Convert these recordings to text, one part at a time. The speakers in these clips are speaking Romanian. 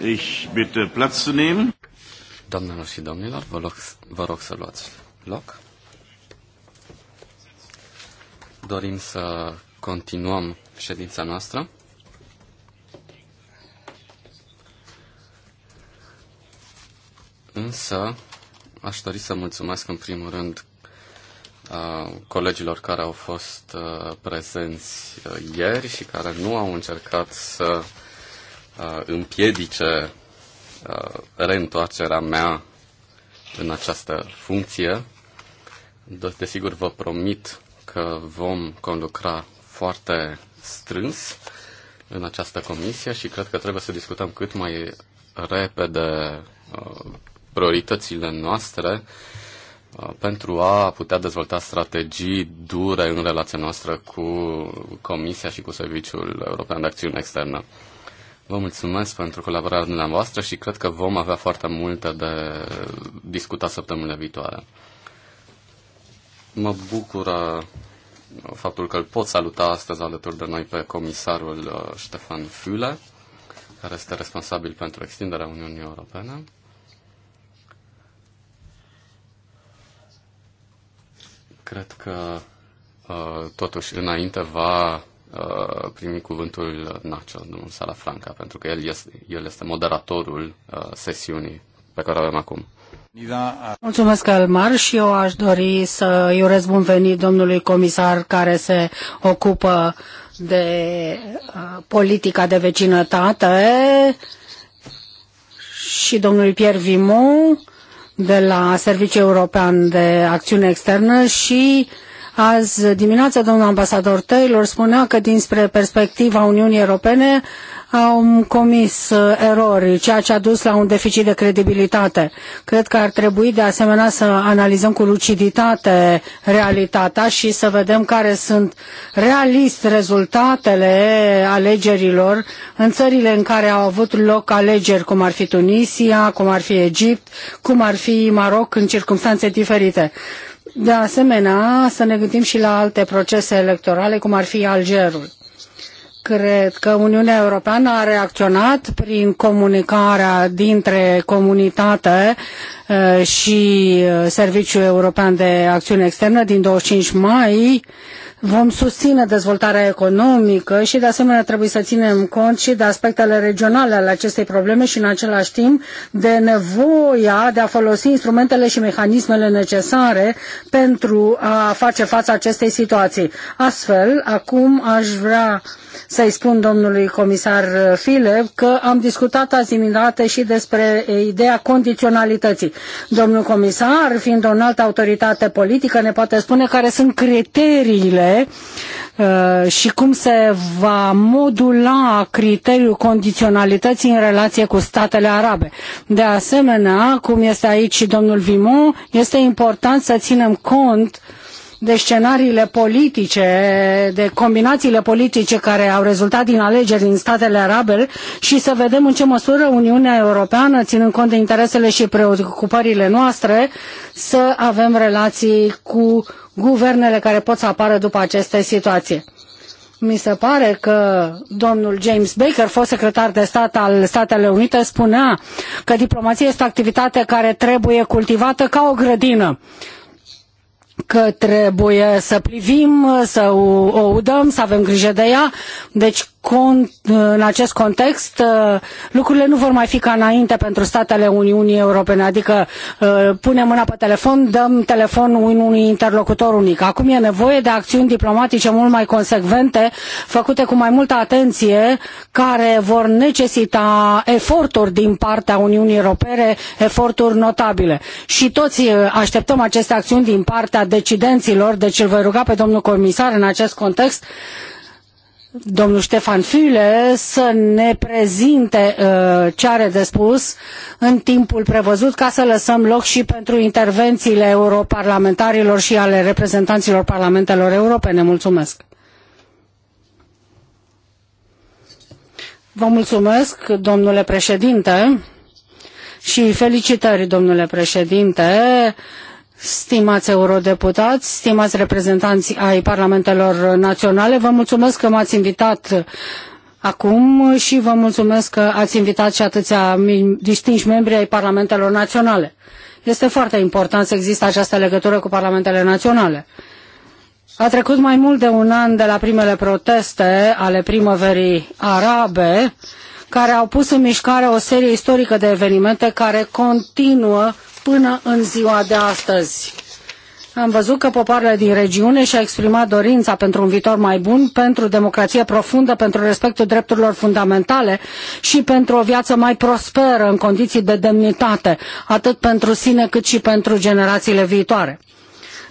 Ich bitte Platz zu nehmen. Doamnelor și domnilor, vă rog, vă rog să luați loc. Dorim să continuăm ședința noastră. Însă, aș dori să mulțumesc în primul rând uh, colegilor care au fost uh, prezenți uh, ieri și care nu au încercat să uh, împiedice uh, reîntoarcerea mea în această funcție. Desigur, vă promit că vom conlucra foarte strâns în această comisie și cred că trebuie să discutăm cât mai repede uh, prioritățile noastre uh, pentru a putea dezvolta strategii dure în relația noastră cu Comisia și cu Serviciul European de Acțiune Externă. Vă mulțumesc pentru colaborarea dumneavoastră și cred că vom avea foarte multe de discutat săptămâna viitoare. Mă bucură faptul că îl pot saluta astăzi alături de noi pe comisarul uh, Ștefan Füle, care este responsabil pentru extinderea Uniunii Europene. Cred că uh, totuși înainte va Uh, primi cuvântul Nacho, domnul Salafranca, pentru că el este, el este moderatorul uh, sesiunii pe care o avem acum. Mulțumesc, Elmar, și eu aș dori să îi urez bun venit domnului comisar care se ocupă de uh, politica de vecinătate și domnului Pierre Vimou, de la Serviciul European de Acțiune Externă și uh, Azi dimineața domnul ambasador Taylor spunea că dinspre perspectiva Uniunii Europene au comis uh, erori, ceea ce a dus la un deficit de credibilitate. Cred că ar trebui de asemenea să analizăm cu luciditate realitatea și să vedem care sunt realist rezultatele alegerilor în țările în care au avut loc alegeri, cum ar fi Tunisia, cum ar fi Egipt, cum ar fi Maroc, în circunstanțe diferite. De asemenea, să ne gândim și la alte procese electorale, cum ar fi Algerul. Cred că Uniunea Europeană a reacționat prin comunicarea dintre comunitate eh, și eh, Serviciul European de Acțiune Externă din 25 mai Vom susține dezvoltarea economică și de asemenea trebuie să ținem cont și de aspectele regionale ale acestei probleme și în același timp de nevoia de a folosi instrumentele și mecanismele necesare pentru a face față acestei situații. Astfel, acum aș vrea să-i spun domnului comisar File că am discutat azi dimineață și despre ideea condiționalității. Domnul comisar, fiind o înaltă autoritate politică, ne poate spune care sunt criteriile Uh, și cum se va modula criteriul condiționalității în relație cu statele arabe. De asemenea, cum este aici și domnul Vimont, este important să ținem cont uh, de scenariile politice, de combinațiile politice care au rezultat din alegeri din statele arabe și să vedem în ce măsură Uniunea Europeană, ținând cont de interesele și preocupările noastre, să avem relații cu guvernele care pot să apară după aceste situații. Mi se pare că domnul James Baker, fost secretar de stat al Statelor Unite, spunea că diplomația este o activitate care trebuie cultivată ca o grădină că trebuie să privim, să o udăm, să avem grijă de ea. Deci cont, în acest context, uh, lucrurile nu vor mai fi ca înainte pentru statele Uniunii Europene, adică uh, punem mâna pe telefon, dăm telefon unui interlocutor unic. Acum e nevoie de acțiuni diplomatice mult mai consecvente, făcute cu mai multă atenție, care vor necesita eforturi din partea Uniunii Europene, eforturi notabile. Și toți uh, așteptăm aceste acțiuni din partea decidenților, deci îl voi ruga pe domnul comisar în acest context domnul Ștefan Füle să ne prezinte uh, ce are de spus în timpul prevăzut ca să lăsăm loc și pentru intervențiile europarlamentarilor și ale reprezentanților parlamentelor europene. Mulțumesc! Vă mulțumesc, domnule președinte, și felicitări, domnule președinte. Uh, Stimați eurodeputați, stimați reprezentanți ai parlamentelor naționale, vă mulțumesc că m-ați invitat acum și vă mulțumesc că ați invitat și atâția distinși membri ai parlamentelor naționale. Este foarte important să există această legătură cu parlamentele naționale. A trecut mai mult de un an de la primele proteste ale primăverii arabe, care au pus în mișcare o serie istorică de evenimente care continuă până în ziua de astăzi. Am văzut că popoarele din regiune și-a exprimat dorința pentru un viitor mai bun, pentru democrație profundă, pentru respectul drepturilor fundamentale și pentru o viață mai prosperă în condiții de demnitate, atât pentru sine cât și pentru generațiile viitoare.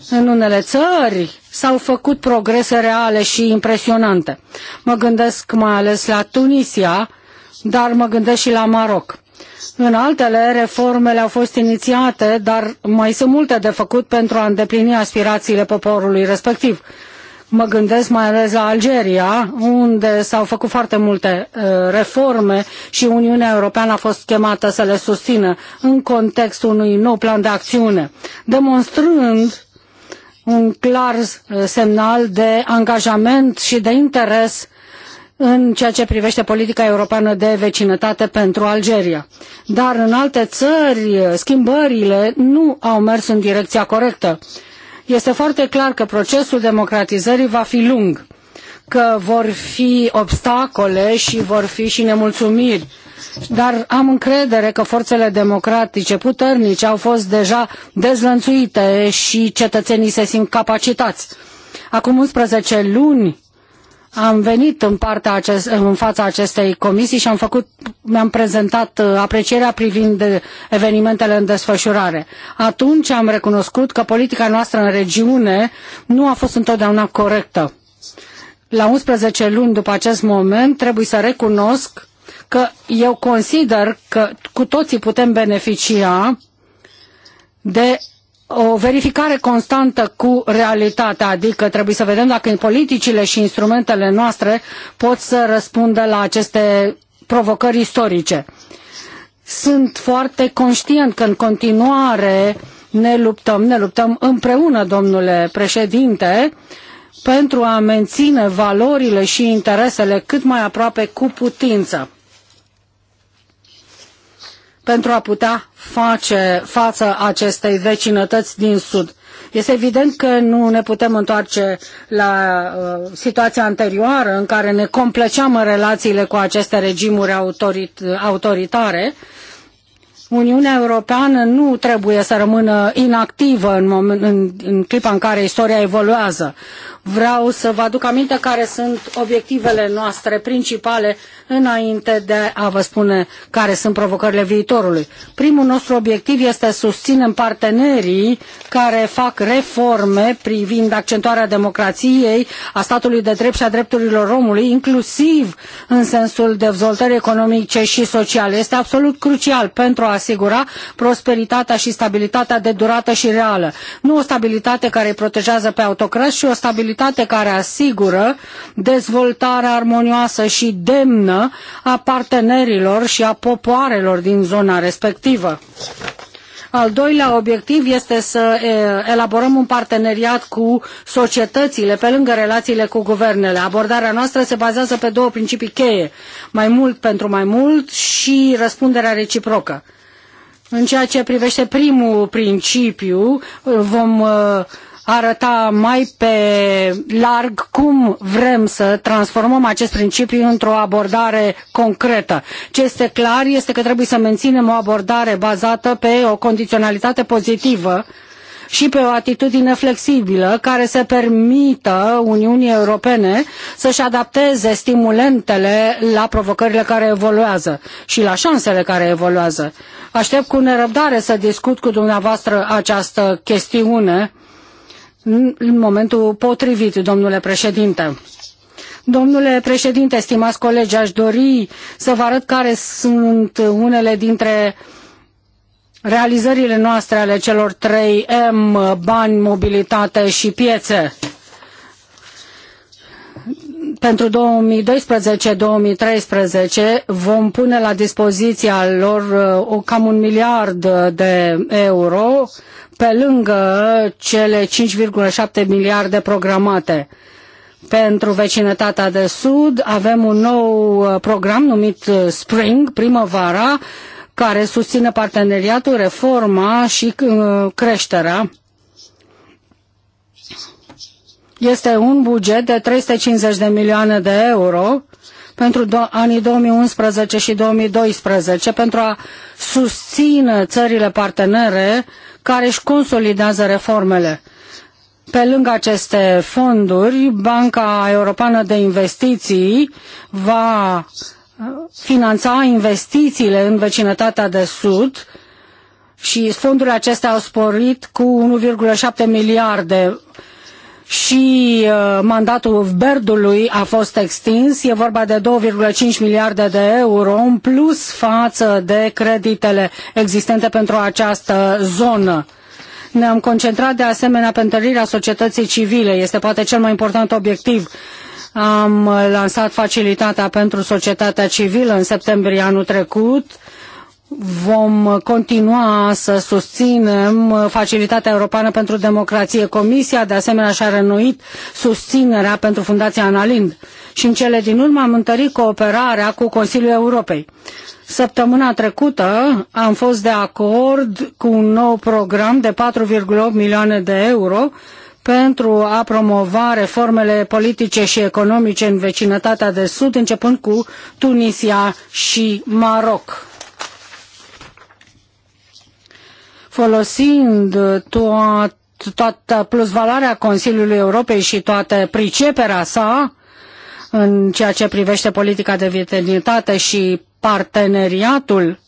În unele țări s-au făcut progrese reale și impresionante. Mă gândesc mai ales la Tunisia, dar mă gândesc și la Maroc. În altele, reformele au fost inițiate, dar mai sunt multe de făcut pentru a îndeplini aspirațiile poporului respectiv. Mă gândesc mai ales la Algeria, unde s-au făcut foarte multe uh, reforme și Uniunea Europeană a fost chemată să le susțină în contextul unui nou plan de acțiune, demonstrând un clar uh, semnal de angajament și de interes în ceea ce privește politica europeană de vecinătate pentru Algeria. Dar în alte țări, schimbările nu au mers în direcția corectă. Este foarte clar că procesul democratizării va fi lung, că vor fi obstacole și vor fi și nemulțumiri dar am încredere că forțele democratice puternice au fost deja dezlănțuite și cetățenii se simt capacitați. Acum 11 luni am venit în, partea acest, în fața acestei comisii și am făcut, mi-am prezentat uh, aprecierea privind evenimentele în desfășurare. Atunci am recunoscut că politica noastră în regiune nu a fost întotdeauna corectă. La 11 luni după acest moment trebuie să recunosc că eu consider că cu toții putem beneficia de o verificare constantă cu realitatea, adică trebuie să vedem dacă politicile și instrumentele noastre pot să răspundă la aceste provocări istorice. Sunt foarte conștient că în continuare ne luptăm, ne luptăm împreună, domnule președinte, pentru a menține valorile și interesele cât mai aproape cu putință pentru a putea face față acestei vecinătăți din Sud. Este evident că nu ne putem întoarce la uh, situația anterioară în care ne compleceam în relațiile cu aceste regimuri autorit autoritare. Uniunea Europeană nu trebuie să rămână inactivă în, în, în clipa în care istoria evoluează. Vreau să vă aduc aminte care sunt obiectivele noastre principale înainte de a vă spune care sunt provocările viitorului. Primul nostru obiectiv este să susținem partenerii care fac reforme privind accentuarea democrației, a statului de drept și a drepturilor omului, inclusiv în sensul dezvoltării economice și sociale. Este absolut crucial pentru a asigura prosperitatea și stabilitatea de durată și reală. Nu o stabilitate care îi protejează pe autocrați, și o stabilitate securitate care asigură dezvoltarea armonioasă și demnă a partenerilor și a popoarelor din zona respectivă. Al doilea obiectiv este să elaborăm un parteneriat cu societățile, pe lângă relațiile cu guvernele. Abordarea noastră se bazează pe două principii cheie, mai mult pentru mai mult și răspunderea reciprocă. În ceea ce privește primul principiu, vom arăta mai pe larg cum vrem să transformăm acest principiu într-o abordare concretă. Ce este clar este că trebuie să menținem o abordare bazată pe o condiționalitate pozitivă și pe o atitudine flexibilă care să permită Uniunii Europene să-și adapteze stimulentele la provocările care evoluează și la șansele care evoluează. Aștept cu nerăbdare să discut cu dumneavoastră această chestiune în momentul potrivit, domnule președinte. Domnule președinte, stimați colegi, aș dori să vă arăt care sunt unele dintre realizările noastre ale celor trei m bani, mobilitate și piețe pentru 2012-2013 vom pune la dispoziția lor uh, o, cam un miliard de euro pe lângă cele 5,7 miliarde programate. Pentru vecinătatea de sud avem un nou uh, program numit uh, Spring, primăvara, care susține parteneriatul, reforma și creșterea este un buget de 350 de milioane de euro pentru do- anii 2011 și 2012 pentru a susține țările partenere care își consolidează reformele. Pe lângă aceste fonduri, Banca Europeană de Investiții va uh, finanța investițiile în vecinătatea de sud și fondurile acestea au sporit cu 1,7 miliarde și uh, mandatul Berdului a fost extins. E vorba de 2,5 miliarde de euro în plus față de creditele existente pentru această zonă. Ne-am concentrat de asemenea pe întărirea societății civile. Este poate cel mai important obiectiv. Am lansat facilitatea pentru societatea civilă în septembrie anul trecut vom continua să susținem Facilitatea Europeană pentru Democrație. Comisia, de asemenea, și-a renuit susținerea pentru Fundația Analind. Și în cele din urmă am întărit cooperarea cu Consiliul Europei. Săptămâna trecută am fost de acord cu un nou program de 4,8 milioane de euro pentru a promova reformele politice și economice în vecinătatea de sud, începând cu Tunisia și Maroc folosind uh, toată toată plusvaloarea Consiliului Europei și toată priceperea sa în ceea ce privește politica de vitalitate și parteneriatul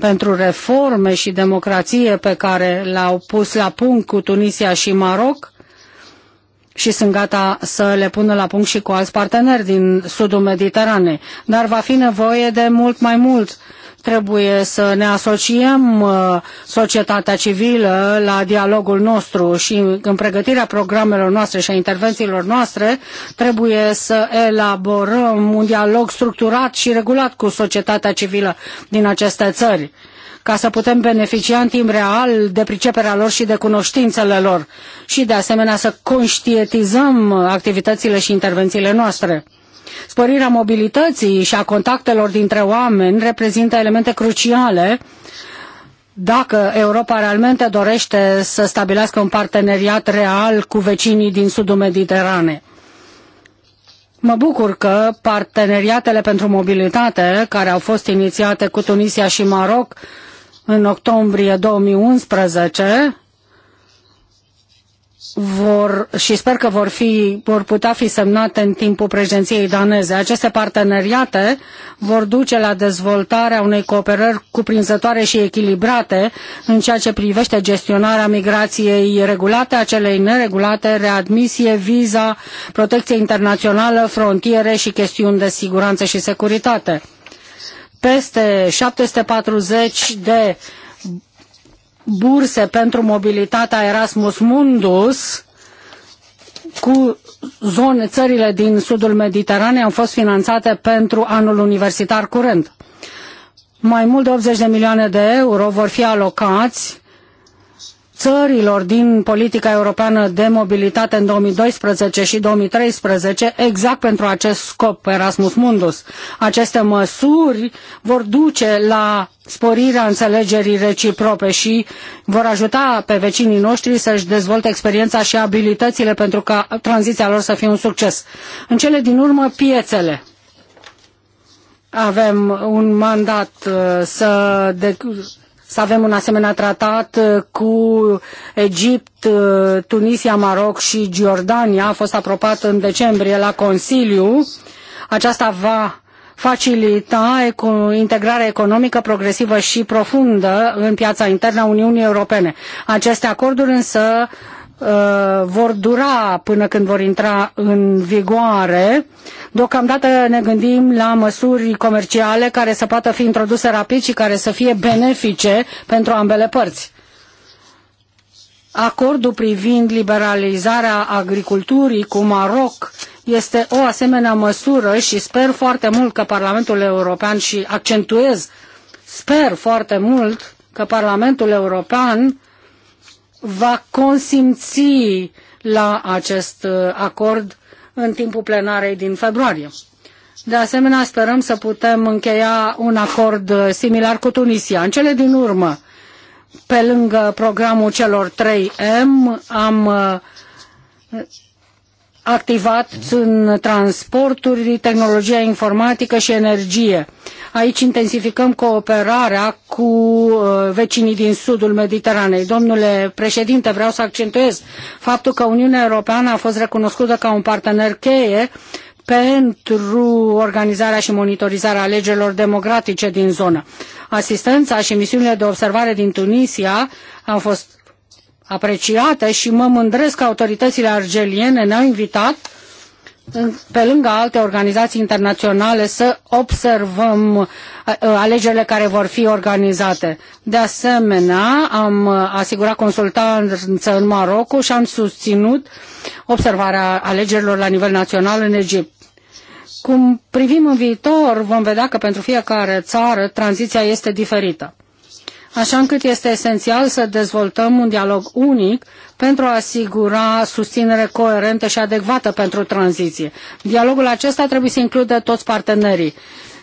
pentru reforme și democrație pe care l-au pus la punct cu Tunisia și Maroc și sunt gata să le pună la punct și cu alți parteneri din sudul Mediteranei. Dar va fi nevoie de mult mai mult Trebuie să ne asociem uh, societatea civilă la dialogul nostru și în pregătirea programelor noastre și a intervențiilor noastre trebuie să elaborăm un dialog structurat și regulat cu societatea civilă din aceste țări ca să putem beneficia în timp real de priceperea lor și de cunoștințele lor și de asemenea să conștientizăm activitățile și intervențiile noastre. Sporirea mobilității și a contactelor dintre oameni reprezintă elemente cruciale dacă Europa realmente dorește să stabilească un parteneriat real cu vecinii din sudul Mediteranei. Mă bucur că parteneriatele pentru mobilitate, care au fost inițiate cu Tunisia și Maroc în octombrie 2011, vor, și sper că vor, fi, vor putea fi semnate în timpul președinției daneze. Aceste parteneriate vor duce la dezvoltarea unei cooperări cuprinzătoare și echilibrate în ceea ce privește gestionarea migrației regulate, a celei neregulate, readmisie, viza, protecție internațională, frontiere și chestiuni de siguranță și securitate. Peste 740 de burse pentru mobilitatea Erasmus Mundus cu zone, țările din sudul Mediteranei au fost finanțate pentru anul universitar curent. Mai mult de 80 de milioane de euro vor fi alocați țărilor din politica europeană de mobilitate în 2012 și 2013 exact pentru acest scop Erasmus Mundus. Aceste măsuri vor duce la sporirea înțelegerii reciproce și vor ajuta pe vecinii noștri să-și dezvolte experiența și abilitățile pentru ca tranziția lor să fie un succes. În cele din urmă, piețele avem un mandat uh, să să avem un asemenea tratat uh, cu Egipt, uh, Tunisia, Maroc și Giordania. A fost aprobat în decembrie la Consiliu. Aceasta va facilita integrarea economică progresivă și profundă în piața internă a Uniunii Europene. Aceste acorduri însă Uh, vor dura până când vor intra în vigoare. Deocamdată ne gândim la măsuri comerciale care să poată fi introduse rapid și care să fie benefice pentru ambele părți. Acordul privind liberalizarea agriculturii cu Maroc este o asemenea măsură și sper foarte mult că Parlamentul European și accentuez, sper foarte mult că Parlamentul European va consimți la acest uh, acord în timpul plenarei din februarie. De asemenea, sperăm să putem încheia un acord uh, similar cu Tunisia. În cele din urmă, pe lângă programul celor 3M, am uh, activat în transporturi, tehnologia informatică și energie. Aici intensificăm cooperarea cu uh, vecinii din sudul Mediteranei. Domnule președinte, vreau să accentuez faptul că Uniunea Europeană a fost recunoscută ca un partener cheie pentru organizarea și monitorizarea alegerilor democratice din zonă. Asistența și misiunile de observare din Tunisia au fost apreciate și mă mândresc că autoritățile argeliene ne-au invitat pe lângă alte organizații internaționale să observăm uh, alegerile care vor fi organizate. De asemenea, am uh, asigurat consultanță în Maroco și am susținut observarea alegerilor la nivel național în Egipt. Cum privim în viitor, vom vedea că pentru fiecare țară tranziția este diferită așa încât este esențial să dezvoltăm un dialog unic pentru a asigura susținere coerentă și adecvată pentru tranziție. Dialogul acesta trebuie să includă toți partenerii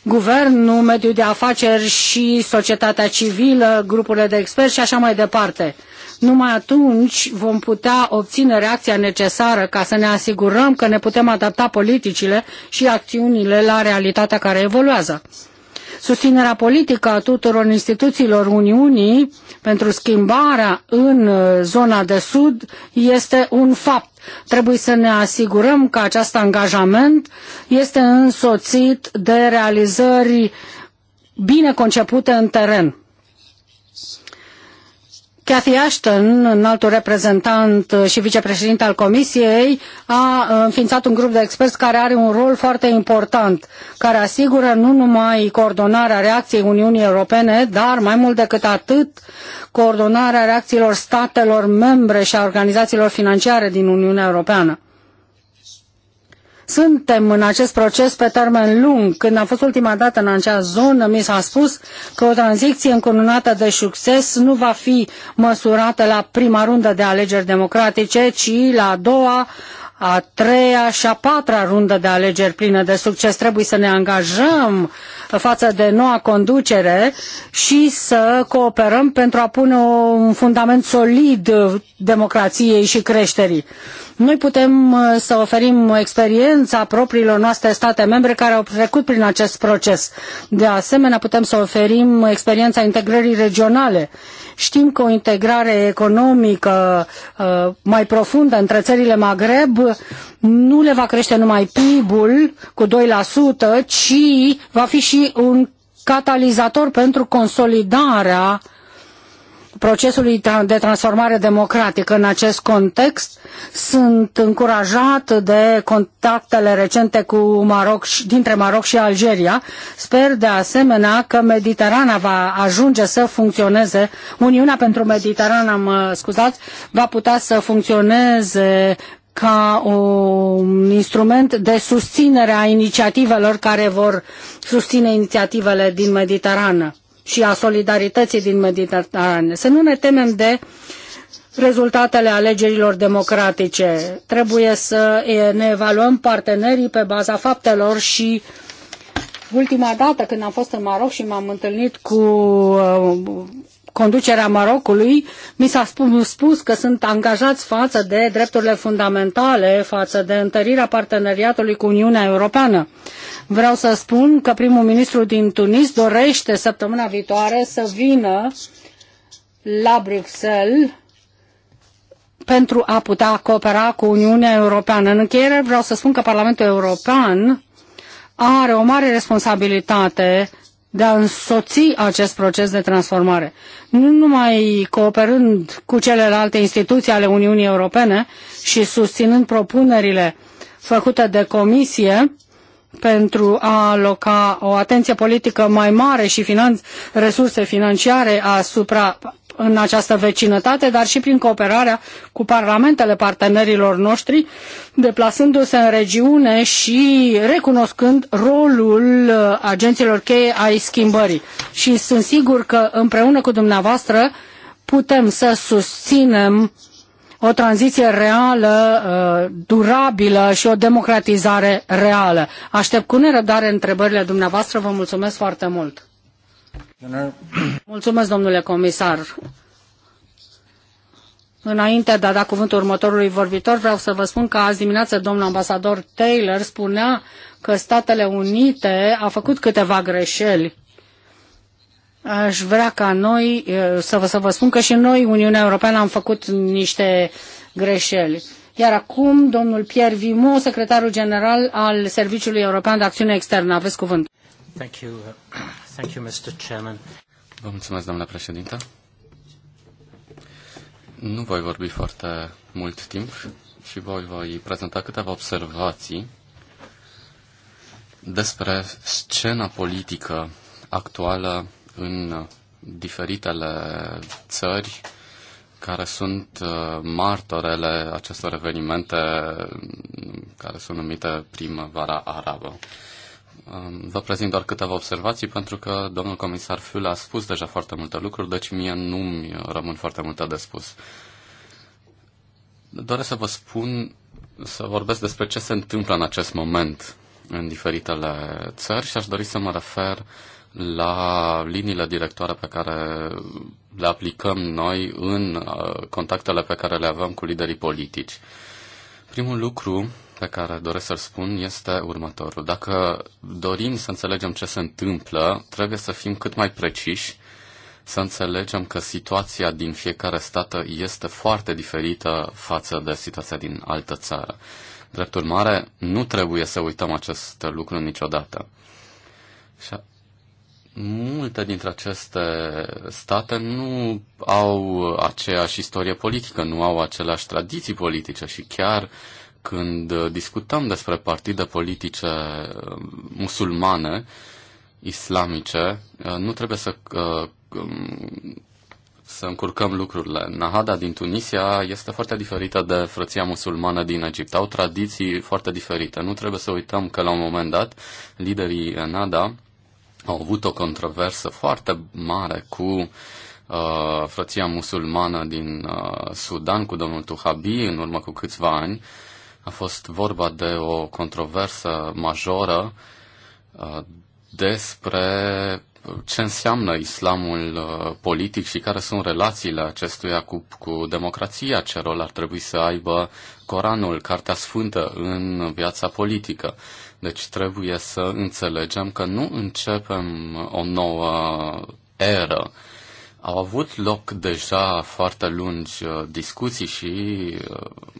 guvernul, mediul de afaceri și societatea civilă, grupurile de experți și așa mai departe. Numai atunci vom putea obține reacția necesară ca să ne asigurăm că ne putem adapta politicile și acțiunile la realitatea care evoluează susținerea politică a tuturor instituțiilor Uniunii pentru schimbarea în uh, zona de sud este un fapt. Trebuie să ne asigurăm că acest angajament este însoțit de realizări bine concepute în teren. Cathy Ashton, înaltul reprezentant și vicepreședinte al Comisiei, a înființat un grup de experți care are un rol foarte important, care asigură nu numai coordonarea reacției Uniunii Europene, dar mai mult decât atât coordonarea reacțiilor statelor membre și a organizațiilor financiare din Uniunea Europeană. Suntem în acest proces pe termen lung. Când a fost ultima dată în acea zonă, mi s-a spus că o tranziție încununată de succes nu va fi măsurată la prima rundă de alegeri democratice, ci la a doua, a treia și a patra rundă de alegeri plină de succes. Trebuie să ne angajăm față de noua conducere și să cooperăm pentru a pune un fundament solid democrației și creșterii. Noi putem uh, să oferim experiența propriilor noastre state membre care au trecut prin acest proces. De asemenea, putem să oferim experiența integrării regionale. Știm că o integrare economică uh, mai profundă între țările Maghreb nu le va crește numai PIB-ul cu 2%, ci va fi și un catalizator pentru consolidarea procesului de transformare democratică. În acest context sunt încurajat de contactele recente cu Maroc, dintre Maroc și Algeria. Sper de asemenea că Mediterana va ajunge să funcționeze, Uniunea pentru Mediterana, mă uh, scuzați, va putea să funcționeze ca un instrument de susținere a inițiativelor care vor susține inițiativele din Mediterană și a solidarității din Mediterane. Să nu ne temem de rezultatele alegerilor democratice. Trebuie să ne evaluăm partenerii pe baza faptelor și ultima dată când am fost în Maroc și m-am întâlnit cu uh, conducerea Marocului, mi s-a spus, spus că sunt angajați față de drepturile fundamentale, față de întărirea parteneriatului cu Uniunea Europeană. Vreau să spun că primul ministru din Tunis dorește săptămâna viitoare să vină la Bruxelles pentru a putea coopera cu Uniunea Europeană. În încheiere vreau să spun că Parlamentul European are o mare responsabilitate de a însoți acest proces de transformare. Nu numai cooperând cu celelalte instituții ale Uniunii Europene și susținând propunerile făcute de Comisie pentru a aloca o atenție politică mai mare și finanț, resurse financiare asupra în această vecinătate, dar și prin cooperarea cu parlamentele partenerilor noștri, deplasându-se în regiune și recunoscând rolul uh, agenților cheie ai schimbării. Și sunt sigur că împreună cu dumneavoastră putem să susținem o tranziție reală, uh, durabilă și o democratizare reală. Aștept cu nerăbdare întrebările dumneavoastră. Vă mulțumesc foarte mult! Mulțumesc, domnule comisar. Înainte de a da cuvântul următorului vorbitor, vreau să vă spun că azi dimineață domnul ambasador Taylor spunea că Statele Unite a făcut câteva greșeli. Aș vrea ca noi să vă, să vă spun că și noi, Uniunea Europeană, am făcut niște greșeli. Iar acum, domnul Pierre Vimo, secretarul general al Serviciului European de Acțiune Externă. Aveți cuvânt. Thank you. Uh, thank you, Mr. Chairman. Vă mulțumesc, domnule președinte. Nu voi vorbi foarte mult timp și voi voi prezenta câteva observații despre scena politică actuală în diferitele țări care sunt uh, martorele acestor evenimente care sunt numite primăvara arabă. Vă prezint doar câteva observații, pentru că domnul comisar Fiul a spus deja foarte multe lucruri, deci mie nu-mi rămân foarte multe de spus. Doresc să vă spun, să vorbesc despre ce se întâmplă în acest moment în diferitele țări și aș dori să mă refer la liniile directoare pe care le aplicăm noi în uh, contactele pe care le avem cu liderii politici. Primul lucru pe care doresc să-l spun este următorul. Dacă dorim să înțelegem ce se întâmplă, trebuie să fim cât mai preciși, să înțelegem că situația din fiecare stată este foarte diferită față de situația din altă țară. Drept urmare, nu trebuie să uităm acest lucru niciodată. Și multe dintre aceste state nu au aceeași istorie politică, nu au aceleași tradiții politice și chiar uh, când uh, discutăm despre partide politice uh, musulmane, islamice, uh, nu trebuie să, um, să încurcăm lucrurile. Nahada din Tunisia este foarte diferită de frăția musulmană din Egipt. Au tradiții foarte diferite. Nu trebuie să uităm că la un moment dat liderii Nada au avut o controversă foarte mare cu frăția musulmană din Sudan cu domnul Tuhabi în urmă cu câțiva ani a fost vorba de o controversă majoră uh, despre ce înseamnă islamul uh, politic și care sunt relațiile acestuia cu, cu democrația, ce rol ar trebui să aibă Coranul, Cartea Sfântă în viața politică. Deci trebuie să înțelegem că nu începem o nouă eră au avut loc deja foarte lungi uh, discuții și uh,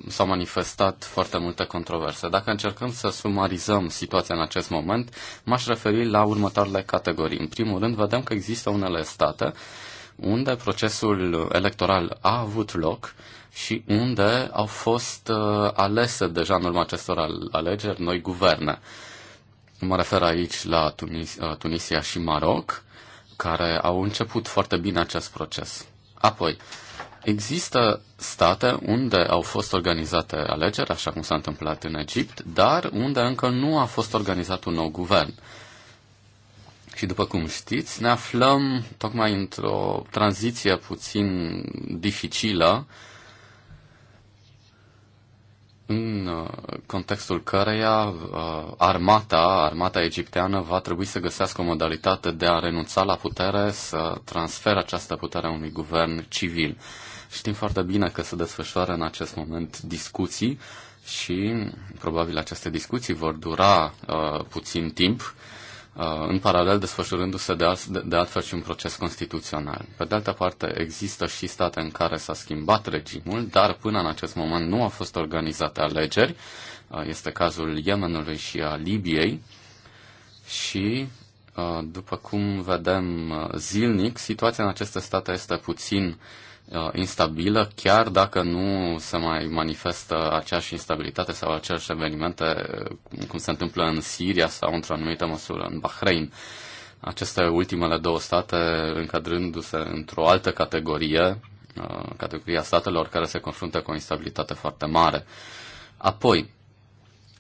s-au manifestat foarte multe controverse. Dacă încercăm să sumarizăm situația în acest moment, m-aș referi la următoarele categorii. În primul rând, vedem că există unele state unde procesul electoral a avut loc și unde au fost uh, alese deja în urma acestor alegeri noi guverne. Mă refer aici la Tunis- Tunisia și Maroc care au început foarte bine acest proces. Apoi, există state unde au fost organizate alegeri, așa cum s-a întâmplat în Egipt, dar unde încă nu a fost organizat un nou guvern. Și după cum știți, ne aflăm tocmai într-o tranziție puțin dificilă uh, în uh, contextul căreia uh, armata, armata egipteană va trebui să găsească o modalitate de a renunța la putere, să transfere această putere a unui guvern civil. Știm foarte bine că se desfășoară în acest moment discuții și probabil aceste discuții vor dura uh, puțin timp Uh, în paralel desfășurându-se de, alt, de altfel și un proces constituțional. Pe de altă parte, există și state în care s-a schimbat regimul, dar până în acest moment nu au fost organizate alegeri. Uh, este cazul Yemenului și a Libiei. Și, uh, după cum vedem zilnic, situația în aceste state este puțin uh, Uh, instabilă, chiar dacă nu se mai manifestă aceeași instabilitate sau aceleași evenimente uh, cum se întâmplă în Siria sau într-o anumită măsură în Bahrain. Aceste ultimele două state încadrându-se într-o altă categorie, uh, categoria statelor care se confruntă cu o instabilitate foarte mare. Apoi,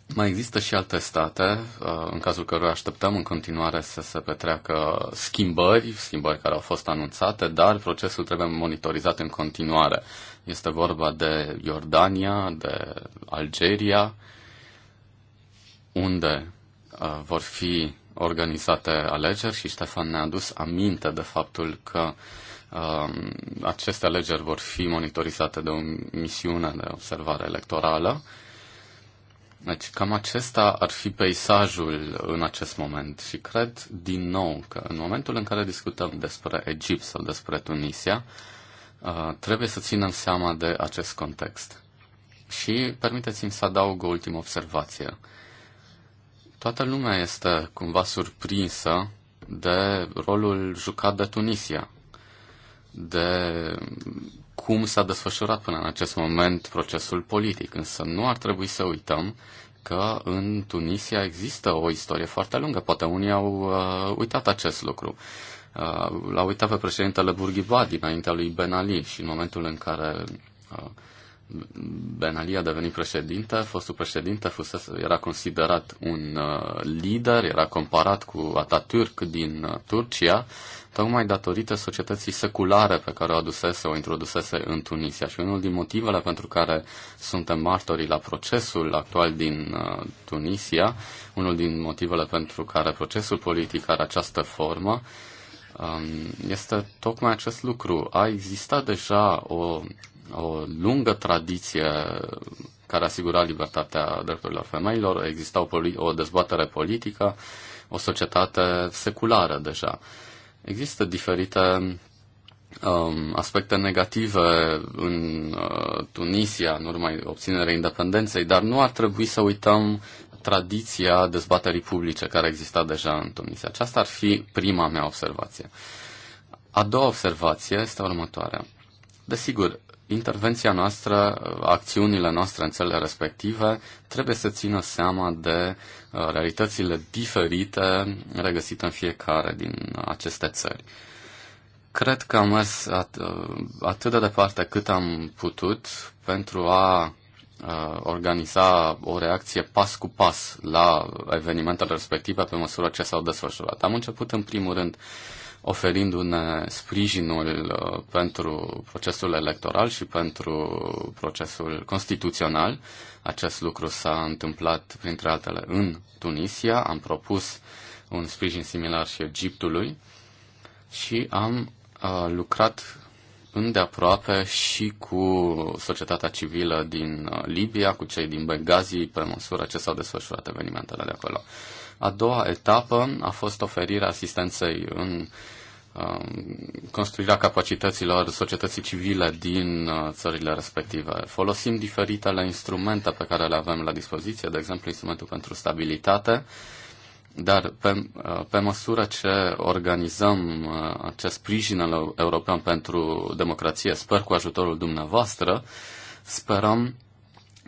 mai există și alte state, uh, în cazul cărora așteptăm în continuare să se petreacă schimbări, schimbări care au fost anunțate, dar procesul trebuie monitorizat în continuare. Este vorba de Iordania, de Algeria, unde uh, vor fi organizate alegeri și Ștefan ne-a adus aminte de faptul că um, aceste alegeri vor fi monitorizate de o misiune de observare electorală deci cam acesta ar fi peisajul în acest moment și cred din nou că în momentul în care discutăm despre Egipt sau despre Tunisia, uh, trebuie să ținem seama de acest context. Și permiteți-mi să adaug o ultimă observație. Toată lumea este cumva surprinsă de rolul jucat de Tunisia, de cum s-a desfășurat până în acest moment procesul politic, însă nu ar trebui să uităm că în Tunisia există o istorie foarte lungă. Poate unii au uh, uitat acest lucru. Uh, l-au uitat pe președintele Bourguiba dinaintea lui Ben Ali și în momentul în care uh, Ben Ali a devenit președinte, fostul președinte fusese, era considerat un uh, lider, era comparat cu Atatürk din uh, Turcia tocmai datorită societății seculare pe care o adusese, o introdusese în Tunisia. Și unul din motivele pentru care suntem martorii la procesul actual din uh, Tunisia, unul din motivele pentru care procesul politic are această formă, um, este tocmai acest lucru. A existat deja o, o lungă tradiție care asigura libertatea drepturilor femeilor, exista o, o dezbatere politică, o societate seculară deja. Există diferite um, aspecte negative în uh, Tunisia, în urma obținerea independenței, dar nu ar trebui să uităm tradiția dezbaterii publice care exista deja în Tunisia. Aceasta ar fi prima mea observație. A doua observație este următoarea. Desigur, intervenția noastră, acțiunile noastre în cele respective trebuie să țină seama de uh, realitățile diferite regăsite în fiecare din aceste țări. Cred că am mers uh, atât de departe cât am putut pentru a uh, organiza o reacție pas cu pas la evenimentele respective pe măsură ce s-au desfășurat. Am început în primul rând uh, oferindu-ne sprijinul uh, pentru procesul electoral și pentru procesul constituțional. Acest lucru s-a întâmplat, printre altele, în Tunisia. Am propus un sprijin similar și Egiptului și am uh, lucrat îndeaproape și cu societatea civilă din uh, Libia, cu cei din Benghazi, pe măsură ce s-au desfășurat evenimentele de acolo. A doua etapă a fost oferirea asistenței în um, construirea capacităților societății civile din uh, țările respective. Folosim diferitele instrumente pe care le avem la dispoziție, de exemplu instrumentul pentru stabilitate, dar pe, uh, pe măsură ce organizăm uh, acest sprijin european pentru democrație, sper cu ajutorul dumneavoastră, sperăm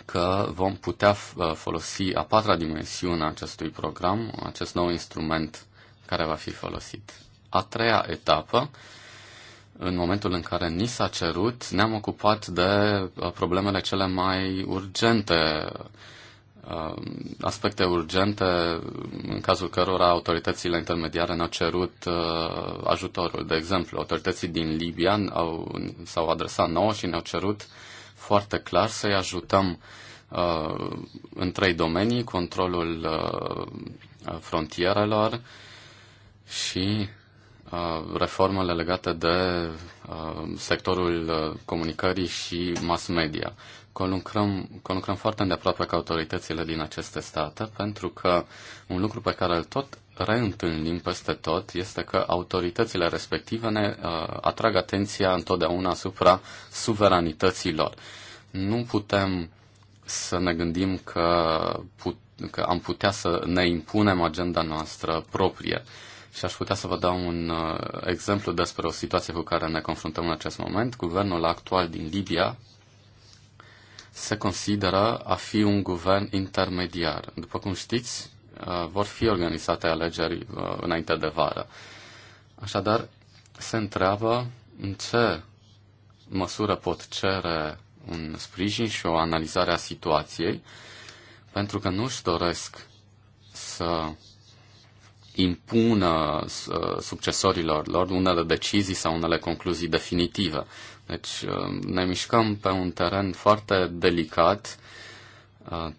că vom putea uh, folosi a patra dimensiune a acestui program, acest nou instrument care va fi folosit. A treia etapă, în momentul în care ni s-a cerut, ne-am ocupat de uh, problemele cele mai urgente, uh, aspecte urgente în cazul cărora autoritățile intermediare ne-au cerut ajutorul. De exemplu, autorității din Libia au, s-au adresat nouă și ne-au cerut uh, foarte clar să-i ajutăm uh, în trei domenii, controlul uh, frontierelor și uh, reformele legate de uh, sectorul uh, comunicării și mass media. Conlucrăm, conlucrăm foarte îndeaproape cu autoritățile din aceste state pentru că un lucru pe care îl tot reîntâlnim peste tot este că autoritățile respective ne uh, atrag atenția întotdeauna asupra suveranității lor. Nu putem să ne gândim că, put, că am putea să ne impunem agenda noastră proprie. Și aș putea să vă dau un uh, exemplu despre o situație cu care ne confruntăm în acest moment. Guvernul actual din Libia se consideră a fi un guvern intermediar. După cum știți, Uh, vor fi organizate alegeri uh, înainte de vară. Așadar, se întreabă în ce măsură pot cere un sprijin și o analizare a situației, pentru că nu-și doresc să impună uh, succesorilor lor unele decizii sau unele concluzii definitive. Deci ne mișcăm pe un teren foarte delicat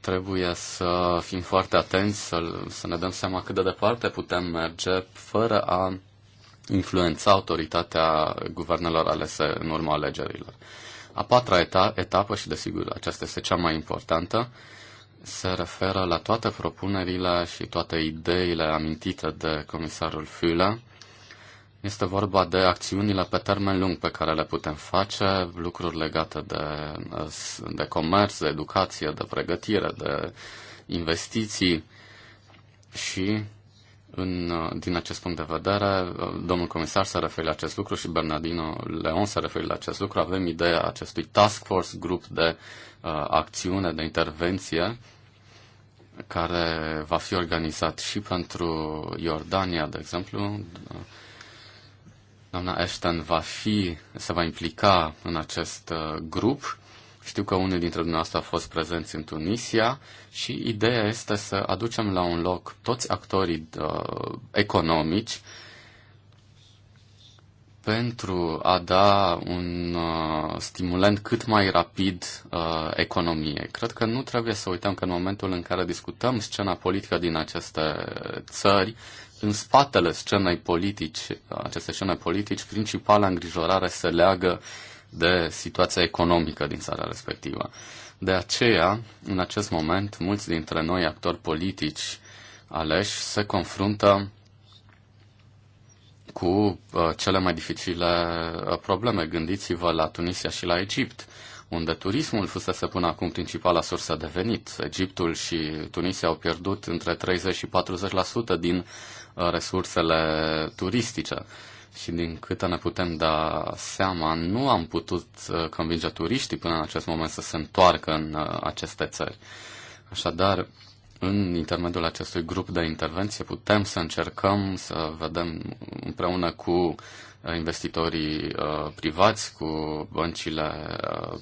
Trebuie să fim foarte atenți, să, să ne dăm seama cât de departe putem merge fără a influența autoritatea guvernelor alese în urma alegerilor. A patra eta- etapă, și desigur aceasta este cea mai importantă, se referă la toate propunerile și toate ideile amintite de comisarul Füle este vorba de acțiunile pe termen lung pe care le putem face, lucruri legate de, de comerț, de educație, de pregătire, de investiții și în, din acest punct de vedere, domnul comisar se referi la acest lucru și Bernardino Leon se referi la acest lucru. Avem ideea acestui task force, grup de uh, acțiune, de intervenție, care va fi organizat și pentru Iordania, de exemplu, Doamna Ashton va fi, se va implica în acest uh, grup. Știu că unii dintre dumneavoastră au fost prezenți în Tunisia și ideea este să aducem la un loc toți actorii uh, economici pentru a da un uh, stimulant cât mai rapid uh, economiei. Cred că nu trebuie să uităm că în momentul în care discutăm scena politică din aceste țări, în spatele scenei politici, aceste scene politici, principala îngrijorare se leagă de situația economică din țara respectivă. De aceea, în acest moment, mulți dintre noi actori politici aleși se confruntă cu uh, cele mai dificile uh, probleme. Gândiți-vă la Tunisia și la Egipt, unde turismul fusese până acum principala sursă de venit. Egiptul și Tunisia au pierdut între 30 și 40% din resursele turistice. Și din câte ne putem da seama, nu am putut uh, convinge turiștii până în acest moment să se întoarcă în uh, aceste țări. Așadar, în intermediul acestui grup de intervenție putem să încercăm să vedem împreună cu uh, investitorii uh, privați, cu băncile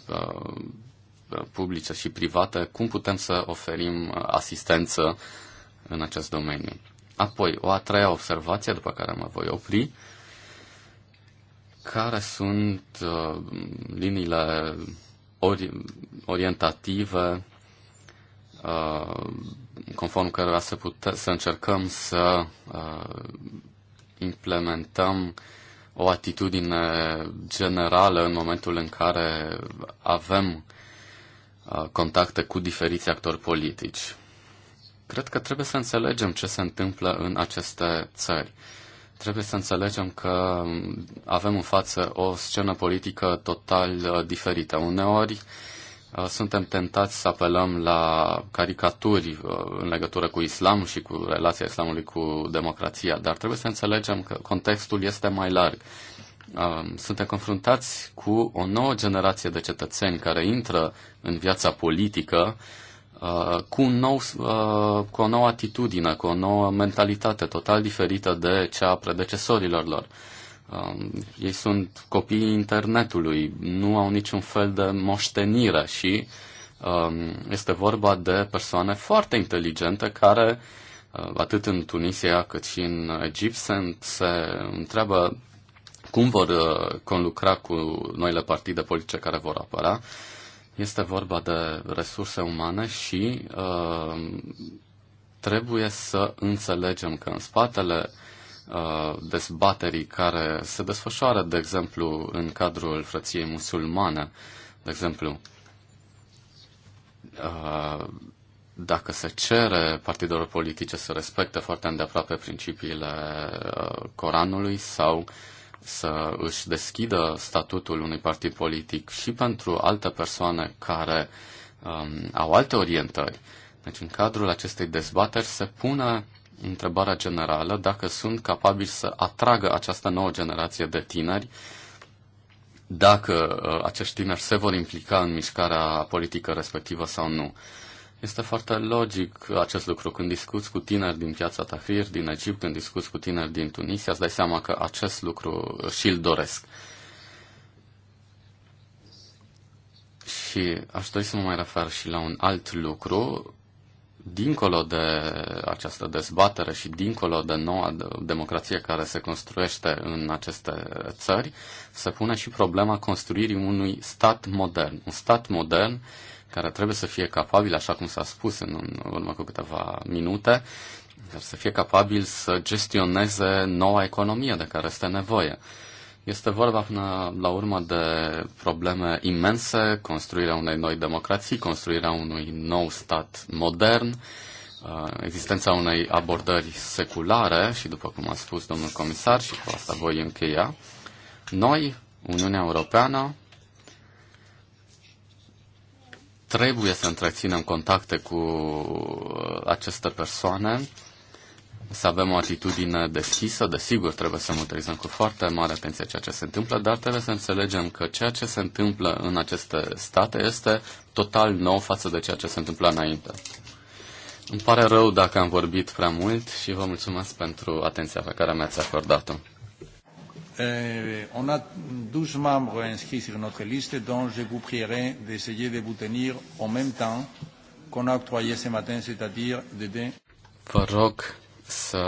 uh, publice și private, cum putem să oferim asistență în acest domeniu. Apoi, o a treia observație, după care mă voi opri, care sunt uh, liniile ori, orientative uh, conform cărora să, pute- să încercăm să uh, implementăm o atitudine generală în momentul în care avem uh, contacte cu diferiți actori politici. Cred că trebuie să înțelegem ce se întâmplă în aceste țări. Trebuie să înțelegem că avem în față o scenă politică total uh, diferită. Uneori uh, suntem tentați să apelăm la caricaturi uh, în legătură cu islam și cu relația islamului cu democrația, dar trebuie să înțelegem că contextul este mai larg. Suntem confruntați cu o nouă generație de cetățeni care intră în viața politică Uh, cu, un nou, uh, cu o nouă atitudine, cu o nouă mentalitate total diferită de cea a predecesorilor lor. Um, ei sunt copiii internetului, nu au niciun fel de moștenire și um, este vorba de persoane foarte inteligente care, uh, atât în Tunisia cât și în Egipt, se, se întreabă cum vor conlucra cu noile partide politice care vor apăra este vorba de resurse umane și uh, trebuie să înțelegem că în spatele uh, dezbaterii care se desfășoară, de exemplu, în cadrul frăției musulmane, de exemplu, uh, dacă se cere partidelor politice să respecte foarte îndeaproape principiile uh, Coranului sau uh, să își deschidă statutul unui partid politic și pentru alte persoane care um, au alte orientări. Deci, în cadrul acestei dezbateri se pune întrebarea generală dacă sunt capabili să atragă această nouă generație de tineri, dacă uh, acești tineri se vor implica în mișcarea politică respectivă sau nu. Este foarte logic acest lucru. Când discuți cu tineri din piața Tahrir, din Egipt, când discuți cu tineri din Tunisia, îți dai seama că acest lucru și-l doresc. Și aș dori să mă mai refer și la un alt lucru. Dincolo de această dezbatere și dincolo de noua democrație care se construiește în aceste țări, se pune și problema construirii unui stat modern. Un stat modern uh, care trebuie să fie capabil, așa cum s-a spus în urmă cu câteva minute, să fie capabil să gestioneze noua economie de care este nevoie. Este vorba până la urmă de probleme imense, construirea unei noi democrații, construirea unui nou stat modern, uh, existența unei abordări seculare și, după cum a spus domnul comisar, și cu asta voi încheia, noi, Uniunea Europeană, Trebuie să întreținem contacte cu uh, aceste persoane, să avem o atitudine deschisă, desigur trebuie să monitorizăm cu foarte mare atenție ceea ce se întâmplă, dar trebuie să înțelegem că ceea ce se întâmplă în aceste state este total nou față de ceea ce se întâmpla înainte. Îmi pare rău dacă am vorbit prea mult și vă mulțumesc pentru atenția pe care mi-ați acordat-o. Euh, on a 12 membres inscrits sur notre liste, dont je vous prierai d'essayer de vous tenir en même temps qu'on a octroyé ce matin, c'est-à-dire de... de... Vă rog să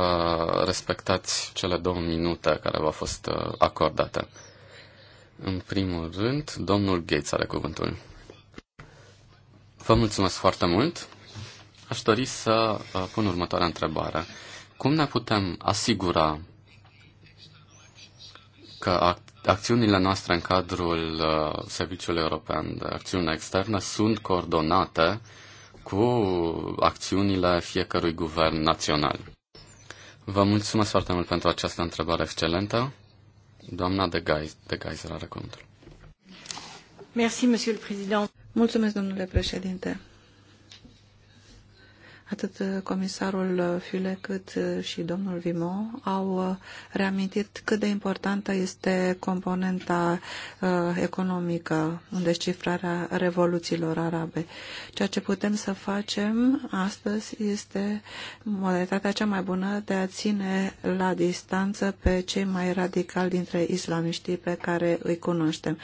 respectați cele două minute care v-au fost uh, acordate. În primul rând, domnul Gates are cuvântul. Vă mulțumesc foarte mult. Aș dori să uh, pun următoarea întrebare. Cum ne putem asigura că ac- acțiunile noastre în cadrul uh, Serviciului European de Acțiune Externă sunt coordonate cu acțiunile fiecărui guvern național. Vă mulțumesc foarte mult pentru această întrebare excelentă. Doamna de, Geiz, de Geiser are cuvântul. Mulțumesc, domnule președinte. Atât uh, comisarul uh, Fiule cât uh, și domnul Vimo au reamintit cât de importantă este componenta economică în descifrarea revoluțiilor arabe. Ceea ce putem să facem astăzi este modalitatea cea mai bună de a ține la distanță pe cei mai radicali dintre islamiștii pe care îi cunoaștem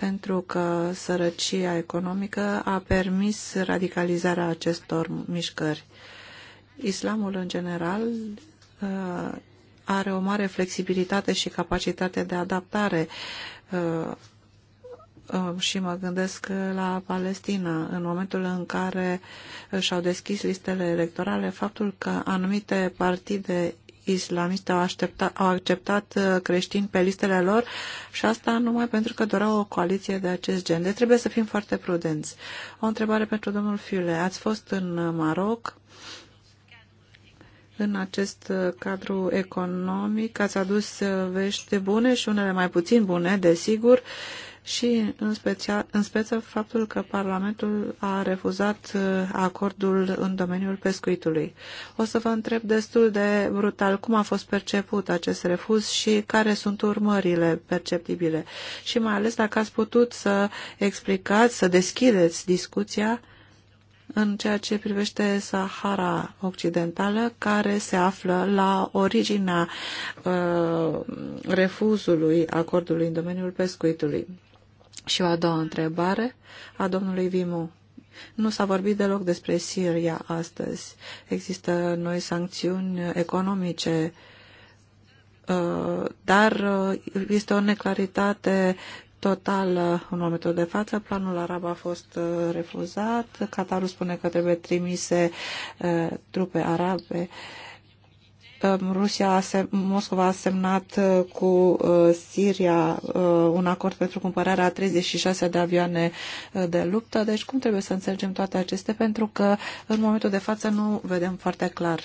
pentru că sărăcia economică a permis radicalizarea acestor mișcări. Islamul, în general, uh, are o mare flexibilitate și capacitate de adaptare uh, uh, și mă gândesc la Palestina, în momentul în care și-au deschis listele electorale, faptul că anumite partide islamiste au, aștepta, au acceptat uh, creștini pe listele lor și asta numai pentru că doreau o coaliție de acest gen. De deci trebuie să fim foarte prudenți. O întrebare pentru domnul Fiule. Ați fost în Maroc în acest uh, cadru economic, ați adus uh, vești bune și unele mai puțin bune, desigur. Uh, și în, specia, în speță faptul că Parlamentul a refuzat uh, acordul în domeniul pescuitului. O să vă întreb destul de brutal cum a fost perceput acest refuz și care sunt urmările perceptibile și mai ales dacă ați putut să explicați, să deschideți discuția în ceea ce privește Sahara Occidentală, care se află la originea uh, refuzului acordului în domeniul pescuitului. Și o a doua întrebare a domnului Vimu. Nu s-a vorbit deloc despre Siria astăzi. Există noi sancțiuni economice, uh, dar uh, este o neclaritate totală în momentul de față. Planul arab a fost uh, refuzat. Qatarul spune că trebuie trimise trupe arabe Rusia, Moscova a semnat uh, cu uh, Siria uh, un acord pentru cumpărarea a 36 de avioane de luptă. Deci cum trebuie să înțelegem toate acestea? Pentru că în momentul de față nu vedem foarte clar.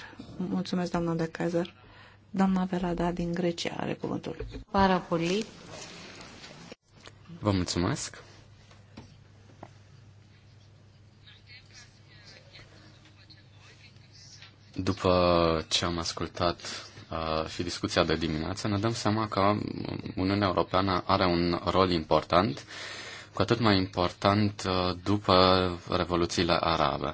Mulțumesc, doamna de Kaiser. Doamna Velada din Grecia are cuvântul. Parapoli. Vă mulțumesc. După ce am ascultat uh, și discuția de dimineață, ne dăm seama că Uniunea Europeană are un rol important, cu atât mai important uh, după revoluțiile arabe.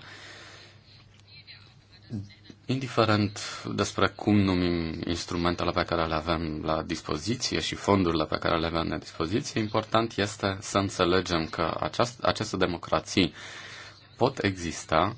Indiferent despre cum numim instrumentele pe care le avem la dispoziție și fondurile pe care le avem la dispoziție, important este să înțelegem că aceast- aceste democrații pot exista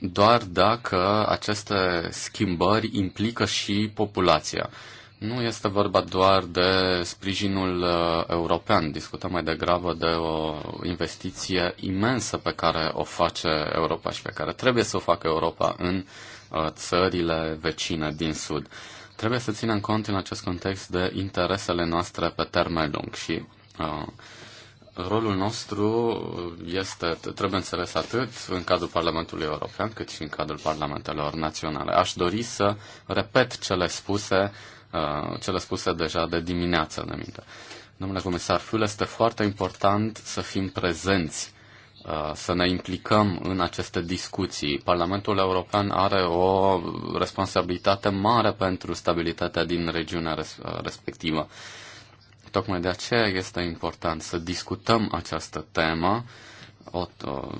doar dacă aceste schimbări implică și populația. Nu este vorba doar de sprijinul uh, european, discutăm mai degrabă de o investiție imensă pe care o face Europa și pe care trebuie să o facă Europa în uh, țările vecine din Sud. Trebuie să ținem cont în acest context de interesele noastre pe termen lung și uh, Rolul nostru este, trebuie înțeles atât în cadrul Parlamentului European, cât și în cadrul Parlamentelor Naționale. Aș dori să repet cele spuse, uh, cele spuse deja de dimineață în minte. Domnule comisar Fiul, este foarte important să fim prezenți, uh, să ne implicăm în aceste discuții. Parlamentul European are o responsabilitate mare pentru stabilitatea din regiunea uh, respectivă Tocmai de aceea este important să discutăm această temă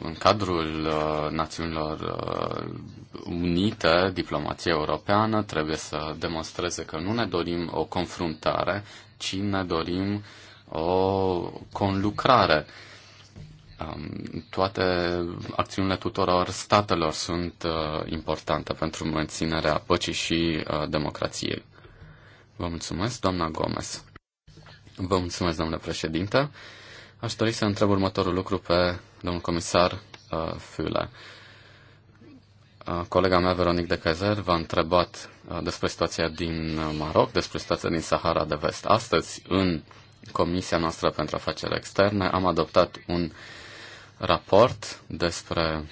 în cadrul uh, Națiunilor uh, Unite, diplomația europeană trebuie să demonstreze că nu ne dorim o confruntare, ci ne dorim o conlucrare. Um, toate acțiunile tuturor statelor sunt uh, importante pentru menținerea păcii și democrației. Vă mulțumesc, doamna Gomez. Vă mulțumesc, domnule președinte. Aș dori să întreb următorul lucru pe domnul comisar uh, Füle. Uh, colega mea, Veronic de Cazer, v-a întrebat uh, despre situația din uh, Maroc, despre situația din Sahara de Vest. Astăzi, în Comisia noastră pentru afaceri externe, am adoptat un raport despre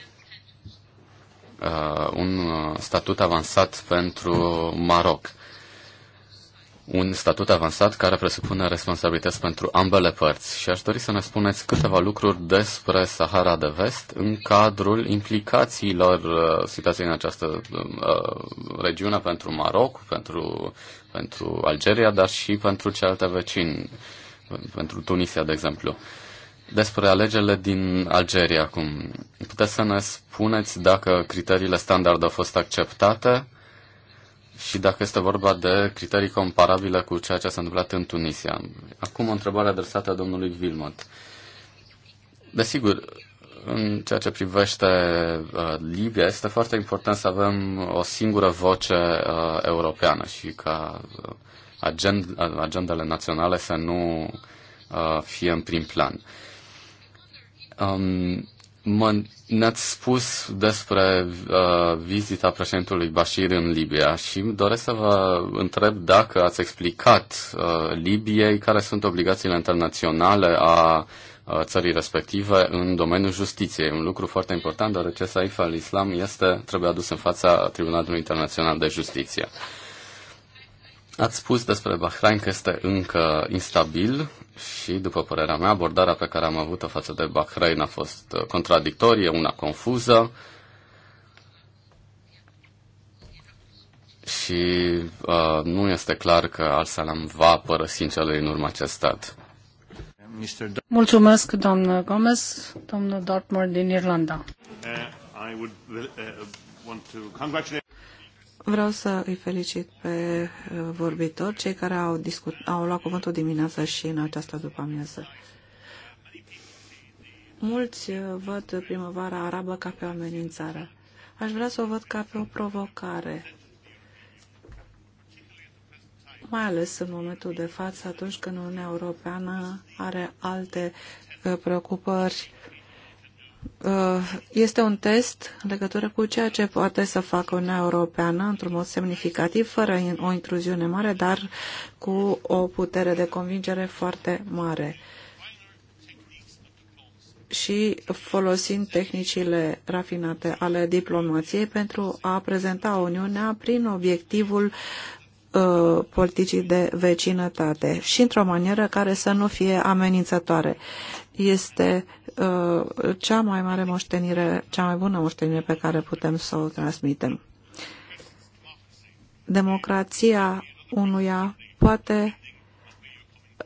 uh, un uh, statut avansat pentru Maroc un statut avansat care presupune responsabilități pentru ambele părți și aș dori să ne spuneți câteva lucruri despre Sahara de Vest în cadrul implicațiilor uh, situației în această uh, regiune pentru Maroc, pentru, pentru Algeria, dar și pentru celelalte vecini, pentru Tunisia, de exemplu. Despre alegerile din Algeria cum Puteți să ne spuneți dacă criteriile standard au fost acceptate? și dacă este vorba de criterii comparabile cu ceea ce s-a întâmplat în Tunisia. Acum o întrebare adresată domnului Vilmot. Desigur, în ceea ce privește uh, Libia, este foarte important să avem o singură voce uh, europeană și ca uh, agend, uh, agendele naționale să nu uh, fie în prim plan. Um, Mă, ne-ați spus despre uh, vizita președintelui Bashir în Libia și doresc să vă întreb dacă ați explicat uh, Libiei care sunt obligațiile internaționale a uh, țării respective în domeniul justiției. Un lucru foarte important, deoarece Saif al-Islam este, trebuie adus în fața Tribunalului Internațional de Justiție. Ați spus despre Bahrain că este încă instabil și, după părerea mea, abordarea pe care am avut-o față de Bahrain a fost uh, contradictorie, una confuză și uh, nu este clar că Al-Salam va părăsi în cele din urmă acest stat. Mulțumesc, doamnă Gomez, domnul Dartmoor din Irlanda. Uh, I would, uh, uh want to congratulate... Vreau să îi felicit pe uh, vorbitori, cei care au, discut, au luat cuvântul dimineața și în această după-amiază. Mulți uh, văd primăvara arabă ca pe o amenințare. Aș vrea să o văd ca pe o provocare, mai ales în momentul de față, atunci când Uniunea Europeană are alte uh, preocupări Uh, este un test în legătură cu ceea ce poate să facă Uniunea Europeană într-un mod semnificativ, fără o intruziune mare, dar cu o putere de convingere foarte mare și folosind tehnicile rafinate ale diplomației pentru a prezenta Uniunea prin obiectivul uh, politicii de vecinătate și într-o manieră care să nu fie amenințătoare este uh, cea mai mare moștenire, cea mai bună moștenire pe care putem să o transmitem. Democrația unuia poate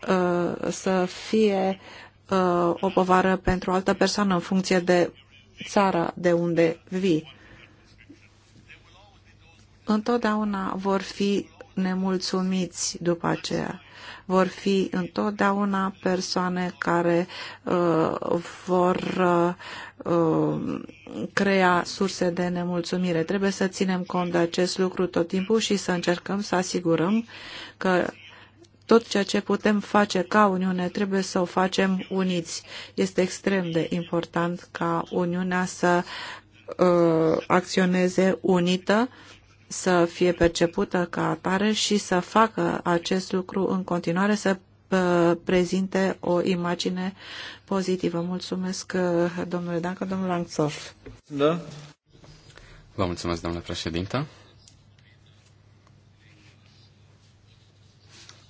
uh, să fie uh, o povară pentru o altă persoană în funcție de țara de unde vii. Întotdeauna vor fi nemulțumiți după aceea. Vor fi întotdeauna persoane care uh, vor uh, crea surse de nemulțumire. Trebuie să ținem cont de acest lucru tot timpul și să încercăm să asigurăm că tot ceea ce putem face ca Uniune trebuie să o facem uniți. Este extrem de important ca Uniunea să uh, acționeze unită să fie percepută ca atare și să facă acest lucru în continuare, să uh, prezinte o imagine pozitivă. Mulțumesc, uh, domnule Dancă, domnul Langsov. Da. Vă mulțumesc, domnule președinte.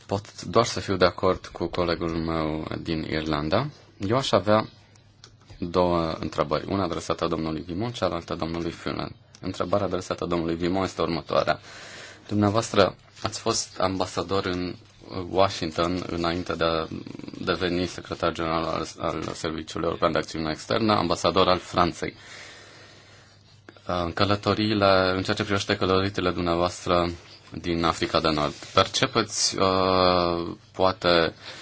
Pot doar să fiu de acord cu colegul meu din Irlanda. Eu aș avea două întrebări, una adresată domnului Vimon, cealaltă domnului Finland. Întrebarea adresată domnului Vimo este următoarea. Dumneavoastră ați fost ambasador în Washington înainte de a deveni secretar general al, al Serviciului European de Acțiune Externă, ambasador al Franței. Călătoriile, în ceea ce privește călătoriile dumneavoastră din Africa de Nord, percepeți uh, poate uh,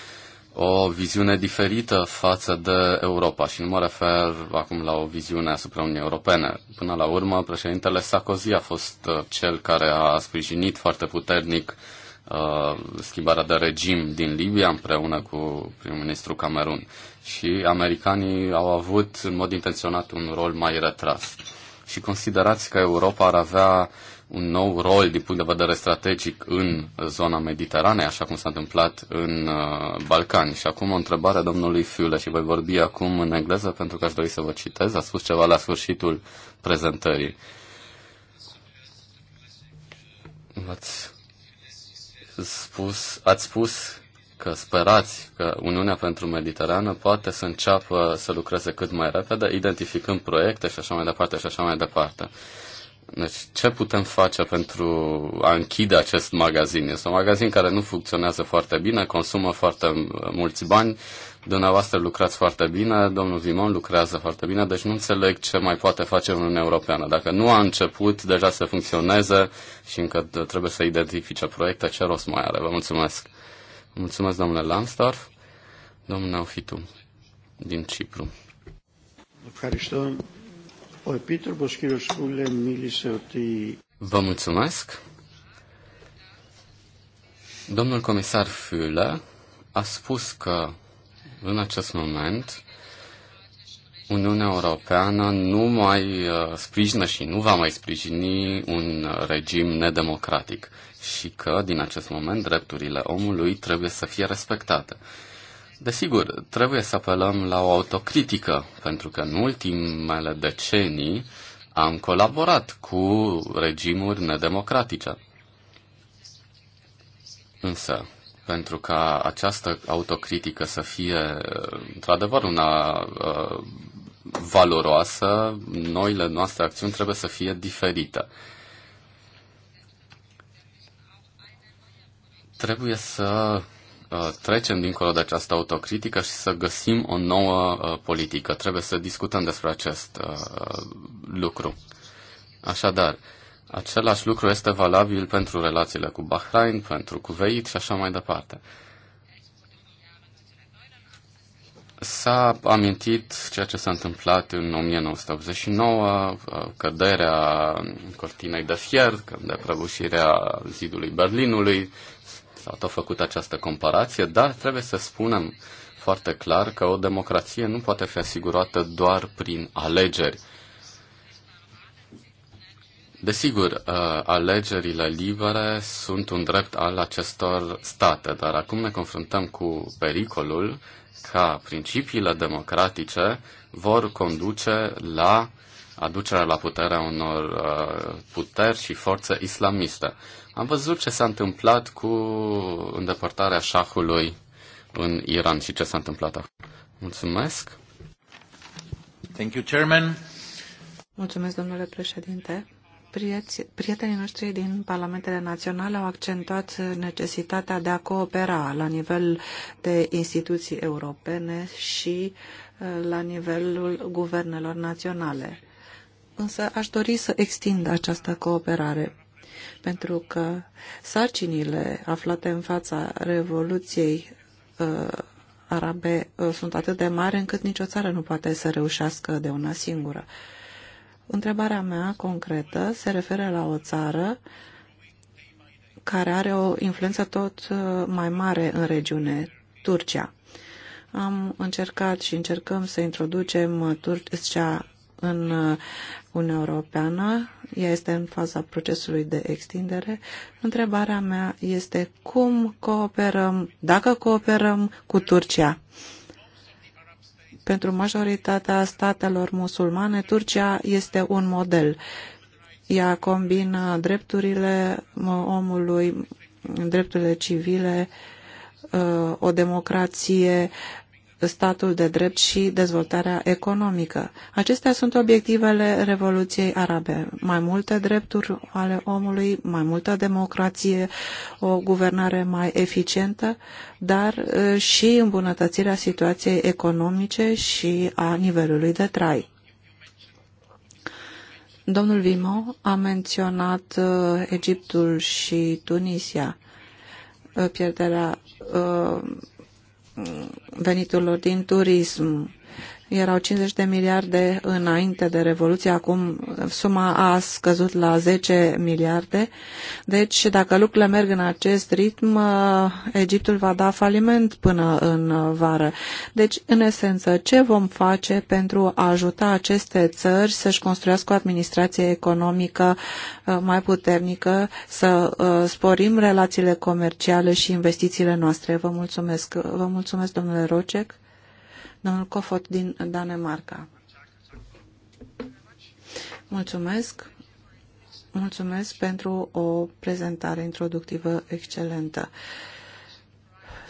o viziune diferită față de Europa și nu mă refer acum la o viziune asupra Uniunii Europene. Până la urmă, președintele Sarkozy a fost uh, cel care a sprijinit foarte puternic uh, schimbarea de regim din Libia împreună cu prim-ministru Camerun și americanii au avut în mod intenționat un rol mai retras. Și considerați că Europa ar avea un nou rol din punct de vedere strategic în zona Mediteranei, așa cum s-a întâmplat în uh, Balcani. Și acum o întrebare a domnului Fiule și voi vorbi acum în engleză pentru că aș dori să vă citez. A spus ceva la sfârșitul prezentării. V-ați spus, ați spus că sperați că Uniunea pentru Mediterană poate să înceapă să lucreze cât mai repede, identificând proiecte și așa mai departe și așa mai departe. Deci, ce putem face pentru a închide acest magazin? Este un magazin care nu funcționează foarte bine, consumă foarte mulți bani, dumneavoastră lucrați foarte bine, domnul Vimon lucrează foarte bine, deci nu înțeleg ce mai poate face Uniunea Europeană. Dacă nu a început deja să funcționeze și încă trebuie să identifice proiecte, ce rost mai are? Vă mulțumesc. Mulțumesc, domnule Lansdorf. Domnul Neofitu, din Cipru. Vă mulțumesc. Domnul comisar Füle a spus că în acest moment Uniunea Europeană nu mai uh, sprijină și nu va mai sprijini un regim nedemocratic și că, din acest moment, drepturile omului trebuie să fie respectate. Desigur, trebuie să apelăm la o autocritică, pentru că în ultimele decenii am colaborat cu regimuri nedemocratice. Însă, pentru ca această autocritică să fie într-adevăr una uh, valoroasă, noile noastre acțiuni trebuie să fie diferite. Trebuie să Uh, trecem dincolo de această autocritică și să găsim o nouă uh, politică. Trebuie să discutăm despre acest uh, lucru. Așadar, același lucru este valabil pentru relațiile cu Bahrain, pentru Kuwait și așa mai departe. S-a amintit ceea ce s-a întâmplat în 1989, căderea cortinei de fier, de prăbușirea zidului Berlinului, s-a tot făcut această comparație, dar trebuie să spunem foarte clar că o democrație nu poate fi asigurată doar prin alegeri. Desigur, uh, alegerile libere sunt un drept al acestor state, dar acum ne confruntăm cu pericolul ca principiile democratice vor conduce la aducerea la putere a unor uh, puteri și forțe islamiste. Am văzut ce s-a întâmplat cu îndepărtarea șahului în Iran și ce s-a întâmplat acum. Mulțumesc. Thank you, Chairman. Mulțumesc, domnule președinte. Prieți, prietenii noștri din Parlamentele Naționale au accentuat necesitatea de a coopera la nivel de instituții europene și uh, la nivelul guvernelor naționale. Însă aș dori să extind această cooperare pentru că sarcinile aflate în fața Revoluției uh, Arabe uh, sunt atât de mari încât nicio țară nu poate să reușească de una singură. Întrebarea mea concretă se referă la o țară care are o influență tot uh, mai mare în regiune, Turcia. Am încercat și încercăm să introducem uh, Turcia în uh, Uniunea Europeană, ea este în faza procesului de extindere. Întrebarea mea este cum cooperăm, dacă cooperăm cu Turcia. Pentru majoritatea statelor musulmane, Turcia este un model. Ea combină drepturile uh, omului, drepturile civile, uh, o democrație statul de drept și dezvoltarea economică. Acestea sunt obiectivele Revoluției Arabe. Mai multe drepturi ale omului, mai multă democrație, o guvernare mai eficientă, dar și îmbunătățirea situației economice și a nivelului de trai. Domnul Vimo a menționat Egiptul și Tunisia pierderea veniturilor din turism erau 50 de miliarde înainte de Revoluție, acum suma a scăzut la 10 miliarde. Deci, dacă lucrurile merg în acest ritm, uh, Egiptul va da faliment până în vară. Deci, în esență, ce vom face pentru a ajuta aceste țări să-și construiască o administrație economică uh, mai puternică, să uh, sporim relațiile comerciale și investițiile noastre? Vă mulțumesc. Vă mulțumesc, domnule Rocek domnul Cofot din Danemarca. Mulțumesc. Mulțumesc pentru o prezentare introductivă excelentă.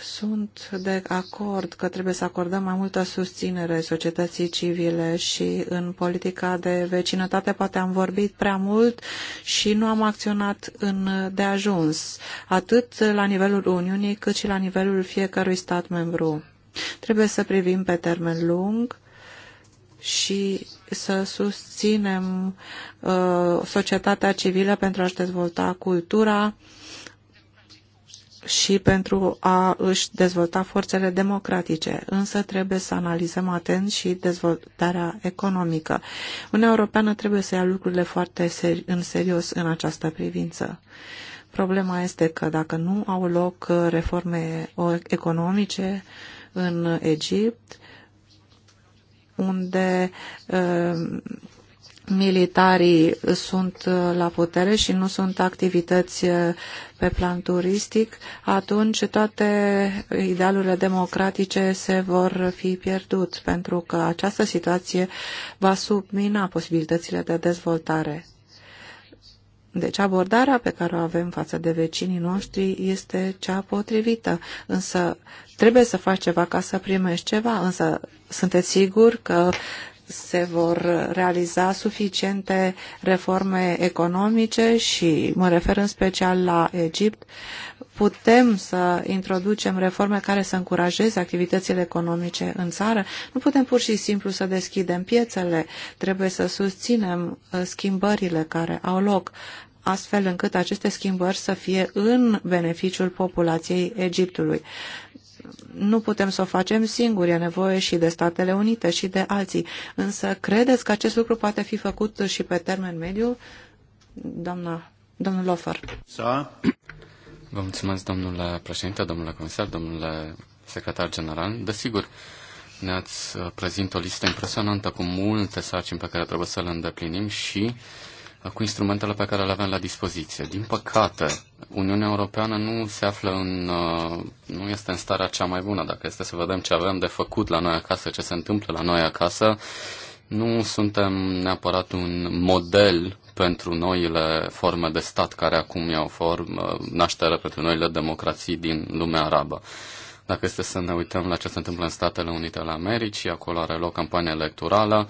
Sunt de acord că trebuie să acordăm mai multă susținere societății civile și în politica de vecinătate poate am vorbit prea mult și nu am acționat în de ajuns, atât la nivelul Uniunii cât și la nivelul fiecărui stat membru Trebuie să privim pe termen lung și să susținem uh, societatea civilă pentru a-și dezvolta cultura și pentru a își dezvolta forțele democratice. Însă trebuie să analizăm atent și dezvoltarea economică. Uniunea Europeană trebuie să ia lucrurile foarte seri în serios în această privință. Problema este că dacă nu au loc uh, reforme uh, economice, uh, în Egipt, unde uh, militarii sunt uh, la putere și nu sunt activități uh, pe plan turistic, atunci toate idealurile democratice se vor fi pierdut, pentru că această situație va submina posibilitățile de dezvoltare. Deci abordarea pe care o avem față de vecinii noștri este cea potrivită, însă trebuie să faci ceva ca să primești ceva, însă sunteți siguri că se vor realiza suficiente reforme economice și mă refer în special la Egipt, putem să introducem reforme care să încurajeze activitățile economice în țară. Nu putem pur și simplu să deschidem piețele, trebuie să susținem uh, schimbările care au loc astfel încât aceste schimbări să fie în beneficiul populației Egiptului nu putem să o facem singuri, e nevoie și de Statele Unite și de alții. Însă credeți că acest lucru poate fi făcut și pe termen mediu? Doamna, domnul Lofer. Să. Vă mulțumesc, domnule președinte, domnule comisar, domnule secretar general. Desigur, ne-ați uh, prezint o listă impresionantă cu multe sarcini pe care trebuie să le îndeplinim și uh, cu instrumentele pe care le avem la dispoziție. Din păcate, Uniunea Europeană nu se află în, uh, nu este în starea cea mai bună. Dacă este să vedem ce avem de făcut la noi acasă, ce se întâmplă la noi acasă, nu suntem neapărat un model pentru noile forme de stat care acum iau formă, uh, naștere pentru noile democrații din lumea arabă. Dacă este să ne uităm la ce se întâmplă în Statele Unite ale Americii, acolo are loc campania electorală,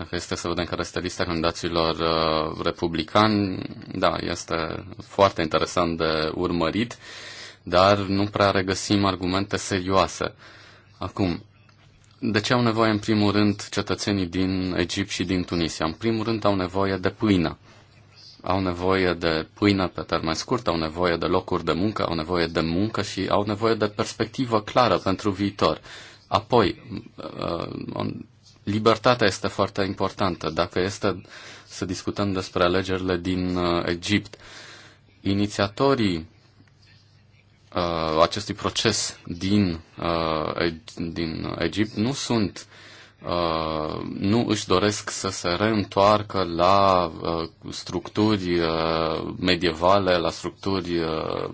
dacă este să vedem care este lista candidaților uh, republicani, da, este foarte interesant de urmărit, dar nu prea regăsim argumente serioase. Acum, de ce au nevoie în primul rând cetățenii din Egipt și din Tunisia? În primul rând au nevoie de pâine. Au nevoie de pâine pe termen scurt, au nevoie de locuri de muncă, au nevoie de muncă și au nevoie de perspectivă clară pentru viitor. Apoi, uh, Libertatea este foarte importantă. Dacă este să discutăm despre alegerile din uh, Egipt, inițiatorii uh, acestui proces din, uh, din Egipt nu sunt Uh, nu își doresc să se reîntoarcă la uh, structuri uh, medievale, la structuri uh,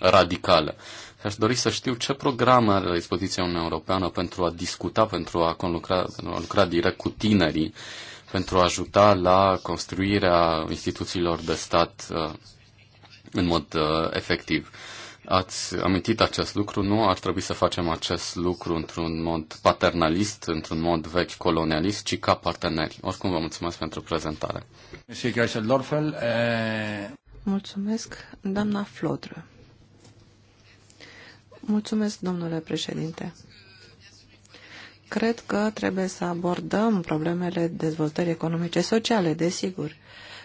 radicale. Și aș dori să știu ce programe are la dispoziția Uniunea Europeană pentru a discuta, pentru a, conlucra, pentru a lucra direct cu tinerii, pentru a ajuta la construirea instituțiilor de stat uh, în mod uh, efectiv. Ați amintit acest lucru, nu ar trebui să facem acest lucru într-un mod paternalist, într-un mod vechi colonialist, ci ca parteneri. Oricum vă mulțumesc pentru prezentare. Eh, mulțumesc, doamna Flodră. Mulțumesc, domnule președinte. Cred că trebuie să abordăm problemele dezvoltării economice sociale, desigur.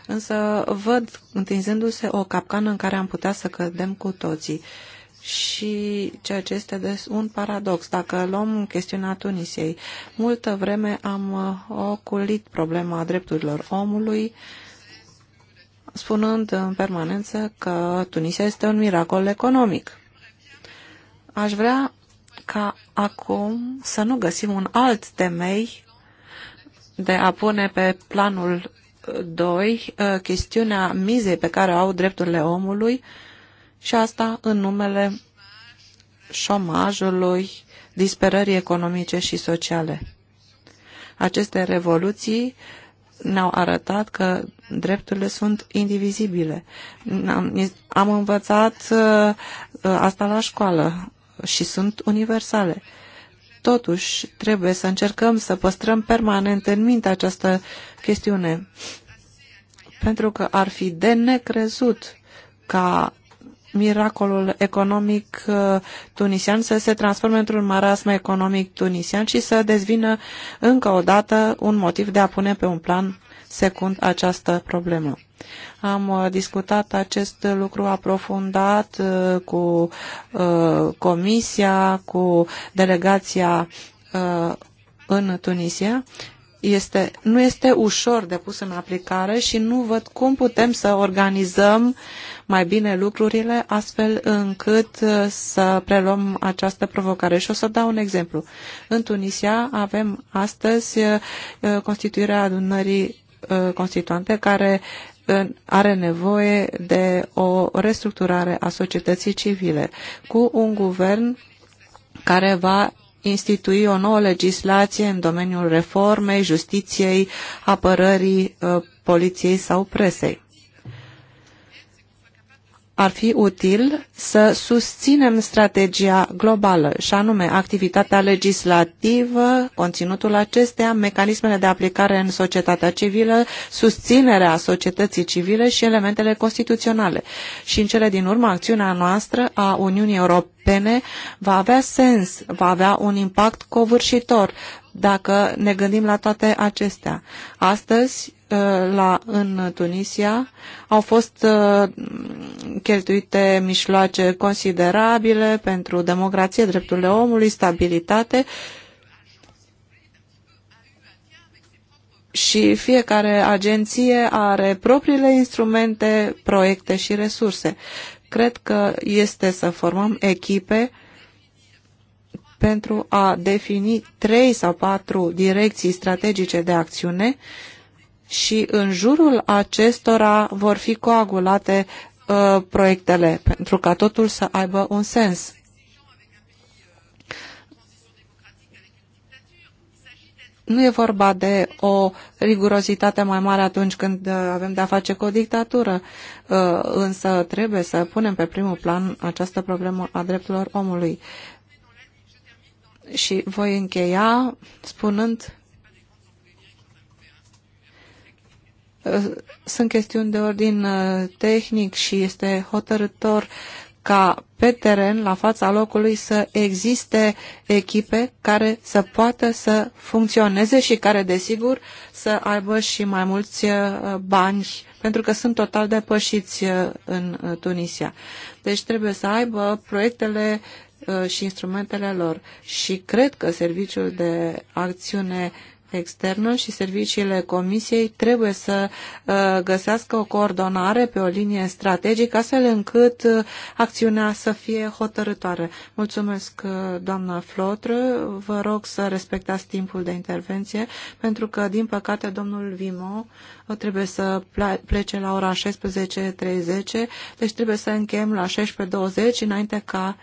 Însă văd întinzându-se o capcană în care am putea să cădem cu toții. Și ceea ce este des un paradox, dacă luăm chestiunea Tunisiei, multă vreme am oculit problema drepturilor omului, spunând în permanență că Tunisia este un miracol economic. Aș vrea ca acum să nu găsim un alt temei de a pune pe planul 2 uh, chestiunea mizei pe care au drepturile omului și asta în numele șomajului, disperării economice și sociale. Aceste revoluții ne-au arătat că drepturile sunt indivizibile. Am, am învățat uh, uh, asta la școală și sunt universale. Totuși, trebuie să încercăm să păstrăm permanent în minte această chestiune, pentru că ar fi de necrezut ca miracolul economic uh, tunisian să se transforme într-un marasm economic tunisian și să dezvină încă o dată un motiv de a pune pe un plan secund această problemă. Am uh, discutat acest lucru aprofundat uh, cu uh, comisia, cu delegația în Tunisia este, nu este ușor de pus în aplicare și nu văd cum putem să organizăm mai bine lucrurile astfel încât să preluăm această provocare. Și o să dau un exemplu. În Tunisia avem astăzi constituirea adunării Uh, constituante care uh, are nevoie de o restructurare a societății civile cu un guvern care va institui o nouă legislație în domeniul reformei, justiției, apărării, uh, poliției sau presei ar fi util să susținem strategia globală, și anume activitatea legislativă, conținutul acesteia, mecanismele de aplicare în societatea civilă, susținerea societății civile și elementele constituționale. Și în cele din urmă, acțiunea noastră a Uniunii Europene va avea sens, va avea un impact covârșitor dacă ne gândim la toate acestea. Astăzi, Uh, la, în Tunisia au fost uh, cheltuite mișloace considerabile pentru democrație, drepturile omului, stabilitate și fiecare agenție are propriile instrumente, proiecte și resurse. Cred că este să formăm echipe pentru a defini trei sau patru direcții strategice de acțiune și în jurul acestora vor fi coagulate uh, proiectele, pentru ca totul să aibă un sens. Nu e vorba de o rigurozitate mai mare atunci când uh, avem de-a face cu o dictatură, uh, însă trebuie să punem pe primul plan această problemă a drepturilor omului. Și voi încheia spunând Sunt chestiuni de ordin uh, tehnic și este hotărător ca pe teren, la fața locului, să existe echipe care să poată să funcționeze și care, desigur, să aibă și mai mulți uh, bani, pentru că sunt total depășiți uh, în Tunisia. Deci trebuie să aibă proiectele și instrumentele lor. Și cred că Serviciul de Acțiune externă și serviciile Comisiei trebuie să uh, găsească o coordonare pe o linie strategică astfel încât uh, acțiunea să fie hotărătoare. Mulțumesc, uh, doamna Flotră. Vă rog să respectați timpul de intervenție pentru că, din păcate, domnul Vimo trebuie să plece la ora 16.30, deci trebuie să încheiem la 16.20 înainte ca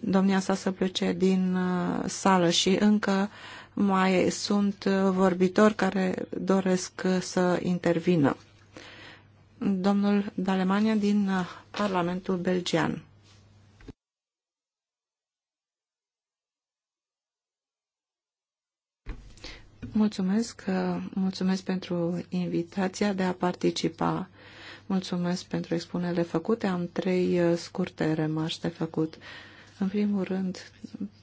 domnia sa să plece din sală și încă mai sunt uh, vorbitori care doresc uh, să intervină. Domnul Dalemania din uh, Parlamentul Belgian. Mulțumesc, mulțumesc pentru invitația de a participa. Mulțumesc pentru expunerile făcute. Am trei scurte remarci de făcut. În primul rând,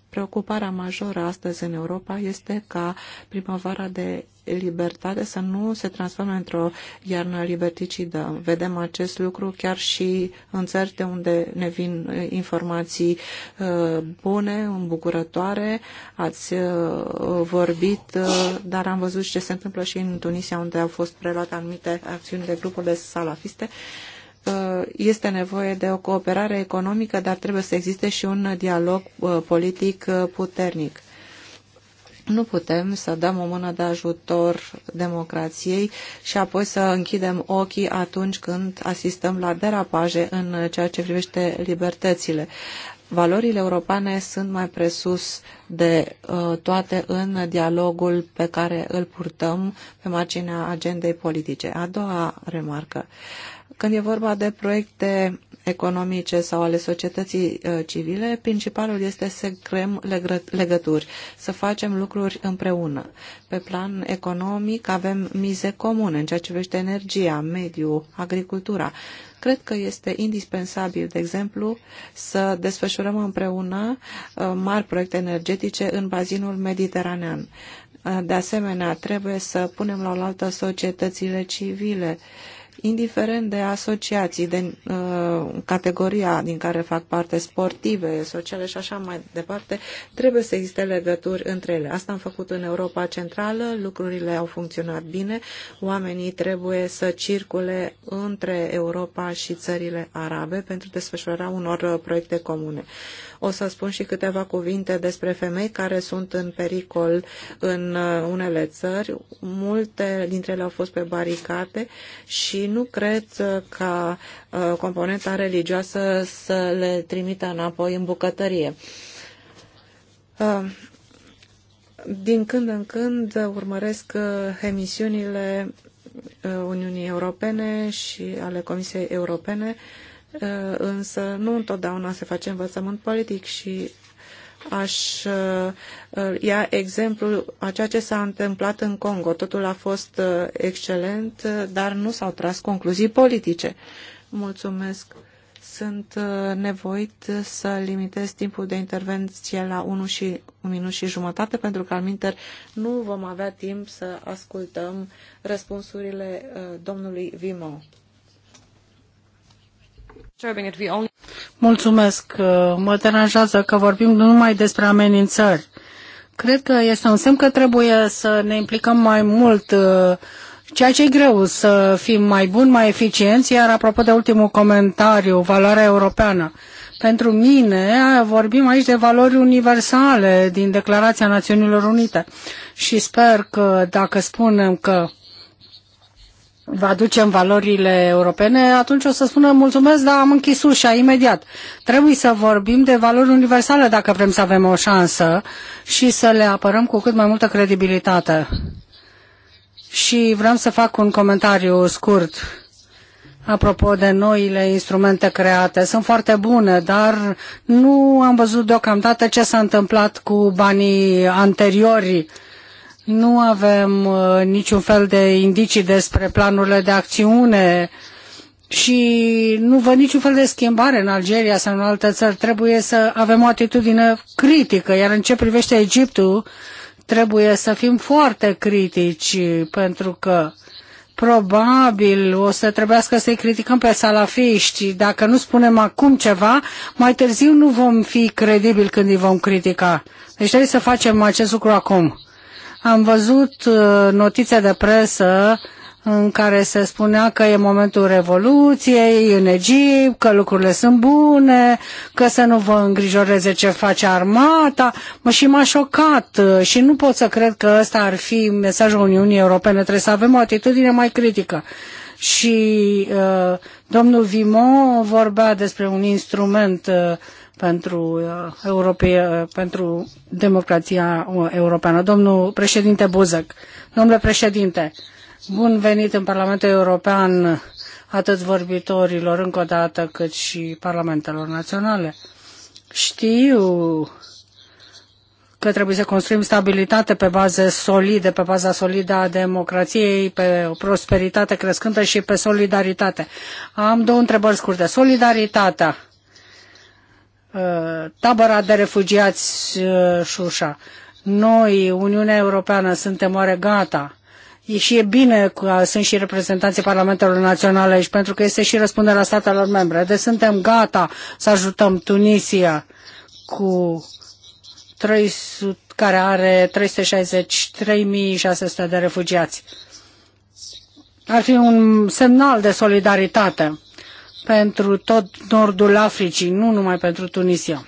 Preocuparea majoră astăzi în Europa este ca primăvara de libertate să nu se transforme într-o iarnă liberticidă. Da, vedem acest lucru chiar și în țări de unde ne vin uh, informații uh, bune, îmbucurătoare. Ați uh, vorbit, dar am văzut ce se întâmplă și în Tunisia, unde au fost preluate anumite acțiuni de de salafiste. Uh, este nevoie de o cooperare economică, dar trebuie să existe și un dialog uh, politic uh, puternic. Nu putem să dăm o mână de ajutor democrației și apoi să închidem ochii atunci când asistăm la derapaje în ceea ce privește libertățile. Valorile europene sunt mai presus de uh, toate în dialogul pe care îl purtăm pe marginea agendei politice. A doua remarcă. Uh, când e vorba de proiecte economice sau ale societății uh, civile, principalul este să creăm legături, să facem lucruri împreună. Pe plan economic avem mize comune în ceea ce vește energia, mediu, agricultura. Cred că este indispensabil, de exemplu, să desfășurăm împreună uh, mari proiecte energetice în bazinul mediteranean. Uh, de asemenea, trebuie să punem la oaltă societățile civile indiferent de asociații, de uh, categoria din care fac parte, sportive, sociale și așa mai departe, trebuie să existe legături între ele. Asta am făcut în Europa Centrală, lucrurile au funcționat bine, oamenii trebuie să circule între Europa și țările arabe pentru desfășurarea unor uh, proiecte comune. O să spun și câteva cuvinte despre femei care sunt în pericol în uh, unele țări. Multe dintre ele au fost pe baricade și nu cred ca uh, componenta religioasă să le trimită înapoi în bucătărie. Uh, din când în când urmăresc uh, emisiunile Uniunii Europene și ale Comisiei Europene, însă nu întotdeauna se face învățământ politic și Aș uh, ia exemplul a ceea ce s-a întâmplat în Congo. Totul a fost uh, excelent, uh, dar nu s-au tras concluzii politice. Mulțumesc. Sunt nevoit să limitez timpul de intervenție la 1 și 1 minut și jumătate, pentru că, alminter, nu vom avea timp să ascultăm răspunsurile domnului Vimo. Mulțumesc. Mă deranjează că vorbim numai despre amenințări. Cred că este un semn că trebuie să ne implicăm mai mult, uh, ceea ce e greu, să fim mai buni, mai eficienți. Iar apropo de ultimul comentariu, valoarea europeană. Pentru mine vorbim aici de valori universale din Declarația Națiunilor Unite și sper că dacă spunem că vă aducem valorile europene, atunci o să spună mulțumesc, dar am închis ușa imediat. Trebuie să vorbim de valori universale dacă vrem să avem o șansă și să le apărăm cu cât mai multă credibilitate. Și vreau să fac un comentariu scurt apropo de noile instrumente create. Sunt foarte bune, dar nu am văzut deocamdată ce s-a întâmplat cu banii anteriori nu avem uh, niciun fel de indicii despre planurile de acțiune și nu văd niciun fel de schimbare în Algeria sau în alte țări. Trebuie să avem o atitudine critică, iar în ce privește Egiptul, trebuie să fim foarte critici, pentru că probabil o să trebuiască să-i criticăm pe salafiști. Dacă nu spunem acum ceva, mai târziu nu vom fi credibili când îi vom critica. Deci trebuie să facem acest lucru acum. Am văzut uh, notițe de presă în care se spunea că e momentul revoluției în Egipt, că lucrurile sunt bune, că să nu vă îngrijoreze ce face armata. Mă și m-a șocat uh, și nu pot să cred că ăsta ar fi mesajul Uniunii Europene. Trebuie să avem o atitudine mai critică. Și uh, domnul Vimon vorbea despre un instrument uh, pentru, uh, Europie, uh, pentru democrația uh, europeană. Domnul președinte Buzăc, domnule președinte, bun venit în Parlamentul European atât vorbitorilor încă o dată cât și parlamentelor naționale. Știu că trebuie să construim stabilitate pe baze solide, pe baza solidă a democrației, pe o prosperitate crescândă și pe solidaritate. Am două întrebări scurte. Solidaritatea Uh, tabăra de refugiați uh, Șușa. Noi, Uniunea Europeană, suntem oare gata? E și e bine că sunt și reprezentanții Parlamentelor Naționale aici, pentru că este și răspunderea statelor membre. Deci suntem gata să ajutăm Tunisia cu 300, care are 363.600 de refugiați. Ar fi un semnal de solidaritate pentru tot nordul Africii, nu numai pentru Tunisia.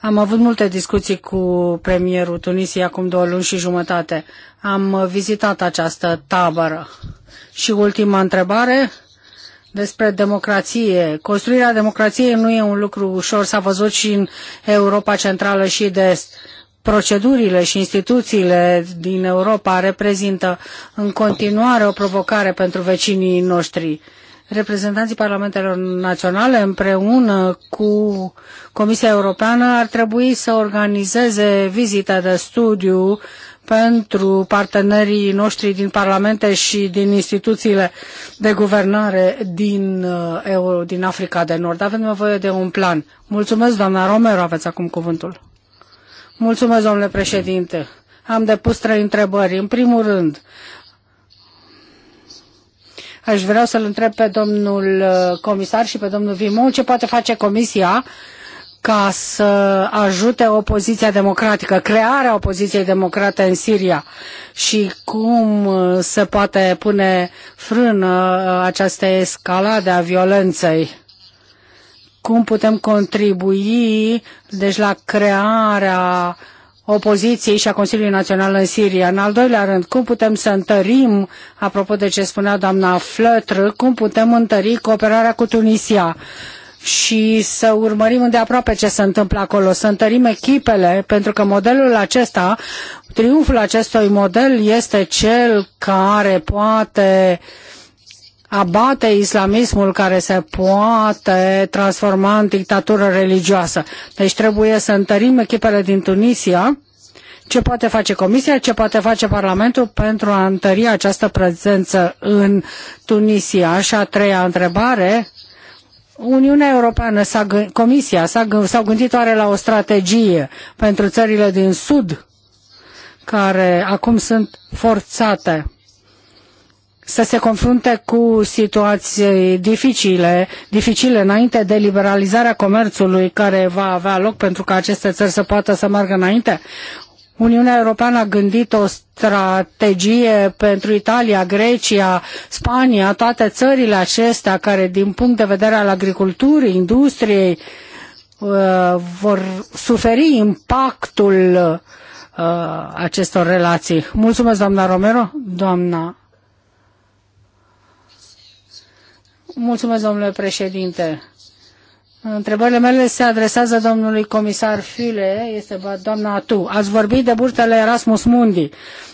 Am avut multe discuții cu premierul Tunisiei acum două luni și jumătate. Am vizitat această tabără. Și ultima întrebare despre democrație. Construirea democrației nu e un lucru ușor, s-a văzut și în Europa Centrală și de Est. Procedurile și instituțiile din Europa reprezintă în continuare o provocare pentru vecinii noștri reprezentanții parlamentelor naționale împreună cu Comisia Europeană ar trebui să organizeze vizite de studiu pentru partenerii noștri din parlamente și din instituțiile de guvernare din, uh, din Africa de Nord. Avem nevoie de un plan. Mulțumesc, doamna Romero, aveți acum cuvântul. Mulțumesc, domnule președinte. Am depus trei întrebări. În primul rând, Aș vrea să-l întreb pe domnul uh, comisar și pe domnul Vimon ce poate face comisia ca să ajute opoziția democratică, crearea opoziției democrate în Siria și cum uh, se poate pune frână uh, această escalade a violenței cum putem contribui deci la crearea opoziției și a Consiliului Național în Siria. În al doilea rând, cum putem să întărim, apropo de ce spunea doamna Flătră, cum putem întări cooperarea cu Tunisia și să urmărim îndeaproape ce se întâmplă acolo, să întărim echipele, pentru că modelul acesta, triumful acestui model este cel care poate uh, abate islamismul care se poate transforma în dictatură religioasă. Deci trebuie să întărim echipele din Tunisia, ce poate face Comisia, ce poate face Parlamentul pentru a întări această prezență în Tunisia. Și a treia întrebare, Uniunea Europeană, s-a, Comisia, s-au gândit oare la o strategie pentru țările din Sud, care acum sunt forțate să se confrunte cu situații dificile, dificile înainte de liberalizarea comerțului care va avea loc pentru ca aceste țări să poată să meargă înainte? Uniunea Europeană a gândit o strategie pentru Italia, Grecia, Spania, toate țările acestea care din punct de vedere al agriculturii, industriei, uh, vor suferi impactul uh, acestor relații. Mulțumesc, doamna Romero. Doamna Mulțumesc, domnule președinte. Întrebările mele se adresează domnului comisar File, este doamna Tu. Ați vorbit de burtele Erasmus Mundi,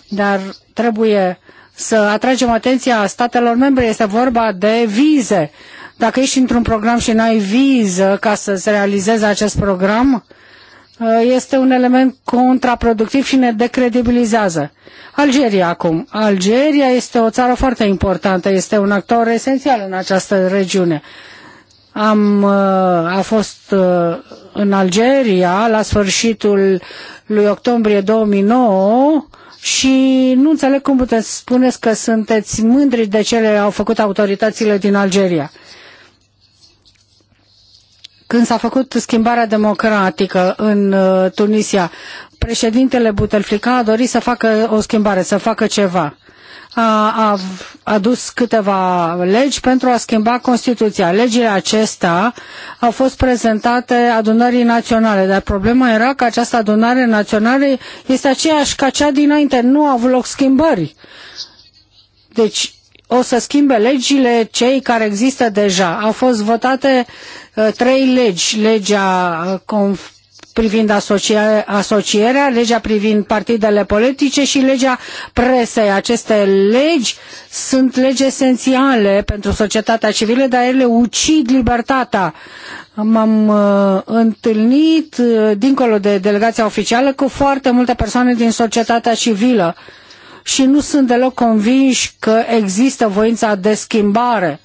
dar trebuie să atragem atenția statelor membre. Este vorba de vize. Dacă ești într-un program și n-ai viză ca să-ți realizezi acest program, uh, Eh, este un element contraproductiv și ne decredibilizează. Algeria acum. Algeria este o țară foarte importantă, este un actor esențial în această regiune. Am, eh, a fost eh, în Algeria la sfârșitul lui octombrie 2009 și nu înțeleg cum puteți spuneți că sunteți mândri de ce le au făcut autoritățile din Algeria. Uh, când s-a făcut schimbarea democratică în uh, Tunisia, președintele Bouteflika a dorit să facă o schimbare, să facă ceva. A adus câteva legi pentru a schimba Constituția. Legile acestea au fost prezentate adunării naționale, dar problema era că această adunare națională este aceeași ca cea dinainte. Nu au avut loc schimbări. Deci o să schimbe legile cei care există deja. Au fost votate uh, trei legi, legea uh, privind asocierea, legea privind partidele politice și legea presei. Aceste legi sunt legi esențiale pentru societatea civilă, dar ele ucid libertatea. M-am uh, întâlnit, uh, dincolo de delegația oficială, cu foarte multe persoane din societatea civilă. Uh, și nu sunt deloc convinși că există voința de schimbare.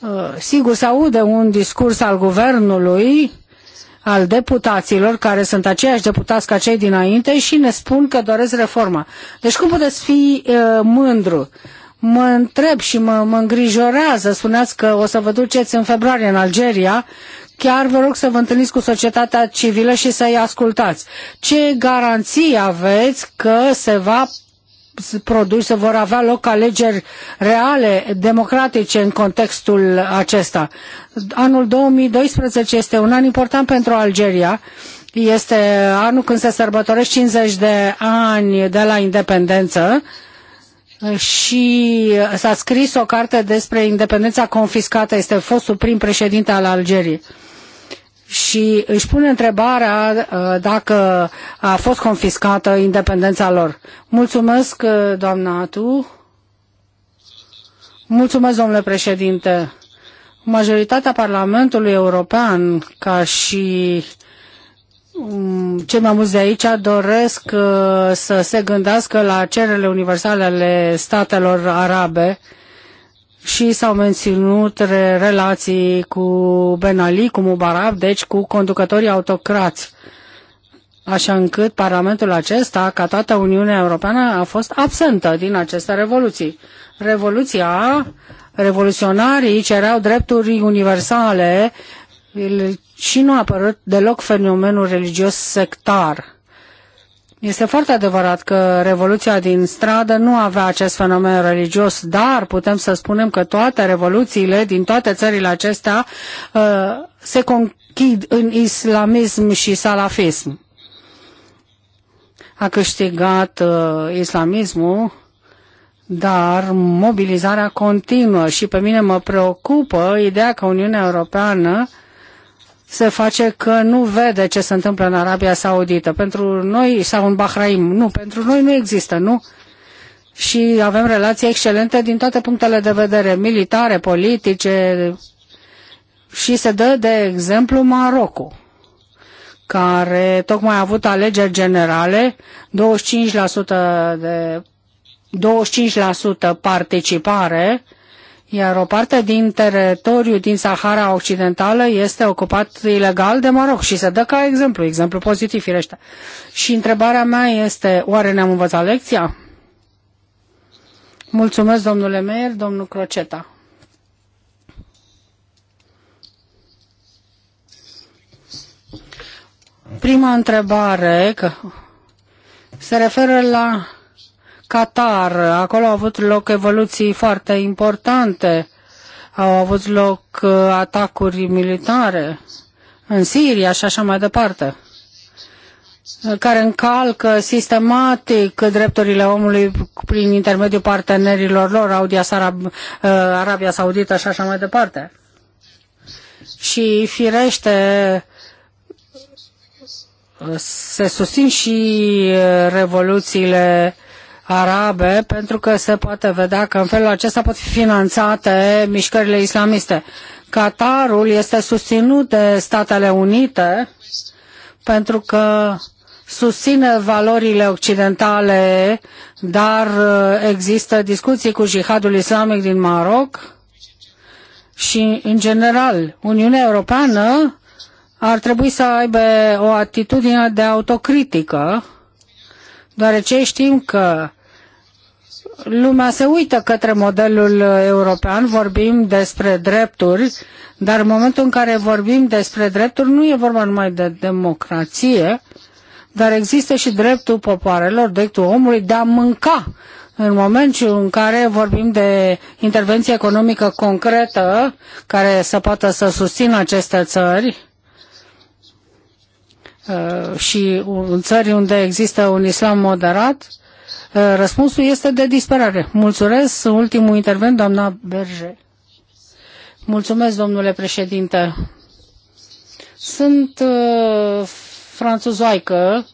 Uh, sigur, se aude un discurs al guvernului, al deputaților, care sunt aceiași deputați ca cei dinainte și ne spun că doresc reforma. Deci cum puteți fi uh, mândru? Mă întreb și mă, mă îngrijorează, spuneați că o să vă duceți în februarie în Algeria, chiar vă rog să vă întâlniți cu societatea civilă și să-i ascultați. Ce garanții aveți că se va produși, să vor avea loc alegeri reale, democratice în contextul acesta. Anul 2012 este un an important pentru Algeria. Este anul când se sărbătoresc 50 de ani de la independență și s-a scris o carte despre independența confiscată. Este fostul prim președinte al Algeriei și își pune întrebarea uh, dacă a fost confiscată independența lor. Mulțumesc, uh, doamna Atu. Mulțumesc, domnule președinte. Majoritatea Parlamentului European, ca și um, cei mai mulți de aici doresc uh, să se gândească la cererile universale ale statelor arabe și s-au menținut relații cu Ben Ali, cu Mubarak, deci cu conducătorii autocrați. Așa încât Parlamentul acesta, ca toată Uniunea Europeană, a fost absentă din aceste revoluții. Revoluția, revoluționarii cereau drepturi universale și nu a apărut deloc fenomenul religios sectar este foarte adevărat că Revoluția din stradă nu avea acest fenomen religios, dar putem să spunem că toate revoluțiile din toate țările acestea uh, se conchid în islamism și salafism. A câștigat uh, islamismul, dar mobilizarea continuă și pe mine mă preocupă ideea că Uniunea Europeană uh, se face că nu vede ce se întâmplă în Arabia Saudită. Pentru noi, sau în Bahrain, nu, pentru noi nu există, nu? Și avem relații excelente din toate punctele de vedere, militare, politice, și se dă de exemplu Marocul care tocmai a avut alegeri generale, 25% de 25% participare iar o parte din teritoriul din Sahara Occidentală este ocupat ilegal de Maroc și se dă ca exemplu, exemplu pozitiv, firește. Și întrebarea mea este, oare ne-am învățat lecția? Mulțumesc, domnule Meier, domnul Croceta. Prima întrebare că se referă la Qatar. Acolo au avut loc evoluții foarte importante. Au avut loc uh, atacuri militare în Siria și așa mai departe uh, care încalcă sistematic drepturile omului prin intermediul partenerilor lor, Audia, Sarab, uh, Arabia Saudită și așa mai departe. Și firește se susțin și revoluțiile arabe pentru că se poate vedea că în felul acesta pot fi finanțate mișcările islamiste. Qatarul este susținut de Statele Unite pentru că susține valorile occidentale, dar uh, există discuții cu jihadul islamic din Maroc și, în general, Uniunea Europeană ar trebui să aibă o atitudine de autocritică, deoarece știm că lumea se uită către modelul european, vorbim despre drepturi, dar în momentul în care vorbim despre drepturi nu e vorba numai de democrație, dar există și dreptul popoarelor, dreptul omului de a mânca. În momentul în care vorbim de intervenție economică concretă care să poată să susțină aceste țări, uh, și în țări unde există un islam moderat, Eh, răspunsul este de disperare. Mulțumesc. Ultimul intervent, doamna Berge. Mulțumesc, domnule președinte. Sunt uh, franțuzoaică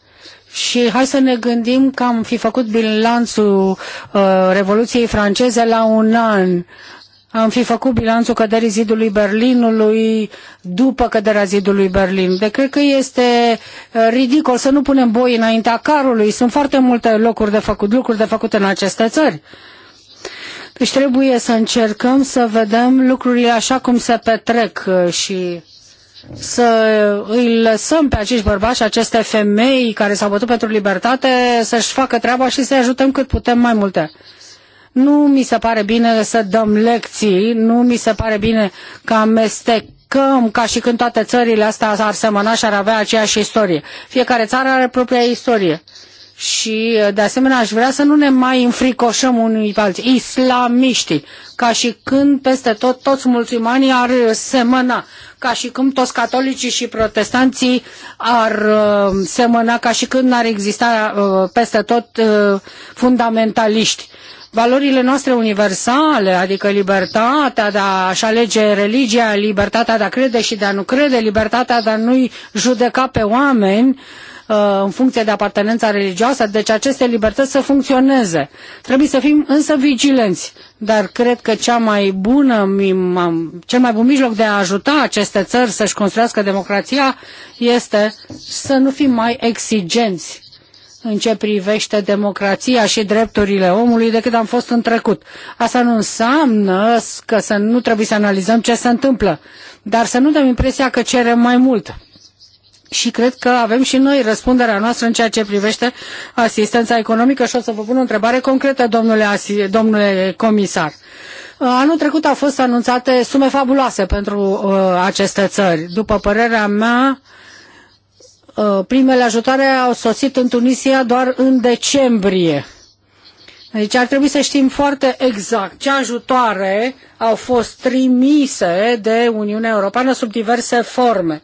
și hai să ne gândim că am fi făcut bilanțul uh, Revoluției franceze la un an am fi făcut bilanțul căderii zidului Berlinului după căderea zidului Berlin. De deci cred că este uh, ridicol să nu punem boi înaintea carului. Sunt foarte multe locuri de făcut, lucruri de făcut în aceste țări. Deci trebuie să încercăm să vedem lucrurile așa cum se petrec uh, și să îi lăsăm pe acești bărbați aceste femei care s-au bătut pentru libertate să-și facă treaba și să-i ajutăm cât putem mai multe. Nu mi se pare bine să dăm lecții, nu mi se pare bine că amestecăm ca și când toate țările astea ar semăna și ar avea aceeași istorie. Fiecare țară are propria istorie. Și, de asemenea, aș vrea să nu ne mai înfricoșăm unii pe alții, islamiștii, ca și când peste tot toți musulmanii ar semăna, ca și când toți catolicii și protestanții ar uh, semăna, ca și când ar exista uh, peste tot uh, fundamentaliști valorile noastre universale, adică libertatea de a-și alege religia, libertatea de a crede și de a nu crede, libertatea de a nu-i judeca pe oameni uh, în funcție de apartenența religioasă, deci aceste libertăți să funcționeze. Trebuie să fim însă vigilenți, dar cred că cea mai bună, cel mai bun mijloc de a ajuta aceste țări să-și construiască democrația este să nu fim mai exigenți în ce privește democrația și drepturile omului decât am fost în trecut. Asta nu înseamnă că să nu trebuie să analizăm ce se întâmplă, dar să nu dăm impresia că cerem mai mult. Și cred că avem și noi răspunderea noastră în ceea ce privește asistența economică și o să vă pun o întrebare concretă, domnule, domnule comisar. Uh, anul trecut au fost anunțate sume fabuloase pentru uh, aceste țări. După părerea mea, uh, Uh, primele ajutoare au sosit în Tunisia doar în decembrie. Deci ar trebui să știm foarte exact ce ajutoare au fost trimise de Uniunea Europeană sub diverse forme.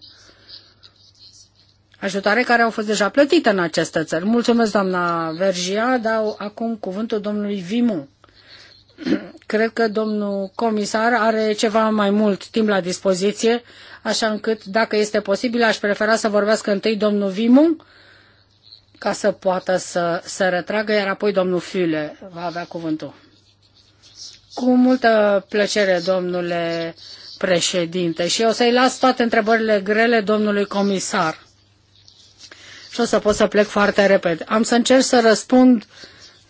Ajutoare care au fost deja plătite în aceste țări. Mulțumesc, doamna Vergia. Dau acum cuvântul domnului Vimu. Cred că domnul comisar are ceva mai mult timp la dispoziție, așa încât, dacă este posibil, aș prefera să vorbească întâi domnul Vimu, ca să poată să se retragă, iar apoi domnul Fiule va avea cuvântul. Cu multă plăcere, domnule președinte, și o să-i las toate întrebările grele domnului comisar. Și o să pot să plec foarte repede. Am să încerc să răspund uh,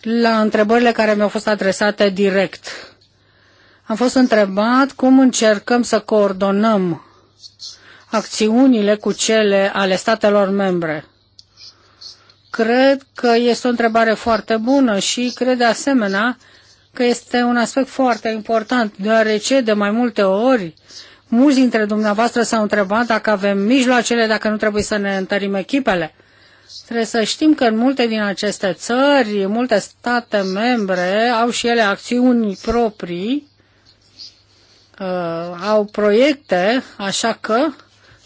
la întrebările care mi-au fost adresate direct. Am fost întrebat cum încercăm să coordonăm acțiunile cu cele ale statelor membre. Cred că este o întrebare foarte bună și cred de asemenea că este un aspect foarte important, deoarece de mai multe ori mulți dintre dumneavoastră s-au întrebat dacă avem mijloacele, dacă nu trebuie să ne întărim echipele. Trebuie să știm că în multe din aceste țări, multe state membre au și ele acțiuni proprii, uh, au proiecte, așa că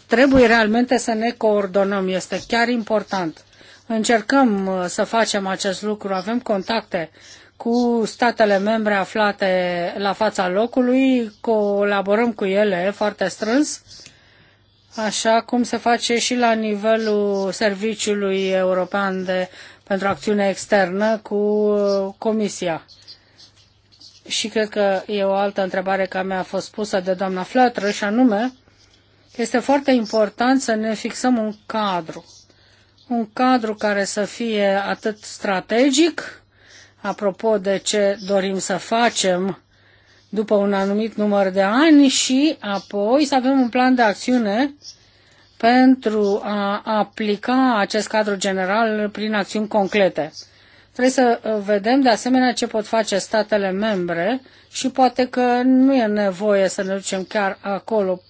trebuie realmente să ne coordonăm. Este chiar important. Încercăm uh, să facem acest lucru, avem contacte cu statele membre aflate la fața locului, colaborăm cu ele foarte strâns așa cum se face și la nivelul Serviciului European de, pentru Acțiune Externă cu uh, Comisia. Și cred că e o altă întrebare care mi-a fost pusă de doamna Flătră și anume, este foarte important să ne fixăm un cadru. Un cadru care să fie atât strategic, apropo de ce dorim să facem după un anumit număr de ani și apoi să avem un plan de acțiune pentru a aplica acest cadru general prin acțiuni concrete. Trebuie să uh, vedem de asemenea ce pot face statele membre și poate că nu e nevoie să ne ducem chiar acolo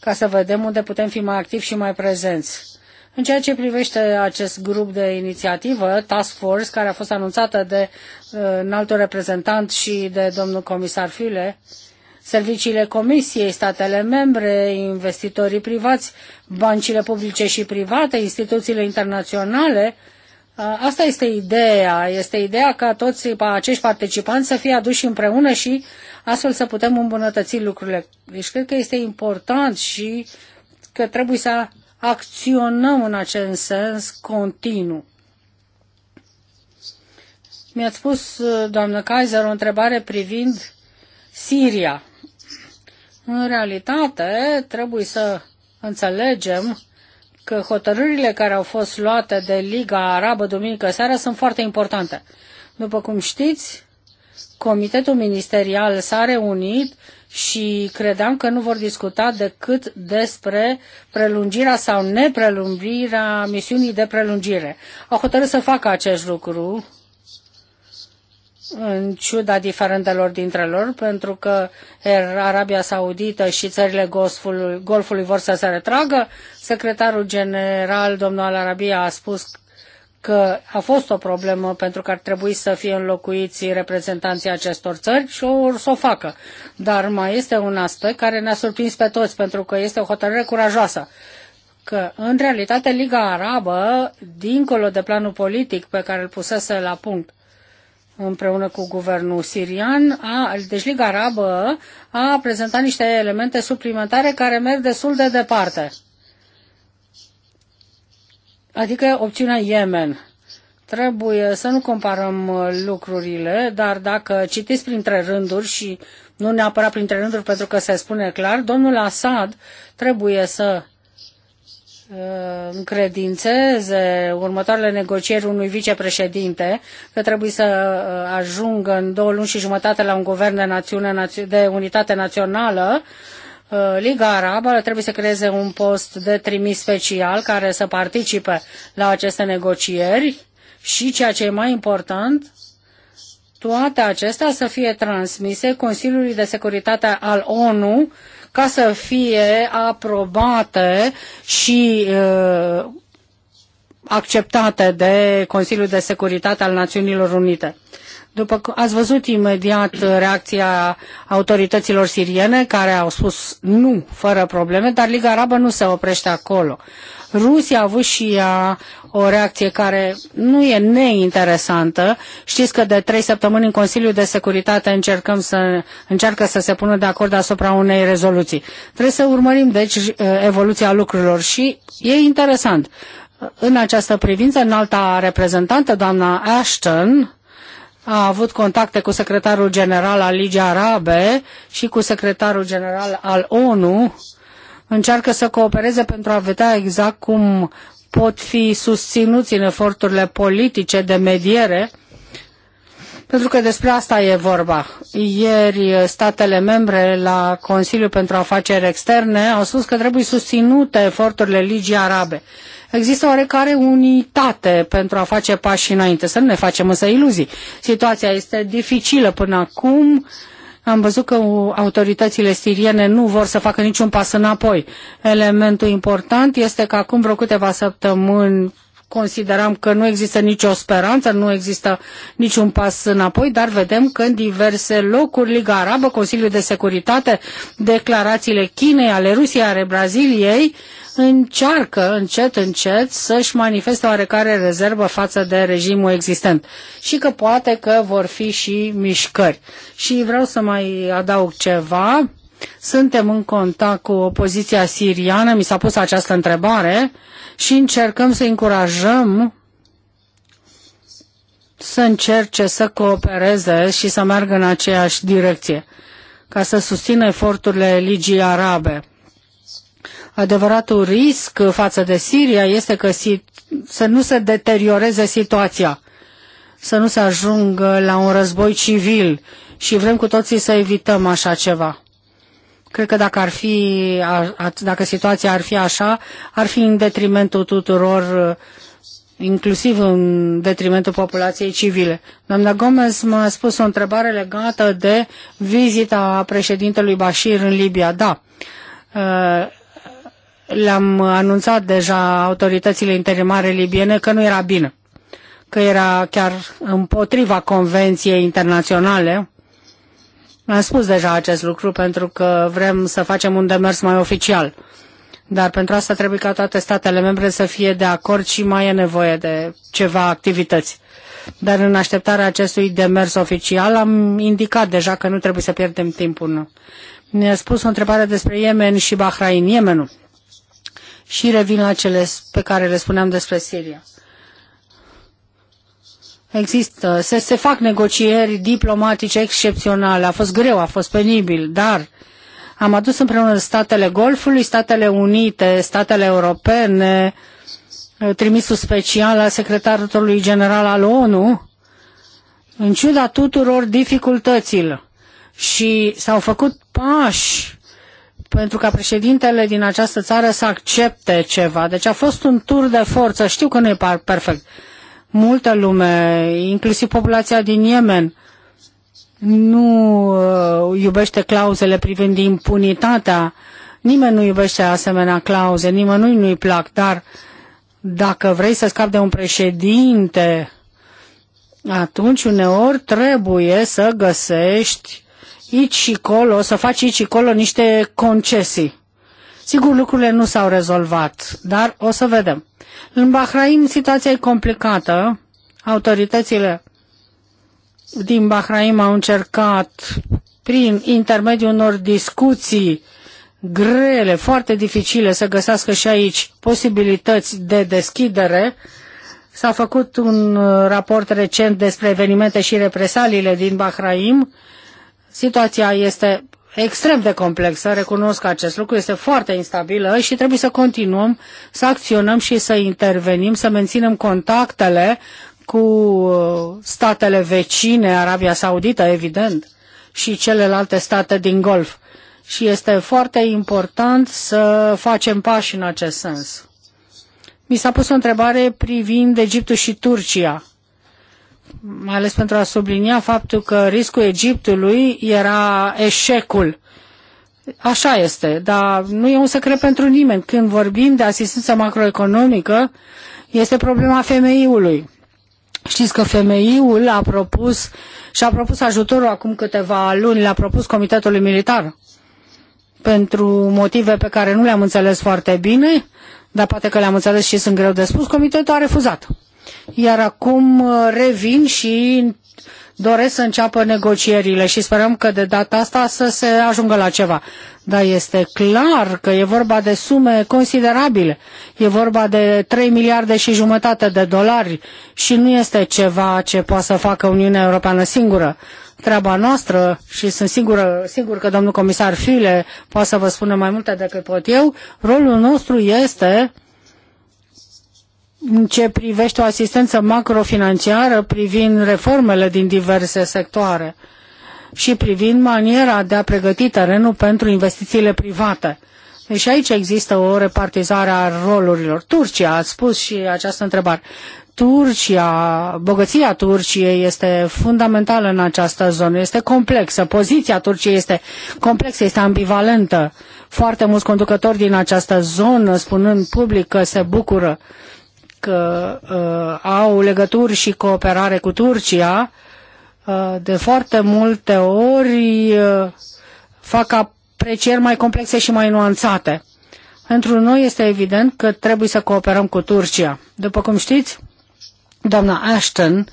ca să vedem unde putem fi mai activi și mai prezenți. În ceea ce privește acest grup de inițiativă, Task Force, care a fost anunțată de uh, înaltul reprezentant și de domnul comisar File, serviciile Comisiei, statele membre, investitorii privați, bancile publice și private, instituțiile internaționale, uh, Asta este ideea, este ideea ca toți acești participanți să fie aduși împreună și astfel să putem îmbunătăți lucrurile. Deci cred că este important și că trebuie să acționăm în acest sens continuu. Mi-ați spus, doamnă Kaiser, o întrebare privind Siria. În realitate, trebuie să înțelegem că hotărârile care au fost luate de Liga Arabă duminică seara sunt foarte importante. După cum știți, Comitetul Ministerial s-a reunit și credeam că nu vor discuta decât despre prelungirea sau neprelungirea misiunii de prelungire. Au hotărât să facă acest lucru în ciuda diferendelor dintre lor, pentru că Arabia Saudită și țările Golfului, Golfului vor să se retragă. Secretarul general, domnul Al Arabia, a spus că a fost o problemă pentru că ar trebui să fie înlocuiți reprezentanții acestor țări și o să o facă. Dar mai este un aspect care ne-a surprins pe toți pentru că este o hotărâre curajoasă că, în realitate, Liga Arabă, dincolo de planul politic pe care îl pusese la punct împreună cu guvernul sirian, a, deci Liga Arabă a prezentat niște elemente suplimentare care merg destul de departe adică opțiunea Yemen. Trebuie să nu comparăm uh, lucrurile, dar dacă citiți printre rânduri și nu neapărat printre rânduri pentru că se spune clar, domnul Assad trebuie să uh, încredințeze următoarele negocieri unui vicepreședinte că trebuie să uh, ajungă în două luni și jumătate la un guvern de, națiune, de unitate națională Uh, Liga Arabă trebuie să creeze un post de trimis special care să participe la aceste negocieri și, ceea ce e mai important, toate acestea să fie transmise Consiliului de Securitate al ONU ca să fie aprobate și uh, acceptate de Consiliul de Securitate al Națiunilor Unite. După cum ați văzut imediat reacția autorităților siriene care au spus nu, fără probleme, dar Liga Arabă nu se oprește acolo. Rusia a avut și ea o reacție care nu e neinteresantă. Știți că de trei săptămâni în Consiliul de Securitate încercăm să, încearcă să se pună de acord asupra unei rezoluții. Trebuie să urmărim, deci, eh, evoluția lucrurilor și e interesant. În această privință, înalta reprezentantă, doamna Ashton, a avut contacte cu secretarul general al Ligii Arabe și cu secretarul general al ONU, încearcă să coopereze pentru a vedea exact cum pot fi susținuți în eforturile politice de mediere, pentru că despre asta e vorba. Ieri statele membre la Consiliul pentru Afaceri Externe au spus că trebuie susținute eforturile Ligii Arabe există oarecare unitate pentru a face pași înainte. Să nu ne facem însă iluzii. Situația este dificilă până acum. Am văzut că autoritățile siriene nu vor să facă niciun pas înapoi. Elementul important este că acum vreo câteva săptămâni consideram că nu există nicio speranță, nu există niciun pas înapoi, dar vedem că în diverse locuri, Liga Arabă, Consiliul de Securitate, declarațiile Chinei, ale Rusiei, ale Braziliei, uh, încearcă încet, încet să-și manifeste oarecare rezervă față de regimul existent și că poate că vor fi și mișcări. Și vreau să mai adaug ceva. Suntem în contact cu opoziția siriană, mi s-a pus această întrebare și încercăm să încurajăm să încerce să coopereze și să meargă în aceeași direcție, ca să susțină eforturile Ligii Arabe Adevăratul risc față de Siria este că să nu se deterioreze situația, să nu se ajungă la un război civil și vrem cu toții să evităm așa ceva. Cred că dacă, ar fi, dacă situația ar fi așa, ar fi în detrimentul tuturor, uh, inclusiv în detrimentul populației civile. Doamna Gomez m-a spus o întrebare legată de vizita președintelui Bashir în Libia. Da, uh, le-am anunțat deja autoritățile interimare libiene că nu era bine, că era chiar împotriva Convenției Internaționale. Am spus deja acest lucru pentru că vrem să facem un demers mai oficial. Dar pentru asta trebuie ca toate statele membre să fie de acord și mai e nevoie de ceva activități. Dar în așteptarea acestui demers oficial am indicat deja că nu trebuie să pierdem timpul. ne a spus o întrebare despre Yemen și Bahrain. Yemenul și revin la cele pe care le spuneam despre Siria. Există, se, se fac negocieri diplomatice excepționale, a fost greu, a fost penibil, dar am adus împreună statele Golfului, Statele Unite, statele europene, trimisul special al secretarului general al ONU, în ciuda tuturor dificultăților. Și s-au făcut pași pentru ca președintele din această țară să accepte ceva. Deci a fost un tur de forță. Știu că nu e perfect. Multă lume, inclusiv populația din Yemen, nu uh, iubește clauzele privind impunitatea. Nimeni nu iubește asemenea clauze, nimănui nu-i plac, dar dacă vrei să scapi de un președinte, atunci uneori trebuie să găsești aici și colo, să faci aici și colo niște concesii. Sigur, lucrurile nu s-au rezolvat, dar o să vedem. În Bahrain situația e complicată. Autoritățile din Bahrain au încercat, prin intermediul unor discuții grele, foarte dificile, să găsească și aici posibilități de deschidere. S-a făcut un uh, raport recent despre evenimente și represaliile din Bahrain Situația este extrem de complexă, recunosc că acest lucru este foarte instabilă și trebuie să continuăm să acționăm și să intervenim, să menținem contactele cu uh, statele vecine, Arabia Saudită, evident, și celelalte state din Golf. Și este foarte important să facem pași în acest sens. Mi s-a pus o întrebare privind Egiptul și Turcia mai ales pentru a sublinia faptul că riscul Egiptului era eșecul. Așa este, dar nu e un secret pentru nimeni. Când vorbim de asistență macroeconomică, este problema femeiului. Știți că femeiul a propus și a propus ajutorul acum câteva luni, l-a propus Comitetului Militar pentru motive pe care nu le-am înțeles foarte bine, dar poate că le-am înțeles și sunt greu de spus, comitetul a refuzat. Iar acum uh, revin și doresc să înceapă negocierile și sperăm că de data asta să se ajungă la ceva. Dar este clar că e vorba de sume considerabile. E vorba de 3 miliarde și jumătate de dolari și nu este ceva ce poate să facă Uniunea Europeană singură. Treaba noastră, și sunt sigură, sigur că domnul comisar File poate să vă spună mai multe decât pot eu, rolul nostru este în ce privește o asistență macrofinanciară privind reformele din diverse sectoare și privind maniera de a pregăti terenul pentru investițiile private. Deci aici există o repartizare a rolurilor. Turcia, ați spus și această întrebare. Turcia, bogăția Turciei este fundamentală în această zonă, este complexă, poziția Turciei este complexă, este ambivalentă. Foarte mulți conducători din această zonă, spunând public că se bucură că uh, au legături și cooperare cu Turcia, uh, de foarte multe ori uh, fac aprecieri mai complexe și mai nuanțate. Pentru noi este evident că trebuie să cooperăm cu Turcia. După cum știți, doamna Ashton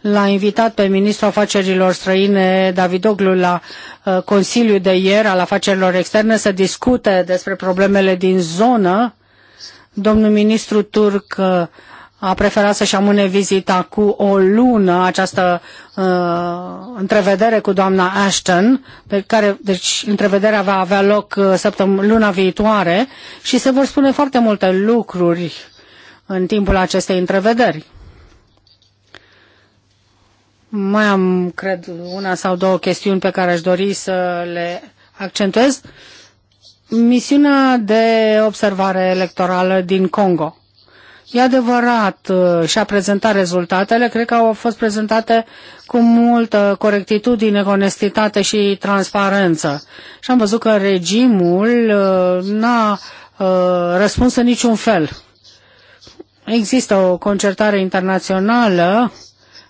l-a invitat pe ministrul afacerilor străine Davidoglu la uh, Consiliul de ieri al afacerilor externe să discute despre problemele din zonă Domnul ministru turc uh, a preferat să-și amâne vizita cu o lună, această uh, întrevedere cu doamna Ashton, pe care, deci întrevederea va avea loc uh, săptămâna, luna viitoare și se vor spune foarte multe lucruri în timpul acestei întrevederi. Mai am, cred, una sau două chestiuni pe care aș dori să le accentuez. Uh, misiunea de observare electorală din Congo. E adevărat, uh, și-a prezentat rezultatele, cred că au fost prezentate cu multă corectitudine, onestitate și transparență. Și am văzut că regimul uh, n-a uh, răspuns în niciun fel. Există o concertare internațională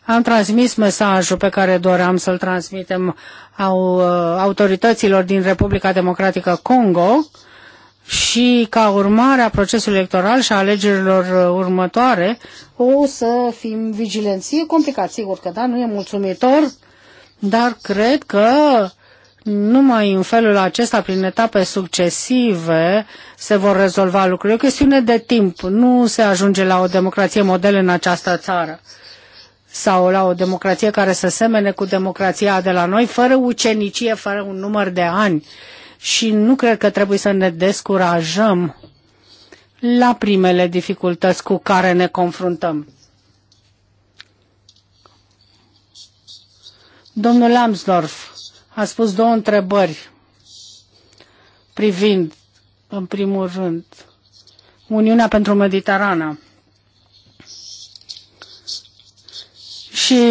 am transmis mesajul pe care doream să-l transmitem au, uh, autorităților din Republica Democratică Congo și ca urmare a procesului electoral și a alegerilor uh, următoare o să fim vigilenți. E complicat, sigur că da, nu e mulțumitor, dar cred că numai în felul acesta, prin etape succesive, se vor rezolva lucrurile. E o chestiune de timp. Nu se ajunge la o democrație model în această țară sau la o democrație care să semene cu democrația de la noi, fără ucenicie, fără un număr de ani. Și nu cred că trebuie să ne descurajăm la primele dificultăți cu care ne confruntăm. Domnul Lambsdorff a spus două întrebări privind, în primul rând, Uniunea pentru Mediterana. și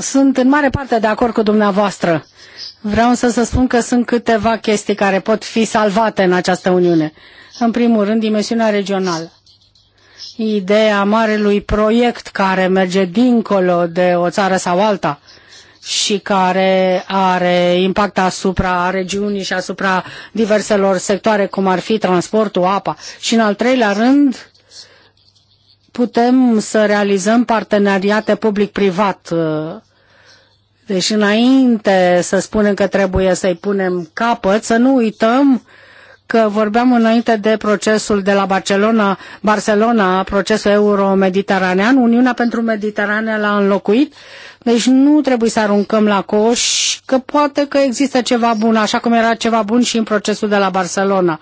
sunt în mare parte de acord cu dumneavoastră. Vreau însă să spun că sunt câteva chestii care pot fi salvate în această Uniune. În primul rând, dimensiunea regională. Ideea marelui proiect care merge dincolo de o țară sau alta și care are impact asupra regiunii și asupra diverselor sectoare, cum ar fi transportul, apa. Și în al treilea rând, putem să realizăm parteneriate public-privat. Uh, deci înainte să spunem că trebuie să-i punem capăt, să nu uităm că vorbeam înainte de procesul de la Barcelona, Barcelona procesul euro-mediteranean, Uniunea pentru Mediterane l-a înlocuit, deci nu trebuie să aruncăm la coș, că poate că există ceva bun, așa cum era ceva bun și în procesul de la Barcelona.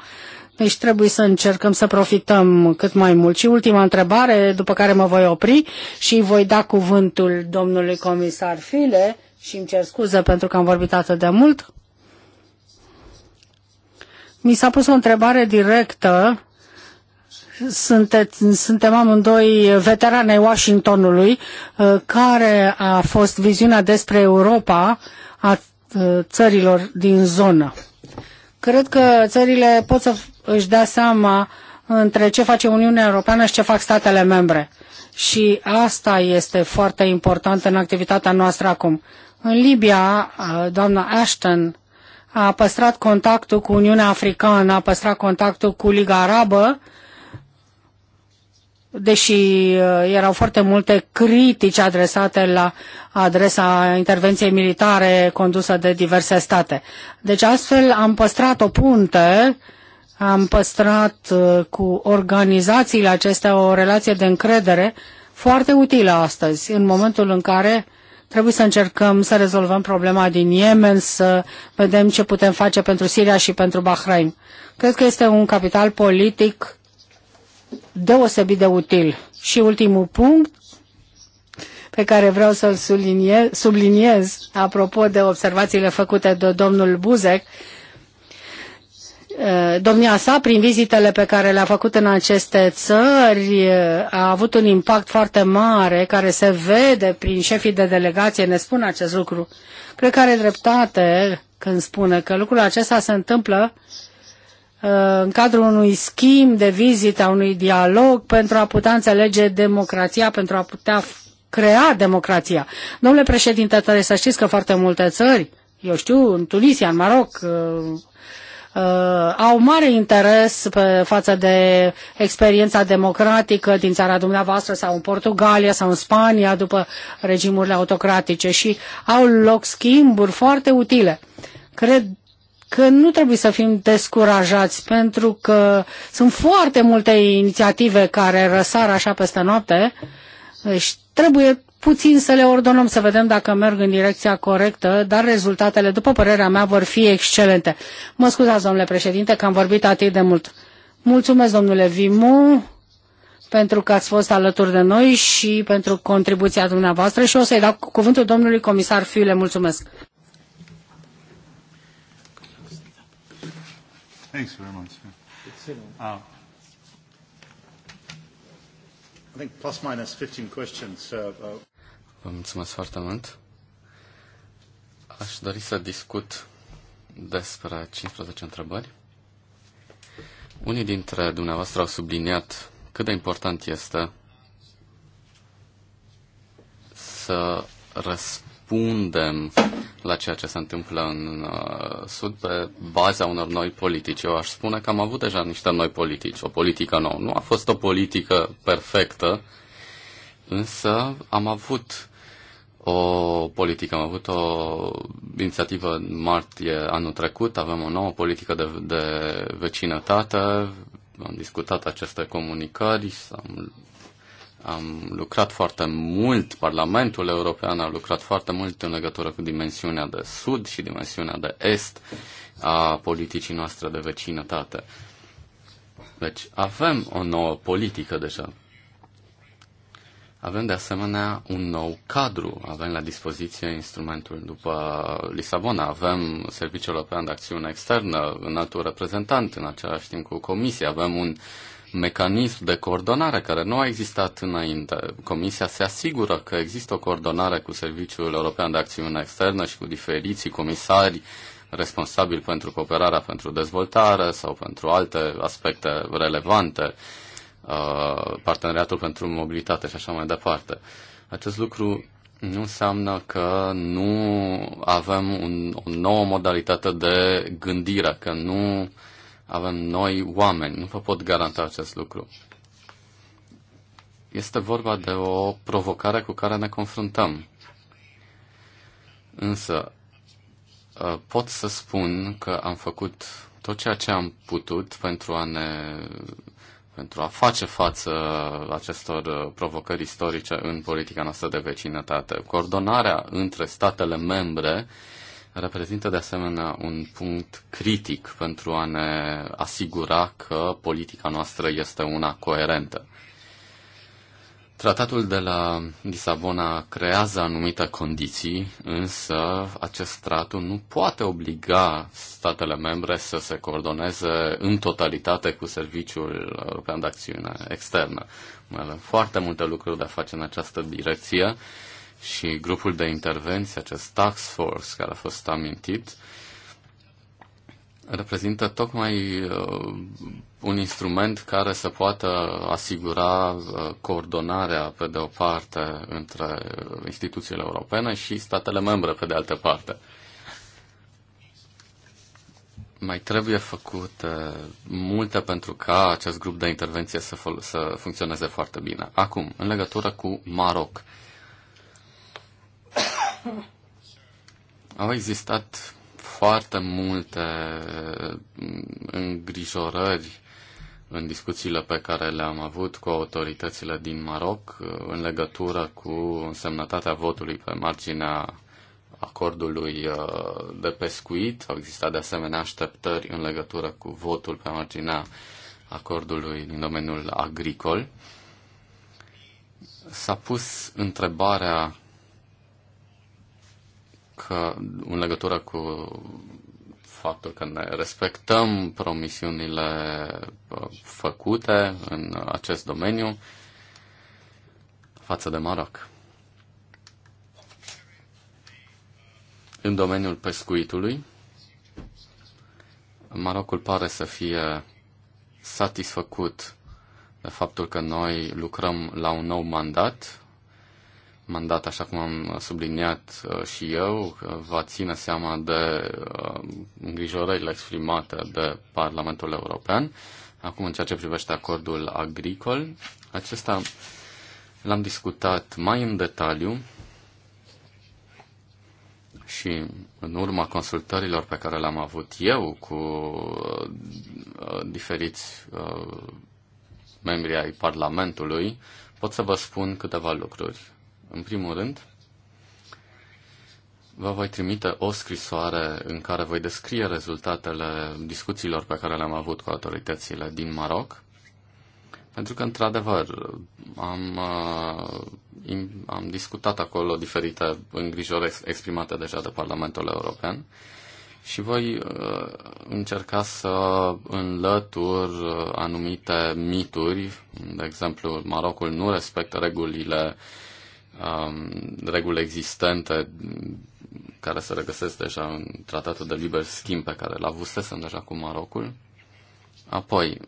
Deci trebuie să încercăm să profităm cât mai mult. Și ultima întrebare, după care mă voi opri și voi da cuvântul domnului comisar File și îmi cer scuze pentru că am vorbit atât de mult. Mi s-a pus o întrebare directă. Sunte, suntem amândoi veterane Washingtonului. Uh, care a fost viziunea despre Europa a uh, țărilor din zonă? Cred că țările pot să își dea seama între ce face Uniunea Europeană și ce fac statele membre. Și asta este foarte important în activitatea noastră acum. În Libia, doamna Ashton a păstrat contactul cu Uniunea Africană, a păstrat contactul cu Liga Arabă, deși erau foarte multe critici adresate la adresa intervenției militare condusă de diverse state. Deci astfel am păstrat o punte am păstrat uh, cu organizațiile acestea o relație de încredere foarte utilă astăzi, în momentul în care trebuie să încercăm să rezolvăm problema din Yemen, să vedem ce putem face pentru Siria și pentru Bahrain. Cred că este un capital politic deosebit de util. Și ultimul punct pe care vreau să-l subliniez, subliniez, apropo de observațiile făcute de domnul Buzek, Eh, domnia sa, prin vizitele pe care le-a făcut în aceste țări, eh, a avut un impact foarte mare, care se vede prin șefii de delegație, ne spun acest lucru. Cred că are dreptate când spune că lucrul acesta se întâmplă eh, în cadrul unui schimb de vizită, a unui dialog pentru a putea înțelege democrația, pentru a putea crea democrația. Domnule președinte, trebuie să știți că foarte multe țări, eu știu, în Tunisia, în Maroc, Uh, au mare interes pe, față de experiența democratică din țara dumneavoastră sau în Portugalia sau în Spania după regimurile autocratice și au loc schimburi foarte utile. Cred că nu trebuie să fim descurajați pentru că sunt foarte multe inițiative care răsar așa peste noapte și deci trebuie puțin să le ordonăm, să vedem dacă merg în direcția corectă, dar rezultatele, după părerea mea, vor fi excelente. Mă scuzați, domnule președinte, că am vorbit atât de mult. Mulțumesc, domnule Vimu, pentru că ați fost alături de noi și pentru contribuția dumneavoastră și o să-i dau cuvântul domnului comisar Fiule. Mulțumesc. Thanks very much. Uh, I think plus minus 15 questions. uh... Vă mulțumesc foarte mult. Aș dori să discut despre 15 întrebări. Unii dintre dumneavoastră au subliniat cât de important este să răspundem răspundem la ceea ce se întâmplă în uh, Sud pe baza unor noi politici. Eu aș spune că am avut deja niște noi politici, o politică nouă. Nu a fost o politică perfectă, însă am avut o politică, am avut o inițiativă în martie anul trecut, avem o nouă politică de, de vecinătate, am discutat aceste comunicări, am am lucrat foarte mult, Parlamentul European a lucrat foarte mult în legătură cu dimensiunea de sud și dimensiunea de est a politicii noastre de vecinătate. Deci avem o nouă politică deja. Avem de asemenea un nou cadru, avem la dispoziție instrumentul după Lisabona, avem Serviciul European de Acțiune Externă, înaltul reprezentant în același timp cu Comisia, avem un uh, mecanism de coordonare care nu a existat înainte. Comisia se asigură că există o coordonare cu Serviciul European de Acțiune Externă și cu diferiții comisari responsabili pentru cooperarea pentru dezvoltare sau pentru alte aspecte relevante, uh, parteneriatul pentru mobilitate și așa mai departe. Acest lucru nu înseamnă că nu avem un, o nouă modalitate de gândire, că nu uh, avem noi oameni. Nu vă pot garanta acest lucru. Este vorba de o provocare cu care ne confruntăm. Însă, ă, pot să spun că am făcut tot ceea ce am putut pentru a ne pentru a face față acestor ă, provocări istorice în politica noastră de vecinătate. Coordonarea între statele membre uh, reprezintă de asemenea un punct critic pentru a ne asigura că politica noastră este una coerentă. Tratatul de la Lisabona creează anumite condiții, însă acest tratat nu poate obliga statele membre să se coordoneze în totalitate cu Serviciul European de Acțiune Externă. Mai avem foarte multe lucruri de a face în această direcție și grupul de intervenție, acest tax force care a fost amintit, reprezintă tocmai uh, un instrument care să poată asigura uh, coordonarea, pe de o parte, între instituțiile europene și statele membre, pe de altă parte. Mai trebuie făcut uh, multe pentru ca acest grup de intervenție să, să funcționeze foarte bine. Acum, în legătură cu Maroc. Uh, Au existat foarte multe mm, îngrijorări în discuțiile pe care le-am avut cu autoritățile din Maroc uh, în legătură cu însemnătatea votului pe marginea acordului uh, de pescuit. Au existat de asemenea așteptări în legătură cu votul pe marginea acordului din domeniul agricol. S-a pus întrebarea că, în legătură cu faptul că ne respectăm promisiunile uh, făcute în acest domeniu față de Maroc. În domeniul pescuitului, Marocul pare să fie satisfăcut de faptul că noi lucrăm la un nou mandat mandat, așa cum am subliniat uh, și eu, va ține seama de uh, îngrijorările exprimate de Parlamentul European. Acum, în ceea ce privește acordul agricol, acesta l-am discutat mai în detaliu și în urma consultărilor pe care le-am avut eu cu uh, diferiți membri ai Parlamentului, pot să vă spun câteva lucruri. În primul rând, vă voi trimite o scrisoare în care voi descrie rezultatele discuțiilor pe care le-am avut cu autoritățile din Maroc, pentru că, într-adevăr, am, uh, am discutat acolo diferite îngrijori exprimate deja de Parlamentul European și voi uh, încerca să înlătur uh, anumite mituri. De exemplu, Marocul nu respectă regulile uh, um, reguli existente care se regăsesc deja în tratatul de liber schimb pe care l-a avusesem deja cu Marocul. Apoi,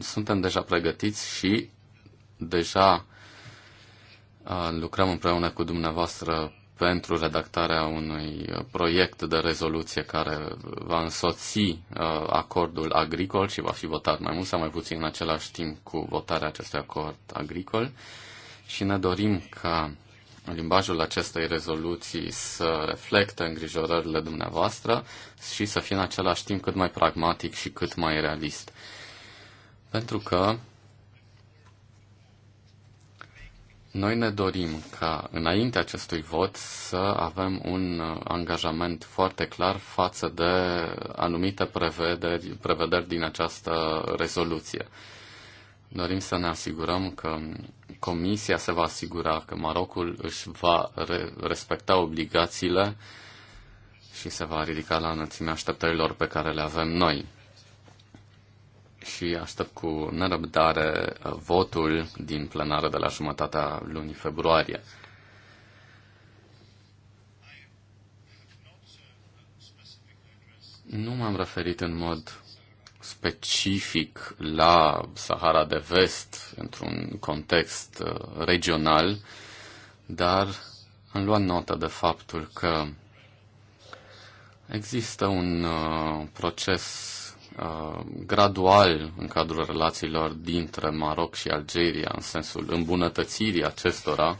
suntem deja pregătiți și deja uh, lucrăm împreună cu dumneavoastră pentru redactarea unui proiect de rezoluție care va însoți uh, acordul agricol și va fi votat mai mult sau mai puțin în același timp cu votarea acestui acord agricol și ne dorim ca limbajul acestei rezoluții să reflecte îngrijorările dumneavoastră și să fie în același timp cât mai pragmatic și cât mai realist. Pentru că noi ne dorim ca înainte acestui vot să avem un uh, angajament foarte clar față de anumite prevederi, prevederi din această rezoluție. Dorim să ne asigurăm că Comisia se va asigura că Marocul își va re- respecta obligațiile și se va ridica la înălțimea așteptărilor pe care le avem noi. Și aștept cu nerăbdare uh, votul din plenară de la jumătatea lunii februarie. Nu m-am referit în mod specific la Sahara de Vest, într-un context uh, regional, dar am luat notă de faptul că există un uh, proces uh, gradual în cadrul relațiilor dintre Maroc și Algeria, în sensul îmbunătățirii acestora,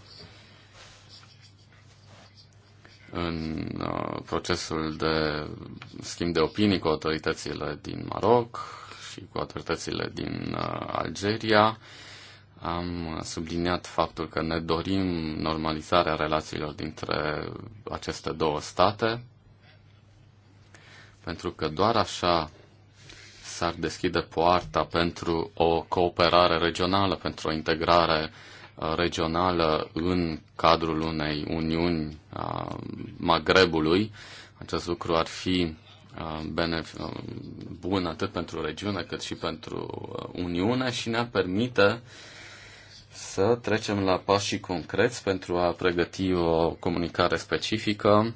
în uh, procesul de schimb de opinii cu autoritățile din Maroc și cu autoritățile din uh, Algeria. Am subliniat faptul că ne dorim normalizarea relațiilor dintre aceste două state, pentru că doar așa s-ar deschide poarta pentru o cooperare regională, pentru o integrare uh, regională în cadrul unei uniuni a Magrebului. Acest lucru ar fi bun atât pentru regiune cât și pentru Uniune și ne-ar permite să trecem la pașii concreți pentru a pregăti o comunicare specifică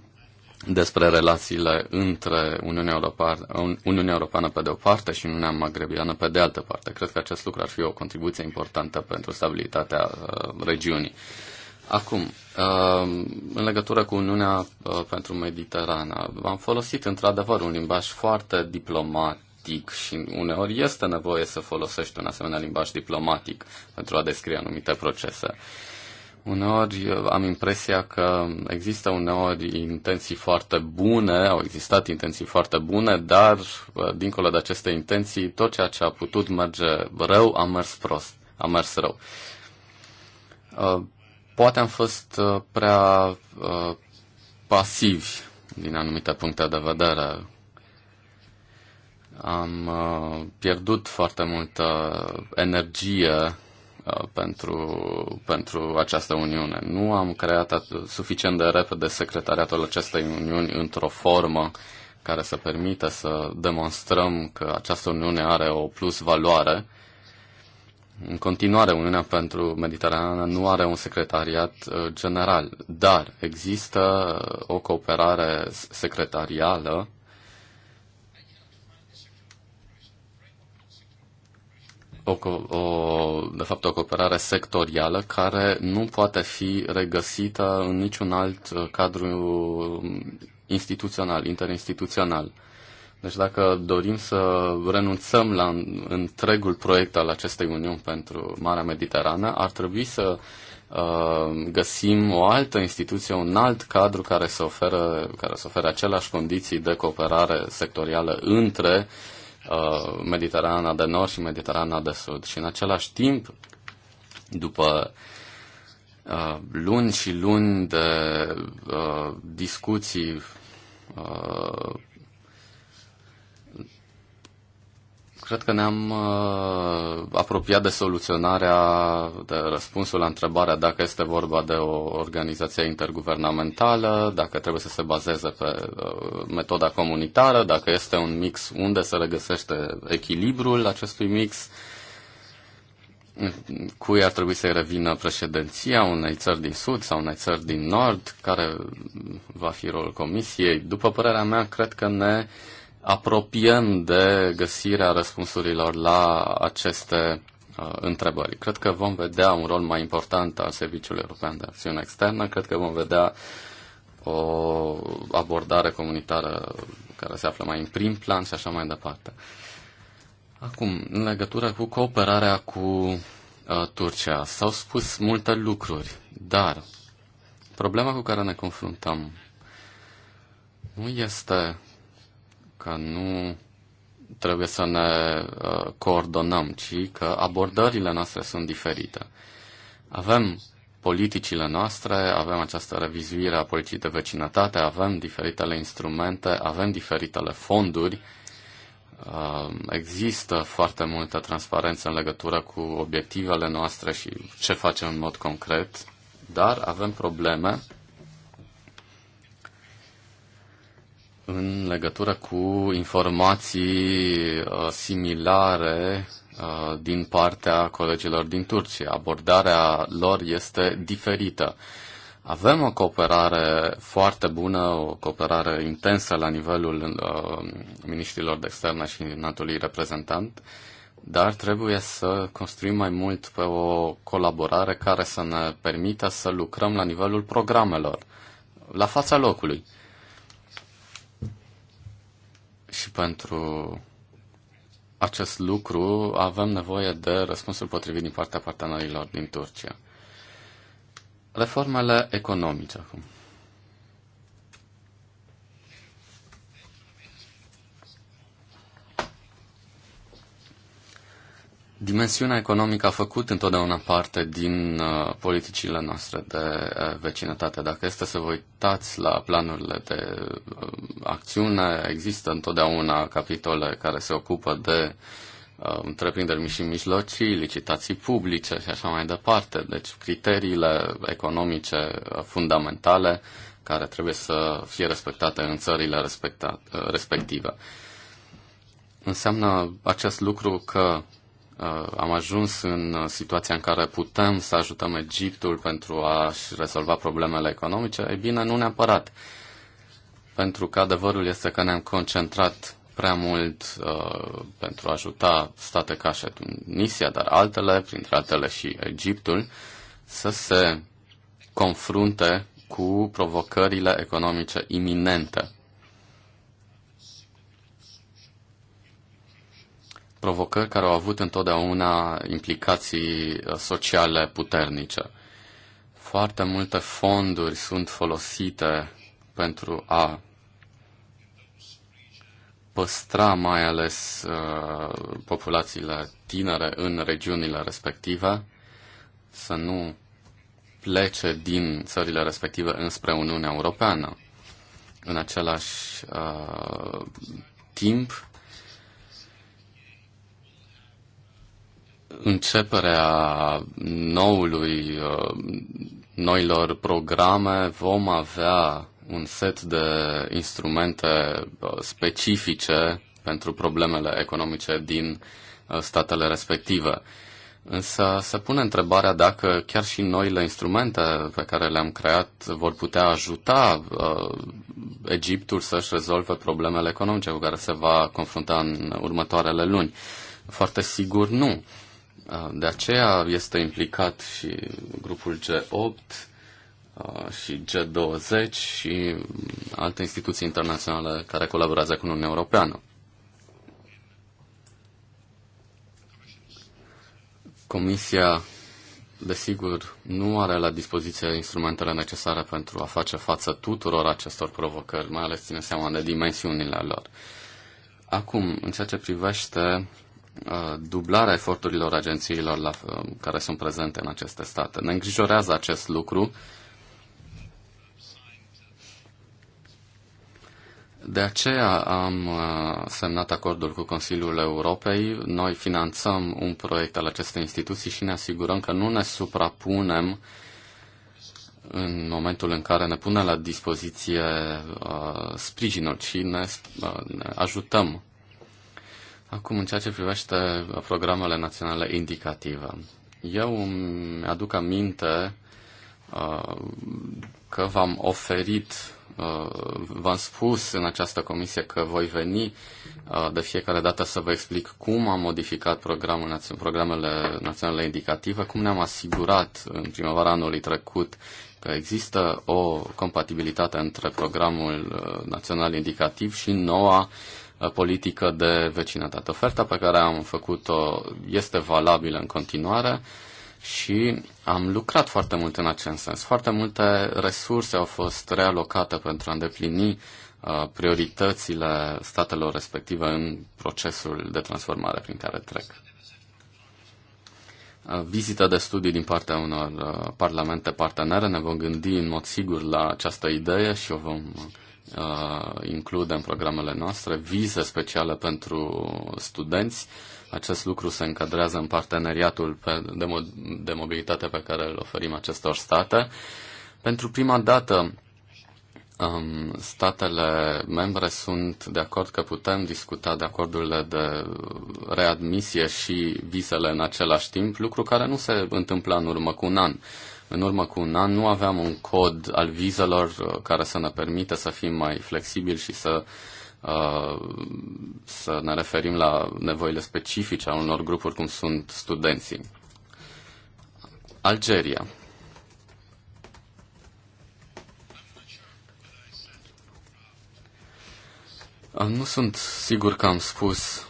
despre relațiile între Uniunea Europeană, Uniunea Europeană pe de o parte și Uniunea Magrebiană pe de altă parte. Cred că acest lucru ar fi o contribuție importantă pentru stabilitatea uh, regiunii. Acum, uh, în legătură cu Uniunea uh, pentru Mediterana, am folosit într-adevăr un limbaj foarte diplomatic și uneori este nevoie să folosești un asemenea limbaj diplomatic pentru a descrie anumite procese. Uh, Uneori uh, am impresia că există uneori intenții foarte bune, au existat intenții foarte bune, dar uh, dincolo de aceste intenții, tot ceea ce a putut merge rău a mers prost, a mers rău. Uh, poate am fost prea pasivi din anumite puncte de vedere. Am pierdut foarte multă energie pentru, pentru această Uniune. Nu am creat suficient de repede secretariatul acestei Uniuni într-o formă care să permită să demonstrăm că această Uniune are o plus valoare. În continuare, Uniunea pentru Mediterana nu are un secretariat uh, general, dar există o cooperare secretarială o, o, de fapt o cooperare sectorială care nu poate fi regăsită în niciun alt uh, cadru um, instituțional, interinstituțional. Deci dacă dorim să renunțăm la întregul proiect al acestei uniuni pentru Marea Mediterană, ar trebui să uh, găsim o altă instituție, un alt cadru care să ofere, care să ofere aceleași condiții de cooperare sectorială între uh, Uh, Mediterana de Nord și Mediterana de Sud. Și în același timp, după uh, luni și luni de uh, discuții uh, cred că ne-am uh, apropiat de soluționarea, de răspunsul la întrebarea dacă este vorba de o organizație interguvernamentală, dacă trebuie să se bazeze pe uh, metoda comunitară, dacă este un mix, unde se regăsește echilibrul acestui mix, cui ar trebui să-i revină președinția unei țări din sud sau unei țări din nord, care va fi rolul comisiei. După părerea mea, cred că ne uh, apropiem de găsirea răspunsurilor la aceste uh, întrebări. Cred că vom vedea un rol mai important al Serviciului European de Acțiune Externă, cred că vom vedea o abordare comunitară care se află mai în prim plan și așa mai departe. Acum, în legătură cu cooperarea cu uh, Turcia, s-au spus multe lucruri, dar problema cu care ne confruntăm nu este că nu trebuie să ne uh, coordonăm, ci că abordările noastre sunt diferite. Avem politicile noastre, avem această revizuire a politicii de vecinătate, avem diferitele instrumente, avem diferitele fonduri, uh, există foarte multă transparență în legătură cu obiectivele noastre și ce facem în mod concret, dar avem probleme în legătură cu informații uh, similare uh, din partea colegilor din Turcia. Abordarea lor este diferită. Avem o cooperare foarte bună, o cooperare intensă la nivelul uh, ministrilor de externe și natului reprezentant, dar trebuie să construim mai mult pe o colaborare care să ne permită să lucrăm la nivelul programelor, la fața locului. Și pentru acest lucru avem nevoie de răspunsul potrivit din partea partenerilor din Turcia. Reformele economice acum. Dimensiunea economică a făcut întotdeauna parte din uh, politicile noastre de uh, vecinătate. Dacă este să vă uitați la planurile de uh, acțiune, există întotdeauna capitole care se ocupă de uh, întreprinderi mici și mijlocii, licitații publice și așa mai departe. Deci criteriile economice uh, fundamentale care trebuie să fie respectate în țările respecta- uh, respective. Înseamnă acest lucru că Uh, am ajuns în uh, situația în care putem să ajutăm Egiptul pentru a-și rezolva problemele economice? E bine, nu neapărat. Pentru că adevărul este că ne-am concentrat prea mult uh, pentru a ajuta state ca și Tunisia, dar altele, printre altele și Egiptul, să se confrunte cu provocările economice iminente provocări care au avut întotdeauna implicații uh, sociale puternice. Foarte multe fonduri sunt folosite pentru a păstra mai ales uh, populațiile tinere în regiunile respective, să nu plece din țările respective înspre Uniunea Europeană. În același uh, timp, începerea noului, uh, noilor programe vom avea un set de instrumente uh, specifice pentru problemele economice din uh, statele respective. Însă se pune întrebarea dacă chiar și noile instrumente pe care le-am creat vor putea ajuta uh, Egiptul să-și rezolve problemele economice cu care se va confrunta în următoarele luni. Foarte sigur nu. Uh, Uh, de aceea este implicat și grupul G8 uh, și G20 și mm, alte instituții internaționale care colaborează cu Uniunea Europeană. Comisia, desigur, nu are la dispoziție instrumentele necesare pentru a face față tuturor acestor provocări, mai ales ține seama de dimensiunile lor. Acum, în ceea ce privește Uh, dublarea eforturilor agențiilor la, uh, care sunt prezente în aceste state. Ne îngrijorează acest lucru. De aceea am uh, semnat acordul cu Consiliul Europei. Noi finanțăm un proiect al acestei instituții și ne asigurăm că nu ne suprapunem în momentul în care ne punem la dispoziție uh, sprijinul, ci ne, uh, ne ajutăm Acum, în ceea ce privește programele naționale indicative, eu îmi aduc aminte uh, că v-am oferit, uh, v-am spus în această comisie că voi veni uh, de fiecare dată să vă explic cum am modificat programul, programele naționale indicative, cum ne-am asigurat în primăvara anului trecut că există o compatibilitate între programul uh, național indicativ și noua uh, politică de vecinătate. Oferta pe care am făcut-o este valabilă în continuare și am lucrat foarte mult în acest sens. Foarte multe resurse au fost realocate pentru a îndeplini uh, prioritățile statelor respective în procesul de transformare prin care trec. Uh, Vizita de studii din partea unor uh, parlamente partenere ne vom gândi în mod sigur la această idee și o vom Uh, include în programele noastre vize speciale pentru studenți. Acest lucru se încadrează în parteneriatul pe, de, mo- de mobilitate pe care îl oferim acestor state. Pentru prima dată, um, statele membre sunt de acord că putem discuta de acordurile de readmisie și visele în același timp, lucru care nu se întâmpla în urmă cu un an. În urmă cu un an nu aveam un cod al vizelor uh, care să ne permită să fim mai flexibili și să, uh, să ne referim la nevoile specifice a unor grupuri cum sunt studenții. Algeria. Uh, nu sunt sigur că am spus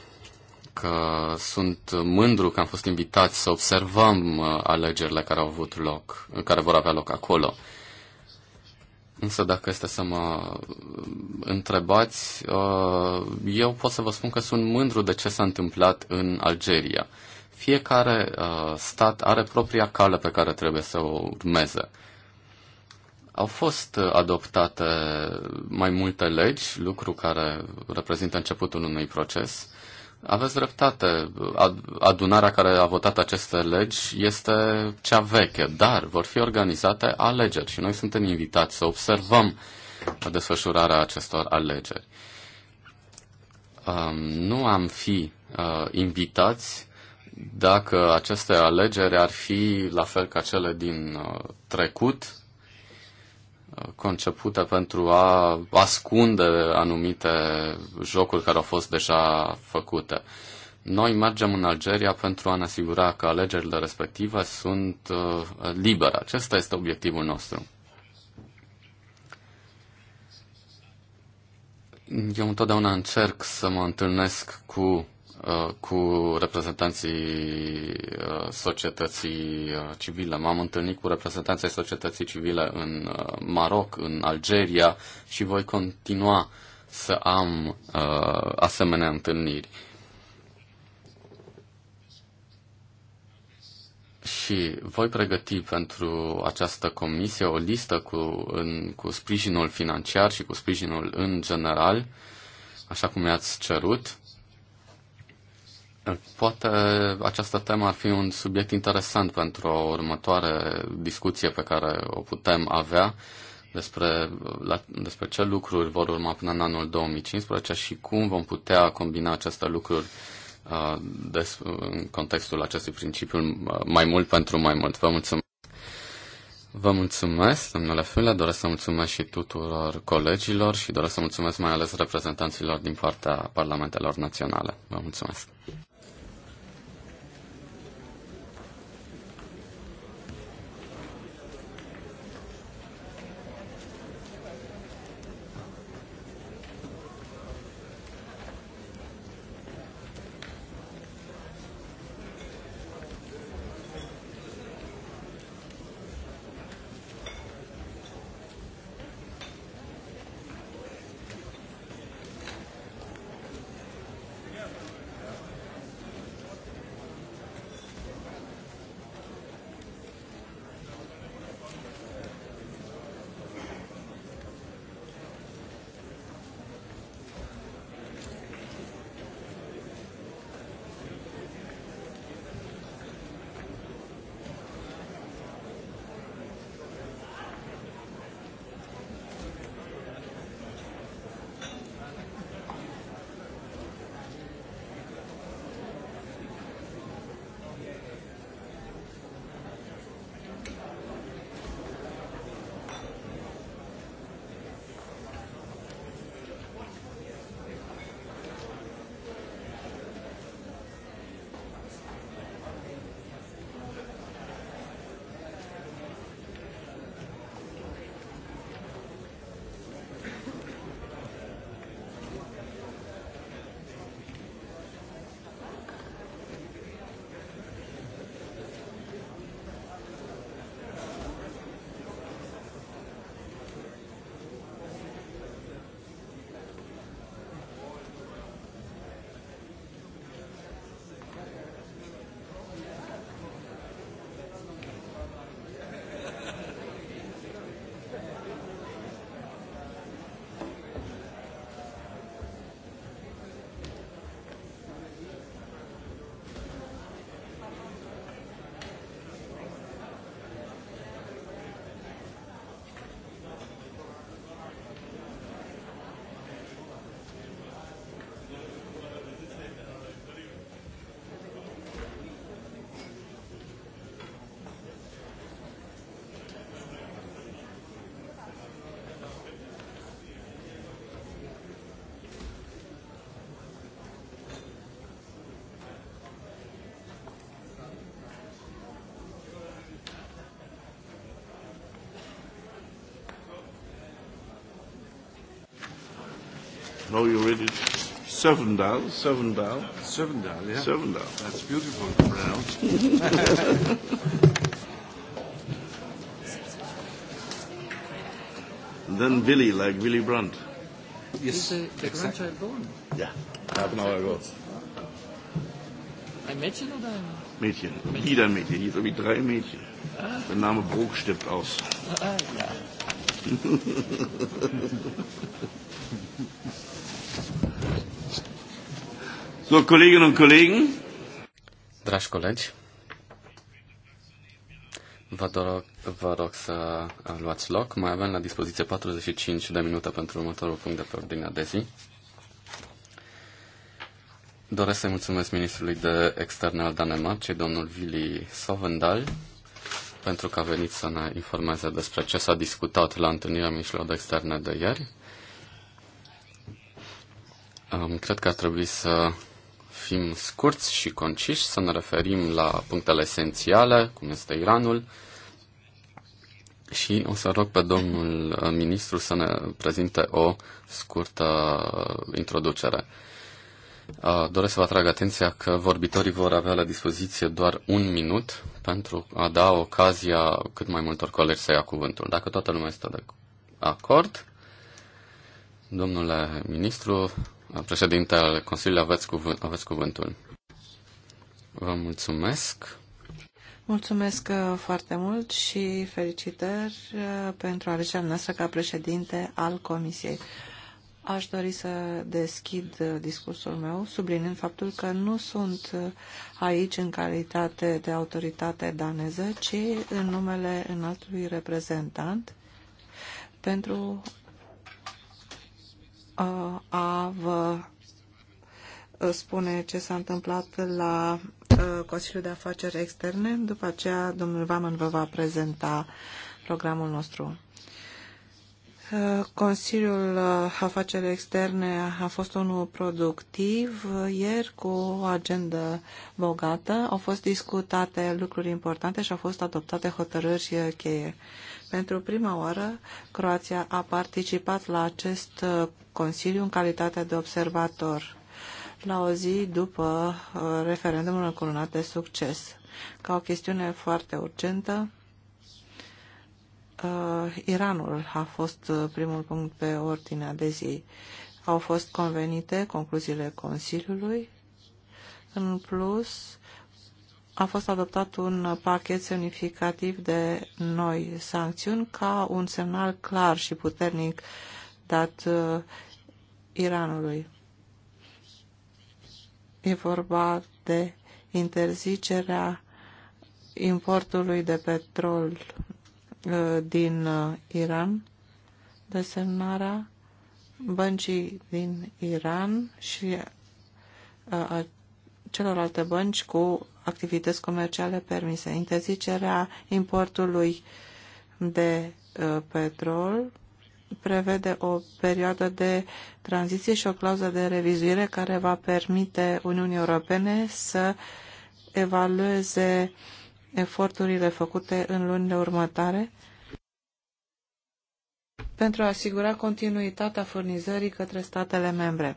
că sunt mândru că am fost invitați să observăm uh, alegerile care au avut loc, care vor avea loc acolo. Însă dacă este să mă uh, întrebați, uh, eu pot să vă spun că sunt mândru de ce s-a întâmplat în Algeria. Fiecare stat are propria cale pe care trebuie să o urmeze. Au fost adoptate mai multe legi, lucru care reprezintă începutul unui proces. Aveți dreptate. Adunarea care a votat aceste legi este cea veche, dar vor fi organizate alegeri și noi suntem invitați să observăm desfășurarea acestor alegeri. Um, nu am fi uh, invitați dacă aceste alegeri ar fi la fel ca cele din uh, trecut, concepută pentru a ascunde anumite jocuri care au fost deja făcute. Noi mergem în Algeria pentru a ne asigura că alegerile respective sunt uh, libere. Acesta este obiectivul nostru. Eu întotdeauna încerc să mă întâlnesc cu Uh, cu reprezentanții uh, societății uh, civile. M-am întâlnit cu reprezentanții societății civile în Maroc, în Algeria și voi continua să am uh, asemenea întâlniri. Și voi pregăti pentru această comisie o listă cu, în, cu sprijinul financiar și cu sprijinul în general, așa cum mi-ați cerut Poate această temă ar fi un subiect interesant pentru o următoare discuție pe care o putem avea despre, la, despre ce lucruri vor urma până în anul 2015 și cum vom putea combina aceste lucruri uh, des, în contextul acestui principiu uh, mai mult pentru mai mult. Vă mulțumesc! Vă mulțumesc, domnule Fule, doresc să mulțumesc și tuturor colegilor și doresc să mulțumesc mai ales reprezentanților din partea Parlamentelor Naționale. Vă mulțumesc! No, you read it. down, seven down, yeah. seven down. That's beautiful to pronounce. and then Billy, like Willy Brandt. Yes, Is the, the exactly. born? Yeah, half an hour ago. Ein Mädchen oder ein... Mädchen, wieder ein Mädchen. Hier so wie drei Mädchen. Ah. Der Name Brok stirbt aus. Ah, ah ja. So, Kolleginnen und Kollegen. Dragi colegi, vă rog, vă rog să uh, luați loc. Mai avem la dispoziție 45 de minute pentru următorul punct de pe ordinea de zi. Doresc să-i mulțumesc ministrului de externe al Danemarcei, domnul Vili Sovendal, pentru că a venit să ne informeze despre ce s-a discutat la întâlnirea ministrilor de externe de ieri. Um, cred că ar trebui să fim scurți și conciși, să ne referim la punctele esențiale, cum este Iranul, și o să rog pe domnul uh, ministru să ne prezinte o scurtă uh, introducere. Uh, doresc să vă atrag atenția că vorbitorii vor avea la dispoziție doar un minut pentru a da ocazia cât mai multor colegi să ia cuvântul. Dacă toată lumea este de acord, domnule ministru, Președinte al Consiliului, aveți, cuvânt, aveți cuvântul. Vă mulțumesc. Mulțumesc uh, foarte mult și felicitări uh, pentru alegerea noastră ca președinte al Comisiei. Aș dori să deschid uh, discursul meu, sublinind faptul că nu sunt aici în calitate de autoritate daneză, ci în numele înaltului reprezentant pentru a vă spune ce s-a întâmplat la Consiliul de Afaceri Externe. După aceea, domnul Vaman vă va prezenta programul nostru. Consiliul Afaceri Externe a fost unul productiv ieri cu o agendă bogată. Au fost discutate lucruri importante și au fost adoptate hotărâri cheie. Pentru prima oară, Croația a participat la acest uh, Consiliu în calitate de observator, la o zi după uh, referendumul încoronat de succes. Ca o chestiune foarte urgentă, uh, Iranul a fost primul punct pe ordinea de zi. Au fost convenite concluziile Consiliului. În plus, a fost adoptat un pachet semnificativ de noi sancțiuni ca un semnal clar și puternic dat uh, Iranului. E vorba de interzicerea importului de petrol uh, din uh, Iran, desemnarea băncii din Iran și uh, celorlalte bănci cu activități comerciale permise. Interzicerea importului de uh, petrol prevede o perioadă de tranziție și o clauză de revizuire care va permite Uniunii Europene să evalueze eforturile făcute în lunile următoare pentru a asigura continuitatea furnizării către statele membre.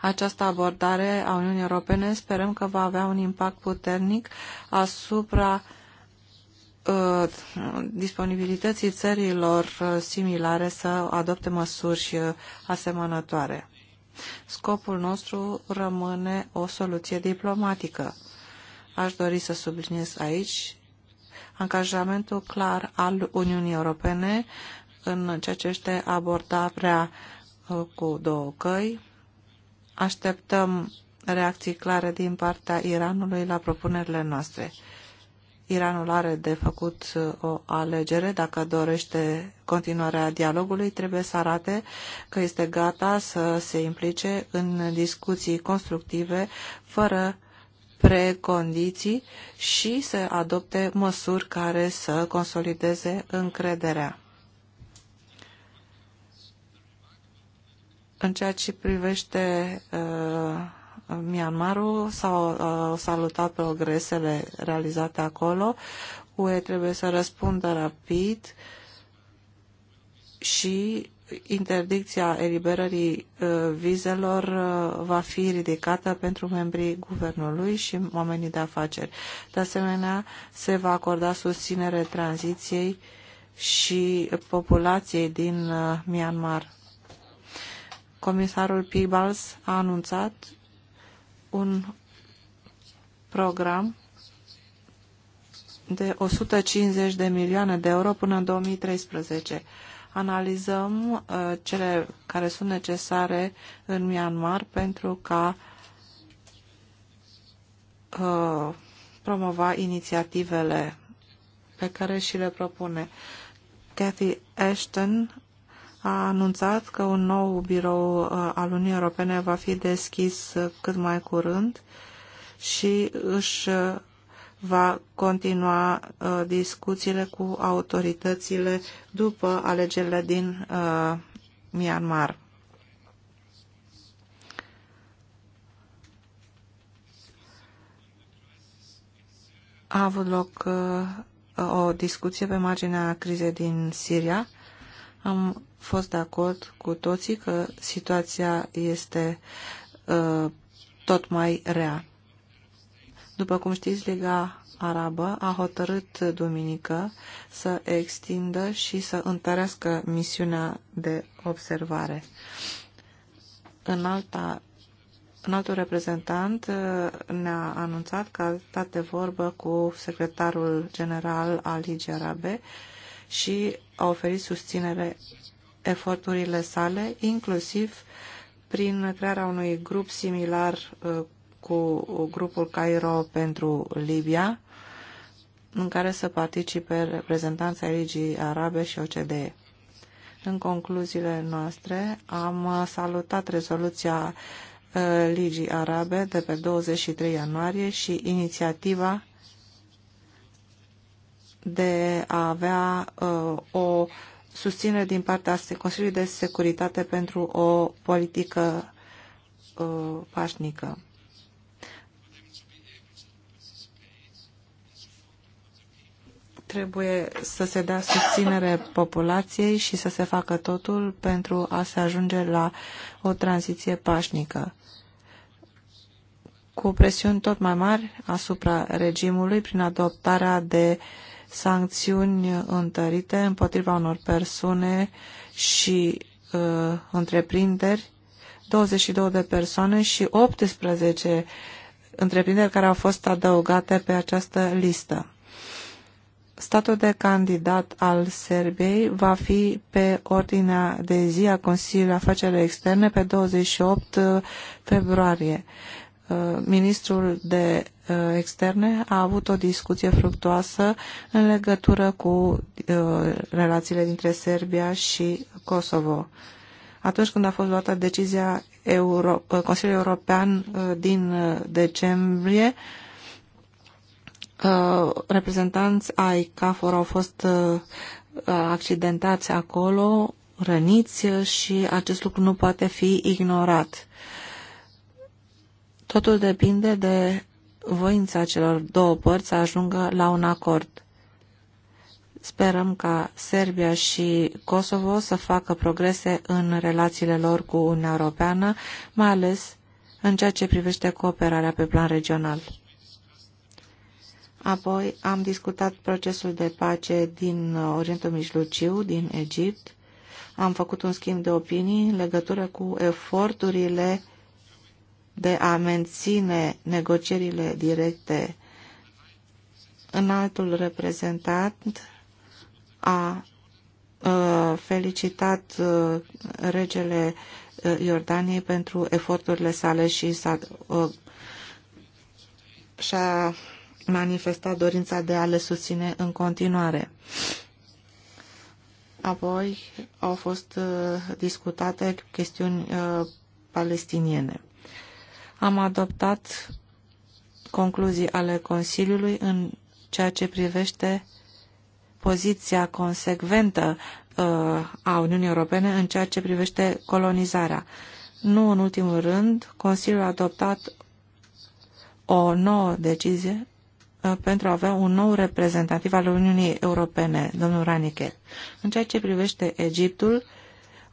Această abordare a Uniunii Europene sperăm că va avea un impact puternic asupra uh, disponibilității țărilor uh, similare să adopte măsuri uh, asemănătoare. Scopul nostru rămâne o soluție diplomatică. Aș dori să subliniez aici angajamentul clar al Uniunii Europene în ceea ce este abordarea cu două căi, Așteptăm reacții clare din partea Iranului la propunerile noastre. Iranul are de făcut uh, o alegere. Dacă dorește continuarea dialogului, trebuie să arate că este gata să se implice în discuții constructive, fără precondiții și să adopte măsuri care să consolideze încrederea. În ceea ce privește uh, Myanmarul, s-au uh, salutat progresele realizate acolo. UE trebuie să răspundă rapid și interdicția eliberării uh, vizelor uh, va fi ridicată pentru membrii guvernului și oamenii de afaceri. De asemenea, se va acorda susținere tranziției și populației din uh, Myanmar comisarul Peebles a anunțat un program de 150 de milioane de euro până în 2013. Analizăm uh, cele care sunt necesare în Myanmar pentru ca uh, promova inițiativele pe care și le propune. Cathy Ashton a anunțat că un nou birou uh, al Uniunii Europene va fi deschis uh, cât mai curând și își uh, va continua discuțiile cu autoritățile după alegerile din Myanmar. A avut loc o discuție pe marginea crizei din Siria. Am fost de acord cu toții că situația este uh, tot mai rea. După cum știți, Liga Arabă a hotărât duminică să extindă și să întărească misiunea de observare. În alta în altul reprezentant uh, ne-a anunțat că a stat de vorbă cu secretarul general al Ligii Arabe și a oferit susținere eforturile sale, inclusiv prin crearea unui grup similar uh, cu grupul Cairo pentru Libia, în care să participe reprezentanța Ligii Arabe și OCDE. În concluziile noastre am salutat rezoluția uh, Ligii Arabe de pe 23 ianuarie și inițiativa de a avea uh, o susținere din partea Consiliului de Securitate pentru o politică uh, pașnică. Trebuie să se dea susținere populației și să se facă totul pentru a se ajunge la o tranziție pașnică cu presiuni tot mai mari asupra regimului prin adoptarea de uh, sancțiuni întărite împotriva unor persoane și uh, întreprinderi, 22 de persoane și 18 întreprinderi care au fost adăugate pe această listă. Statul de candidat al Serbiei va fi pe ordinea de zi a Consiliului Afaceri Externe pe 28 februarie. Uh, ministrul de uh, externe a avut o discuție fructuoasă în legătură cu uh, relațiile dintre Serbia și Kosovo. Atunci când a fost luată decizia Euro Consiliului European din decembrie, reprezentanți ai CAFOR au fost accidentați acolo, răniți și acest lucru nu poate fi ignorat Totul depinde de voința celor două părți să ajungă la un acord. Sperăm ca Serbia și Kosovo să facă progrese în relațiile lor cu Uniunea Europeană, mai ales în ceea ce privește cooperarea pe plan regional. Apoi am discutat procesul de pace din Orientul Mijlociu, din Egipt. Am făcut un schimb de opinii în legătură cu eforturile de a menține negocierile directe în altul reprezentant a uh, felicitat uh, regele uh, Iordaniei pentru eforturile sale și s-a și-a manifestat dorința de a le susține în continuare. Apoi au fost discutate chestiuni palestiniene. Am adoptat concluzii ale Consiliului în ceea ce privește poziția consecventă uh, a Uniunii Europene în ceea ce privește colonizarea. Nu în ultimul rând, Consiliul a adoptat o nouă decizie uh, pentru a avea un nou reprezentativ al Uniunii Europene, domnul Ranichel. În ceea ce privește Egiptul,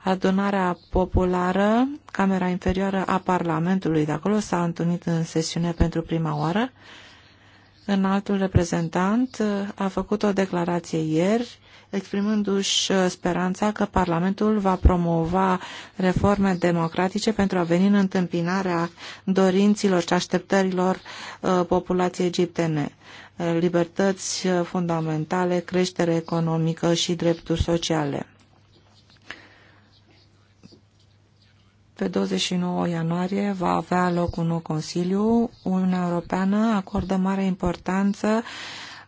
Adunarea populară, Camera Inferioară a Parlamentului de acolo, s-a întâlnit în sesiune pentru prima oară. altul reprezentant uh, a făcut o declarație ieri exprimându-și uh, speranța că Parlamentul va promova reforme democratice pentru a veni în întâmpinarea dorinților și așteptărilor uh, populației egiptene. Libertăți fundamentale, creștere economică și drepturi sociale. Pe 29 ianuarie va avea loc un nou Consiliu. Uniunea Europeană acordă mare importanță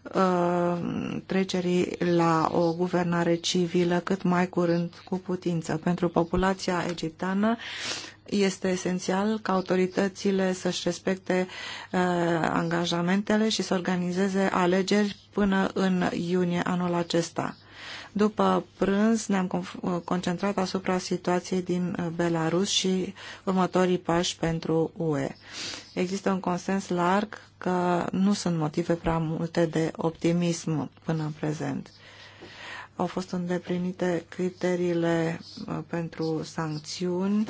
uh, trecerii la o guvernare civilă cât mai curând cu putință. Pentru populația egipteană este esențial ca autoritățile să-și respecte uh, angajamentele și să organizeze alegeri până în iunie anul acesta. După prânz ne-am uh, concentrat asupra situației din uh, Belarus și următorii pași pentru UE. Există un consens larg că nu sunt motive prea multe de optimism până în prezent au fost îndeplinite criteriile uh, pentru sancțiuni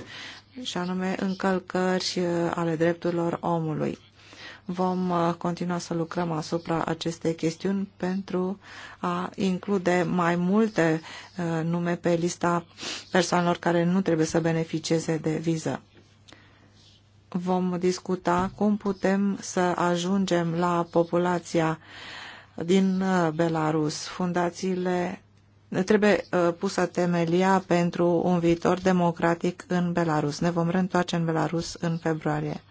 și anume încălcări ale drepturilor omului. Vom uh, continua să lucrăm asupra acestei chestiuni pentru a include mai multe uh, nume pe lista persoanelor care nu trebuie să beneficieze de viză vom discuta cum putem să ajungem la populația din uh, Belarus. Fundațiile trebuie pusă temelia pentru un viitor democratic în Belarus. Ne vom reîntoarce în Belarus în februarie.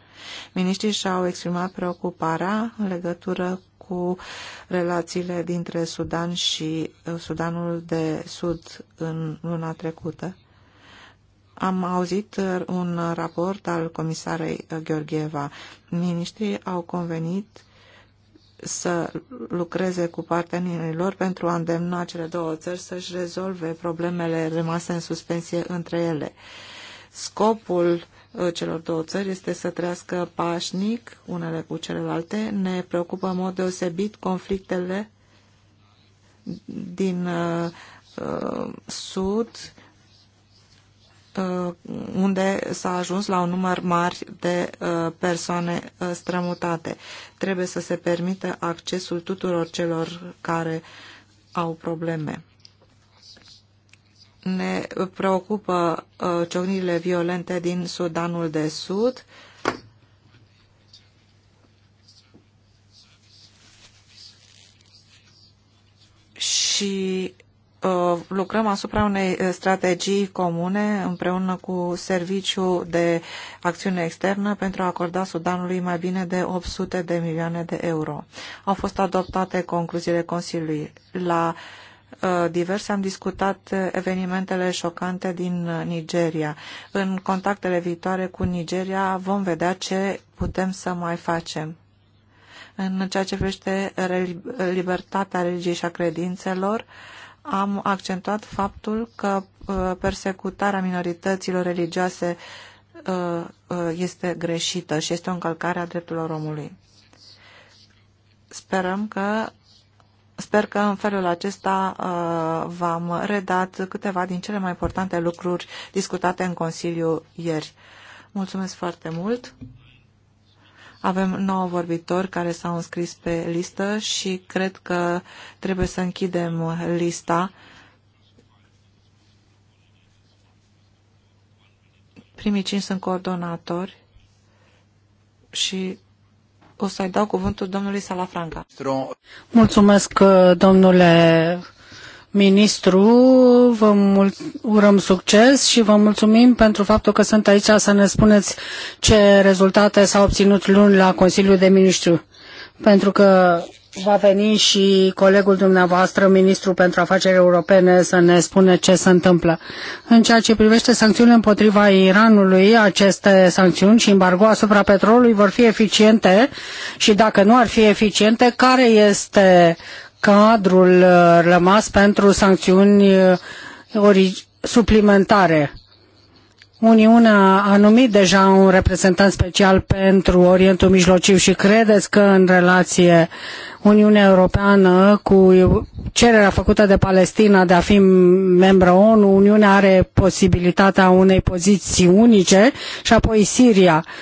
Miniștrii și-au exprimat preocuparea în legătură cu relațiile dintre Sudan și uh, Sudanul de Sud în luna trecută. Am auzit uh, un raport al comisarei uh, Gheorgheva. Ministrii au convenit să lucreze cu partenerilor pentru a îndemna cele două țări să-și rezolve problemele rămase în suspensie între ele. Scopul Uh, celor două țări este să trăiască pașnic unele cu celelalte. Ne preocupă în mod deosebit conflictele din uh, uh, sud, uh, unde s-a ajuns la un număr mare de uh, persoane uh, strămutate. Trebuie să se permită accesul tuturor celor care au probleme ne preocupă uh, ciocnirile violente din Sudanul de Sud. Și uh, lucrăm asupra unei uh, strategii comune împreună cu Serviciul de Acțiune Externă pentru a acorda Sudanului mai bine de 800 de milioane de euro. Au fost adoptate concluziile Consiliului la uh, Uh, diverse am discutat uh, evenimentele șocante din uh, Nigeria. În contactele viitoare cu Nigeria vom vedea ce putem să mai facem. În ceea ce privește libertatea religiei și a credințelor, am accentuat faptul că persecutarea minorităților religioase este greșită și este o încălcare a drepturilor omului. Sperăm că Sper că în felul acesta uh, v-am redat câteva din cele mai importante lucruri discutate în Consiliu ieri. Mulțumesc foarte mult! Avem nouă vorbitori care s-au înscris pe listă și cred că trebuie să închidem lista. Primii cinci sunt coordonatori și o să-i dau cuvântul domnului Salafranca. Mulțumesc, domnule ministru, vă urăm succes și vă mulțumim pentru faptul că sunt aici să ne spuneți ce rezultate s-au obținut luni la Consiliul de Ministru. Pentru că va veni și colegul dumneavoastră, ministrul pentru afaceri europene, să ne spune ce se întâmplă. În ceea ce privește sancțiunile împotriva Iranului, aceste sancțiuni și embargo asupra petrolului vor fi eficiente și dacă nu ar fi eficiente, care este cadrul uh, rămas pentru sancțiuni uh, ori suplimentare? Uniunea a numit deja un reprezentant special pentru Orientul Mijlociu și credeți că în relație Uniunea Europeană cu cererea făcută de Palestina de a fi membră ONU, Uniunea are posibilitatea unei poziții unice și apoi Siria. Uh,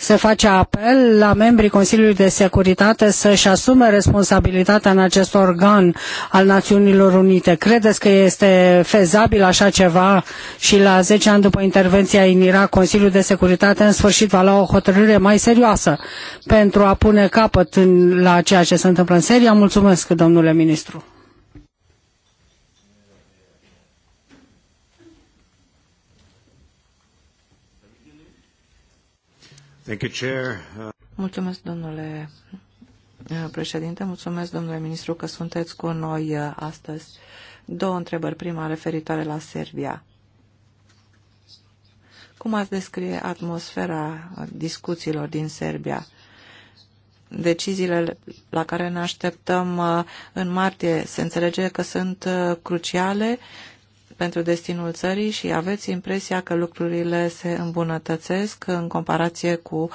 se face apel la membrii Consiliului de Securitate să-și asume responsabilitatea în acest organ al Națiunilor Unite. Credeți că este fezabil așa ceva și la 10 ani după intervenția în Irak, Consiliul de Securitate în sfârșit va lua o hotărâre mai serioasă pentru a pune capăt în, la ceea ce se întâmplă în Siria? Mulțumesc, domnule ministru. Mulțumesc, domnule uh, președinte, mulțumesc, domnule ministru, că sunteți cu noi uh, astăzi. Două întrebări. Prima referitoare la Serbia. Cum ați descrie atmosfera uh, discuțiilor din Serbia? Deciziile la care ne așteptăm în martie se înțelege că sunt cruciale pentru destinul țării și aveți impresia că lucrurile se îmbunătățesc în comparație cu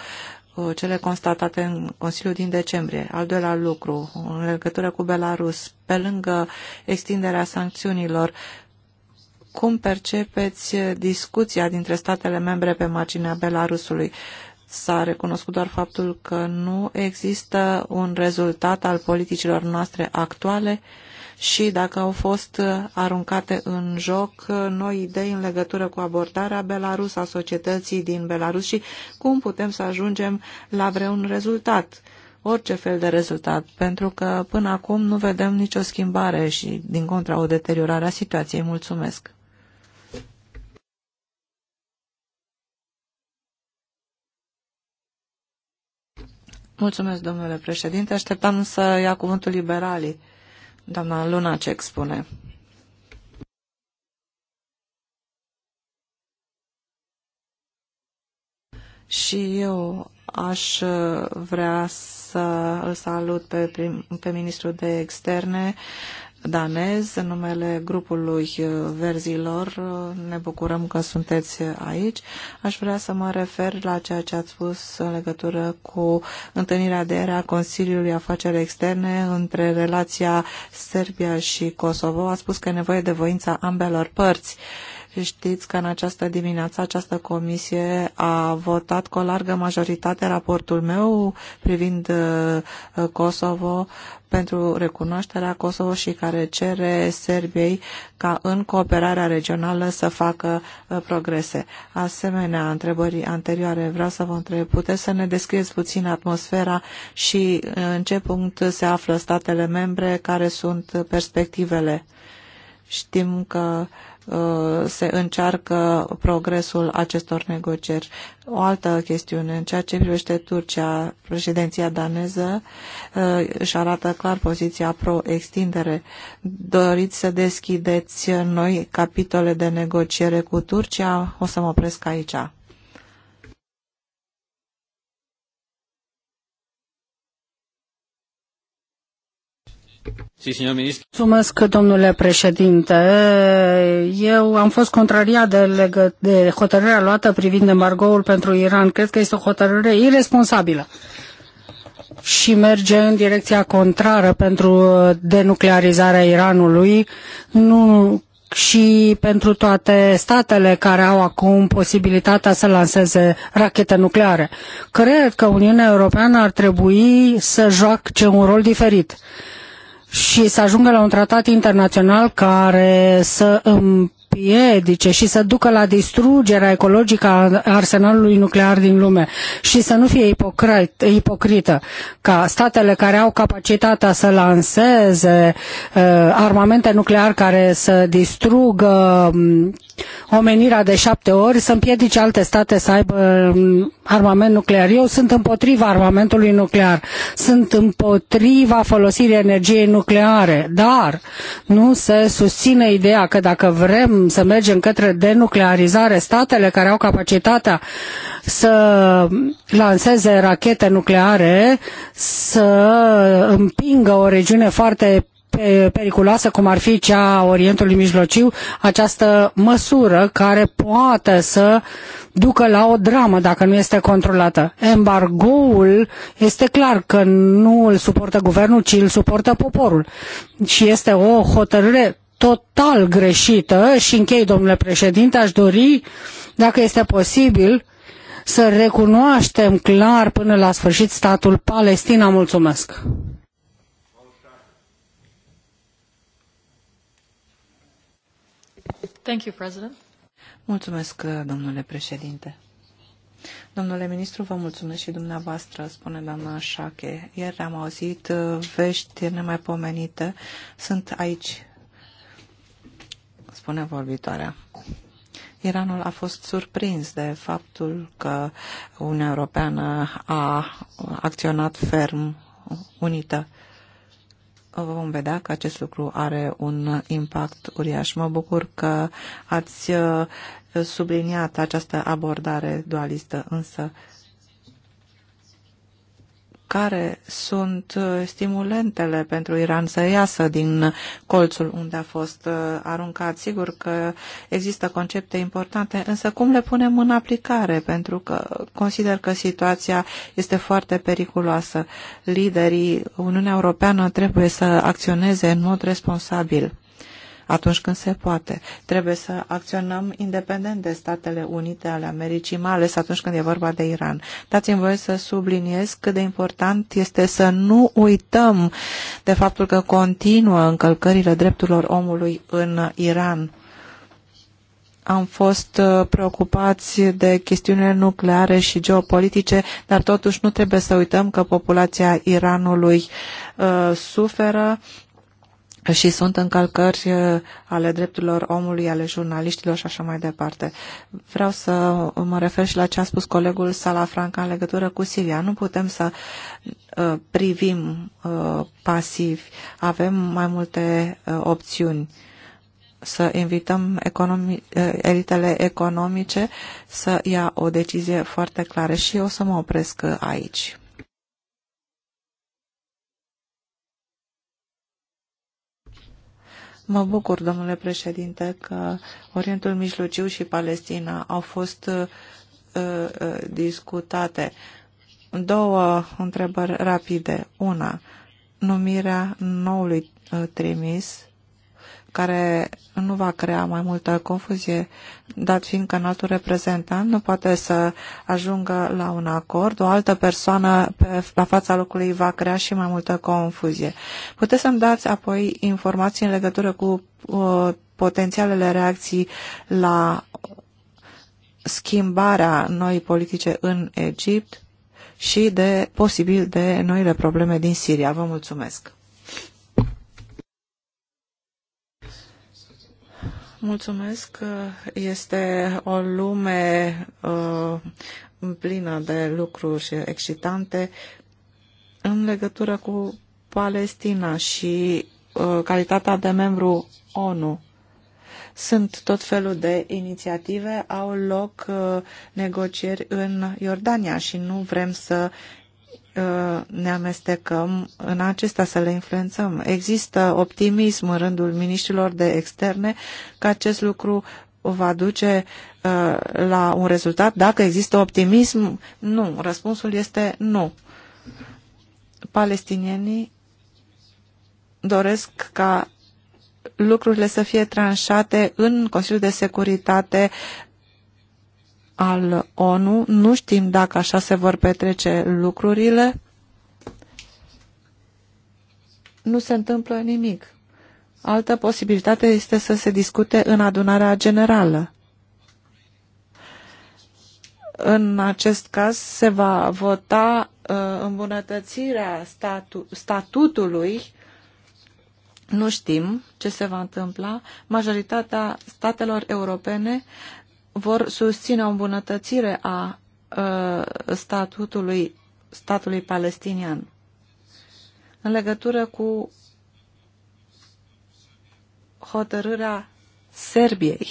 uh, cele constatate în Consiliul din decembrie. Al doilea lucru, în legătură cu Belarus, pe lângă extinderea sancțiunilor, cum percepeți discuția dintre statele membre pe marginea Belarusului? S-a recunoscut doar faptul că nu există un rezultat al politicilor noastre actuale uh, și dacă au fost uh, aruncate în joc uh, noi idei în legătură cu abordarea Belarus a societății din Belarus și cum putem să ajungem la vreun rezultat orice fel de rezultat, pentru că până acum nu vedem nicio schimbare și, din contra, o deteriorare a situației. Mulțumesc! Mulțumesc, domnule președinte. Așteptam să ia cuvântul liberalii. Doamna Lunacek spune. Și eu aș uh, vrea să îl salut pe, prim, pe ministrul de externe danez, în numele grupului uh, verzilor. Uh, ne bucurăm că sunteți aici. Aș vrea să mă refer la ceea ce ați spus în legătură cu întâlnirea de era Consiliului Afaceri Externe între relația Serbia și Kosovo. A spus că e nevoie de voința ambelor părți. Uh, Știți că în această dimineață această comisie a votat cu o largă majoritate raportul meu privind uh, Kosovo pentru recunoașterea Kosovo și care cere Serbiei ca în cooperarea regională să facă uh, progrese. Asemenea, întrebării anterioare vreau să vă întreb, puteți să ne descrieți puțin atmosfera și uh, în ce punct se află statele membre, care sunt perspectivele? Știm că uh, Uh, se încearcă progresul acestor negocieri. O altă chestiune, în ceea ce privește Turcia, președinția daneză uh, își arată clar poziția pro-extindere. Doriți să deschideți noi capitole de negociere cu Turcia? O să mă opresc aici. Mulțumesc, domnule președinte. Eu am fost contrariat de, legă, de hotărârea luată privind embargoul pentru Iran. Cred că este o hotărâre irresponsabilă și merge în direcția contrară pentru denuclearizarea Iranului. Nu și pentru toate statele care au acum posibilitatea să lanseze rachete nucleare. Cred că Uniunea Europeană ar trebui să joace un rol diferit și să ajungă la un tratat internațional care să împiedice și să ducă la distrugerea ecologică a arsenalului nuclear din lume și să nu fie ipocrit, ipocrită ca statele care au capacitatea să lanseze uh, armamente nuclear care să distrugă um, omenirea de șapte ori, să împiedice alte state să aibă um, armament nuclear. Eu sunt împotriva armamentului nuclear, sunt împotriva folosirii energiei nucleare, dar nu se susține ideea că dacă vrem să mergem către denuclearizare, statele care au capacitatea să lanseze rachete nucleare, să împingă o regiune foarte periculoasă, cum ar fi cea Orientului Mijlociu, această măsură care poate să ducă la o dramă dacă nu este controlată. Embargoul este clar că nu îl suportă guvernul, ci îl suportă poporul. Și este o hotărâre total greșită și închei, domnule președinte, aș dori, dacă este posibil, să recunoaștem clar până la sfârșit statul Palestina. Mulțumesc! Mulțumesc, domnule președinte. Domnule ministru, vă mulțumesc și dumneavoastră, spune doamna Șache. Ieri am auzit uh, vești nemaipomenite. Sunt aici, spune vorbitoarea. Iranul a fost surprins de faptul că Uniunea Europeană a acționat ferm, unită vom vedea că acest lucru are un impact uriaș. Mă bucur că ați uh, subliniat această abordare dualistă, însă care sunt uh, stimulentele pentru Iran să iasă din colțul unde a fost uh, aruncat. Sigur că există concepte importante, însă cum le punem în aplicare? Pentru că consider că situația este foarte periculoasă. Liderii Uniunea Europeană trebuie să acționeze în mod responsabil atunci când se poate. Trebuie să acționăm independent de Statele Unite ale Americii, mai ales atunci când e vorba de Iran. Dați-mi voie să subliniez cât de important este să nu uităm de faptul că continuă încălcările drepturilor omului în Iran am fost uh, preocupați de chestiunile nucleare și geopolitice, dar totuși nu trebuie să uităm că populația Iranului uh, suferă și sunt încălcări uh, ale drepturilor omului, ale jurnaliștilor și așa mai departe. Vreau să mă refer și la ce a spus colegul Salafranca în legătură cu Siria. Nu putem să uh, privim uh, pasiv. Avem mai multe opțiuni să invităm economi, elitele economice să ia o decizie foarte clară și eu o să mă opresc aici. Mă bucur, domnule președinte, că Orientul Mijlociu și Palestina au fost uh, uh discutate. Două întrebări rapide. Una, numirea noului uh, trimis care nu va crea mai multă confuzie, dat fiind că altul reprezentant nu poate să ajungă la un acord, o altă persoană pe, la fața locului va crea și mai multă confuzie. Puteți să-mi dați apoi informații în legătură cu uh, potențialele reacții la schimbarea noi politice în Egipt și de posibil de noile probleme din Siria. Vă mulțumesc! Mulțumesc. Este o lume uh, plină de lucruri excitante în legătură cu Palestina și uh, calitatea de membru ONU. Sunt tot felul de inițiative, au loc uh, negocieri în Iordania și nu vrem să Uh, ne amestecăm în acesta, să le influențăm. Există optimism în rândul miniștrilor de externe că acest lucru va duce uh, la un rezultat. Dacă există optimism, nu. Răspunsul este nu. Palestinienii doresc ca lucrurile să fie tranșate în Consiliul de Securitate al ONU. Nu știm dacă așa se vor petrece lucrurile. Nu se întâmplă nimic. Altă posibilitate este să se discute în adunarea generală. În acest caz se va vota uh, îmbunătățirea statu statutului nu știm ce se va întâmpla. Majoritatea statelor europene vor susține o îmbunătățire a uh, statutului statului palestinian. În legătură cu hotărârea Serbiei,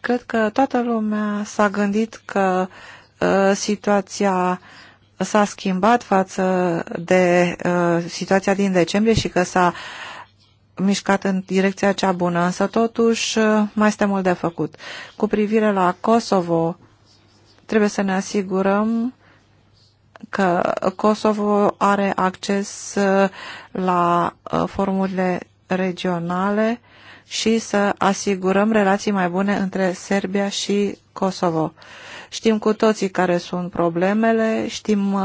cred că toată lumea s-a gândit că uh, situația s-a schimbat față de uh, situația din decembrie și că s-a uh, mișcat în direcția cea bună, însă totuși uh, mai este mult de făcut. Cu privire la Kosovo, trebuie să ne asigurăm că Kosovo are acces uh, la uh, formurile regionale și să asigurăm relații mai bune între Serbia și Kosovo. Știm cu toții care sunt problemele, știm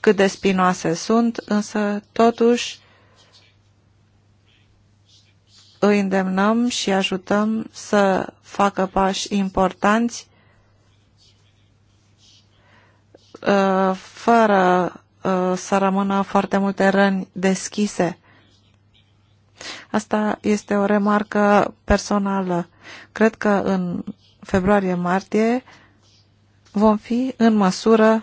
cât de spinoase sunt, însă totuși îi îndemnăm și ajutăm să facă pași importanți uh, fără uh, să rămână foarte multe răni deschise. Asta este o remarcă personală. Cred că în februarie-martie vom fi în măsură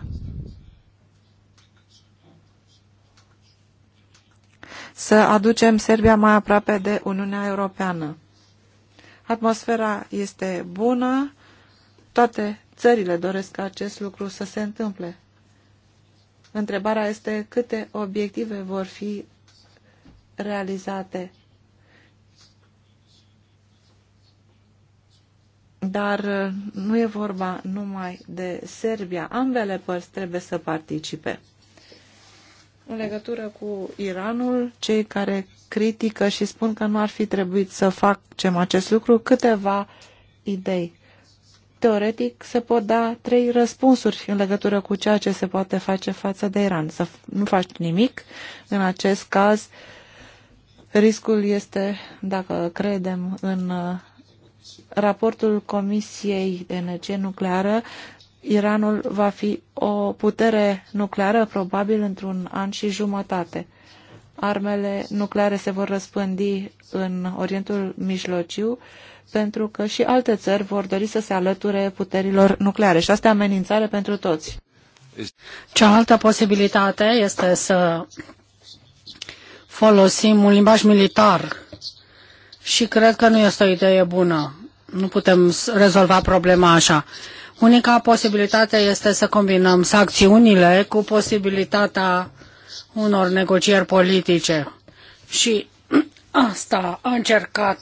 să aducem Serbia mai aproape de Uniunea Europeană. Atmosfera este bună, toate țările doresc ca acest lucru să se întâmple. Întrebarea este câte obiective vor fi realizate. Dar uh, nu e vorba numai de Serbia. Ambele părți trebuie să participe. În legătură cu Iranul, cei care critică și spun că nu ar fi trebuit să facem acest lucru, câteva idei. Teoretic, se pot da trei răspunsuri în legătură cu ceea ce se poate face față de Iran. Să nu faci nimic, în acest caz, riscul este, dacă credem în uh, raportul Comisiei de Energie Nucleară, Iranul va fi o putere nucleară probabil într-un an și jumătate. Armele nucleare se vor răspândi în Orientul Mijlociu pentru că și alte țări vor dori să se alăture puterilor nucleare și asta e amenințare pentru toți. Cealaltă posibilitate este să folosim un limbaj militar și cred că nu este o idee bună. Nu putem rezolva problema așa. Unica posibilitate este să combinăm sancțiunile cu posibilitatea unor negocieri politice. Și asta a încercat,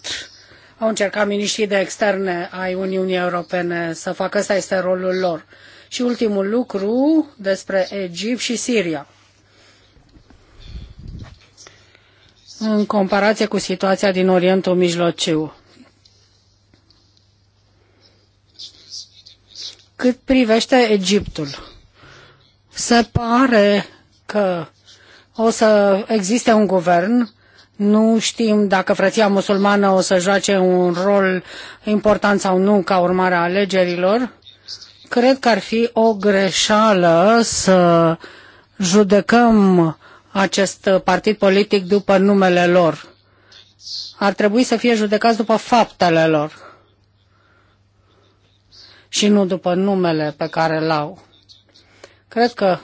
au încercat miniștrii de externe ai Uniunii Europene să facă, ăsta este rolul lor. Și ultimul lucru despre Egipt și Siria. În comparație cu situația din Orientul Mijlociu. Cât privește Egiptul, se pare că o să existe un guvern nu știm dacă frăția musulmană o să joace un rol important sau nu ca urmare a alegerilor. Cred că ar fi o greșeală să judecăm acest partid politic după numele lor. Ar trebui să fie judecați după faptele lor și nu după numele pe care îl au. Cred că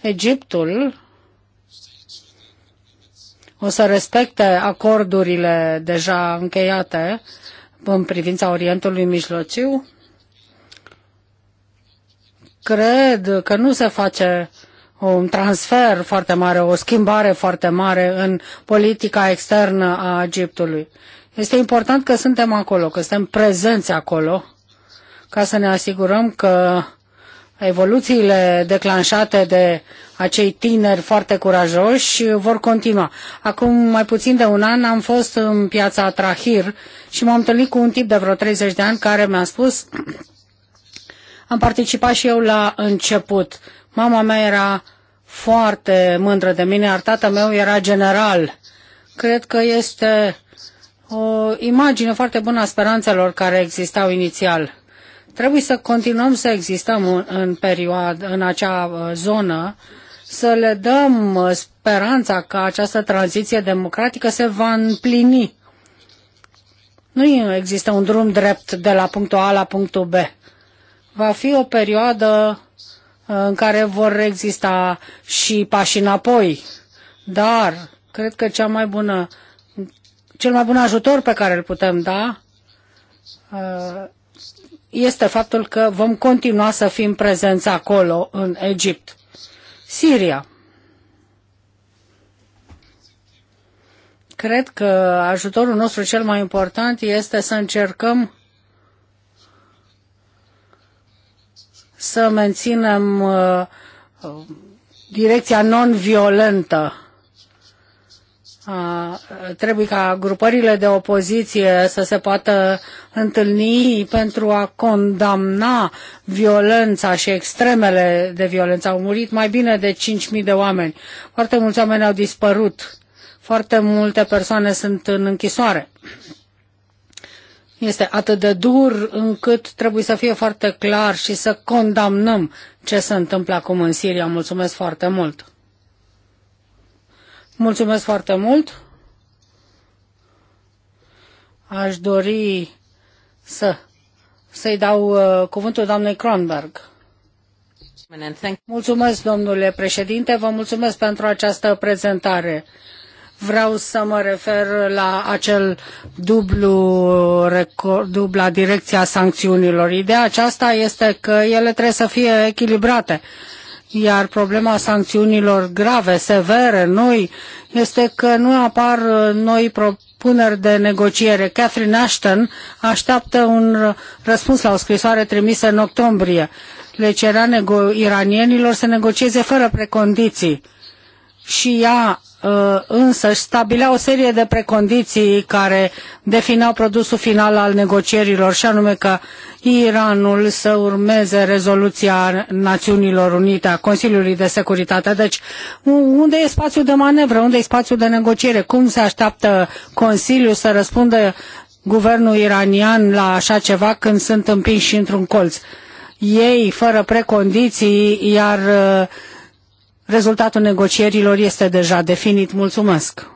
Egiptul o să respecte acordurile deja încheiate în privința Orientului Mijlociu. Cred că nu se face un transfer foarte mare, o schimbare foarte mare în politica externă a Egiptului. Este important că suntem acolo, că suntem prezenți acolo, ca să ne asigurăm că evoluțiile declanșate de acei tineri foarte curajoși vor continua. Acum mai puțin de un an am fost în piața Trahir și m-am întâlnit cu un tip de vreo 30 de ani care mi-a spus am participat și eu la început. Mama mea era foarte mândră de mine, iar tatăl meu era general. Cred că este o imagine foarte bună a speranțelor care existau inițial. Trebuie să continuăm să existăm în, perioadă, în acea uh, zonă, să le dăm uh, speranța că această tranziție democratică se va împlini. Nu există un drum drept de la punctul A la punctul B. Va fi o perioadă uh, în care vor exista și pași înapoi. Dar cred că cea mai bună cel mai bun ajutor pe care îl putem da uh, este faptul că vom continua să fim prezenți acolo, în Egipt. Siria. Cred că ajutorul nostru cel mai important este să încercăm să menținem uh, uh, direcția non-violentă trebuie ca grupările de opoziție să se poată întâlni pentru a condamna violența și extremele de violență. Au murit mai bine de 5.000 de oameni. Foarte mulți oameni au dispărut. Foarte multe persoane sunt în închisoare. Este atât de dur încât trebuie să fie foarte clar și să condamnăm ce se întâmplă acum în Siria. Mulțumesc foarte mult! Mulțumesc foarte mult. Aș dori să, să-i dau uh, cuvântul doamnei Kronberg. Mulțumesc, domnule președinte, vă mulțumesc pentru această prezentare. Vreau să mă refer la acel dublu, dubla direcția sancțiunilor. Ideea aceasta este că ele trebuie să fie echilibrate iar problema sancțiunilor grave, severe, noi, este că nu apar uh, noi propuneri de negociere. Catherine Ashton așteaptă un răspuns la o scrisoare trimisă în octombrie. Le cerea iranienilor să negocieze fără precondiții și ea uh, însă stabilea o serie de precondiții care defineau produsul final al negocierilor și anume că Iranul să urmeze rezoluția Națiunilor Unite a Consiliului de Securitate. Deci unde e spațiul de manevră, unde e spațiul de negociere, cum se așteaptă Consiliul să răspundă guvernul iranian la așa ceva când sunt împinși într-un colț? Ei, fără precondiții, iar uh, Rezultatul negocierilor este deja definit. Mulțumesc!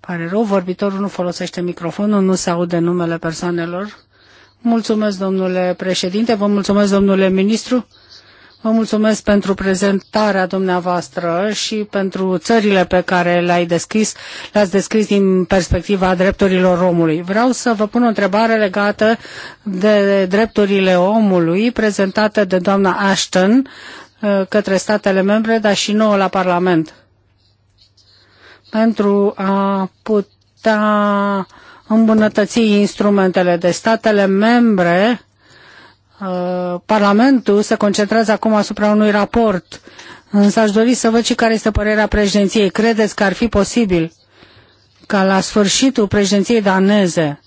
Pare rău, vorbitorul nu folosește microfonul, nu se aude numele persoanelor. Mulțumesc, domnule președinte, vă mulțumesc, domnule ministru. Vă mulțumesc pentru prezentarea dumneavoastră și pentru țările pe care le-ai descris, le-ați descris din perspectiva drepturilor omului. Vreau să vă pun o întrebare legată de drepturile omului prezentată de doamna Ashton uh, către statele membre, dar și nouă la Parlament. Pentru a putea îmbunătăți instrumentele de statele membre, Uh, Parlamentul se concentrează acum asupra unui raport, însă aș dori să văd și care este părerea președinției. Credeți că ar fi posibil ca la sfârșitul președinției daneze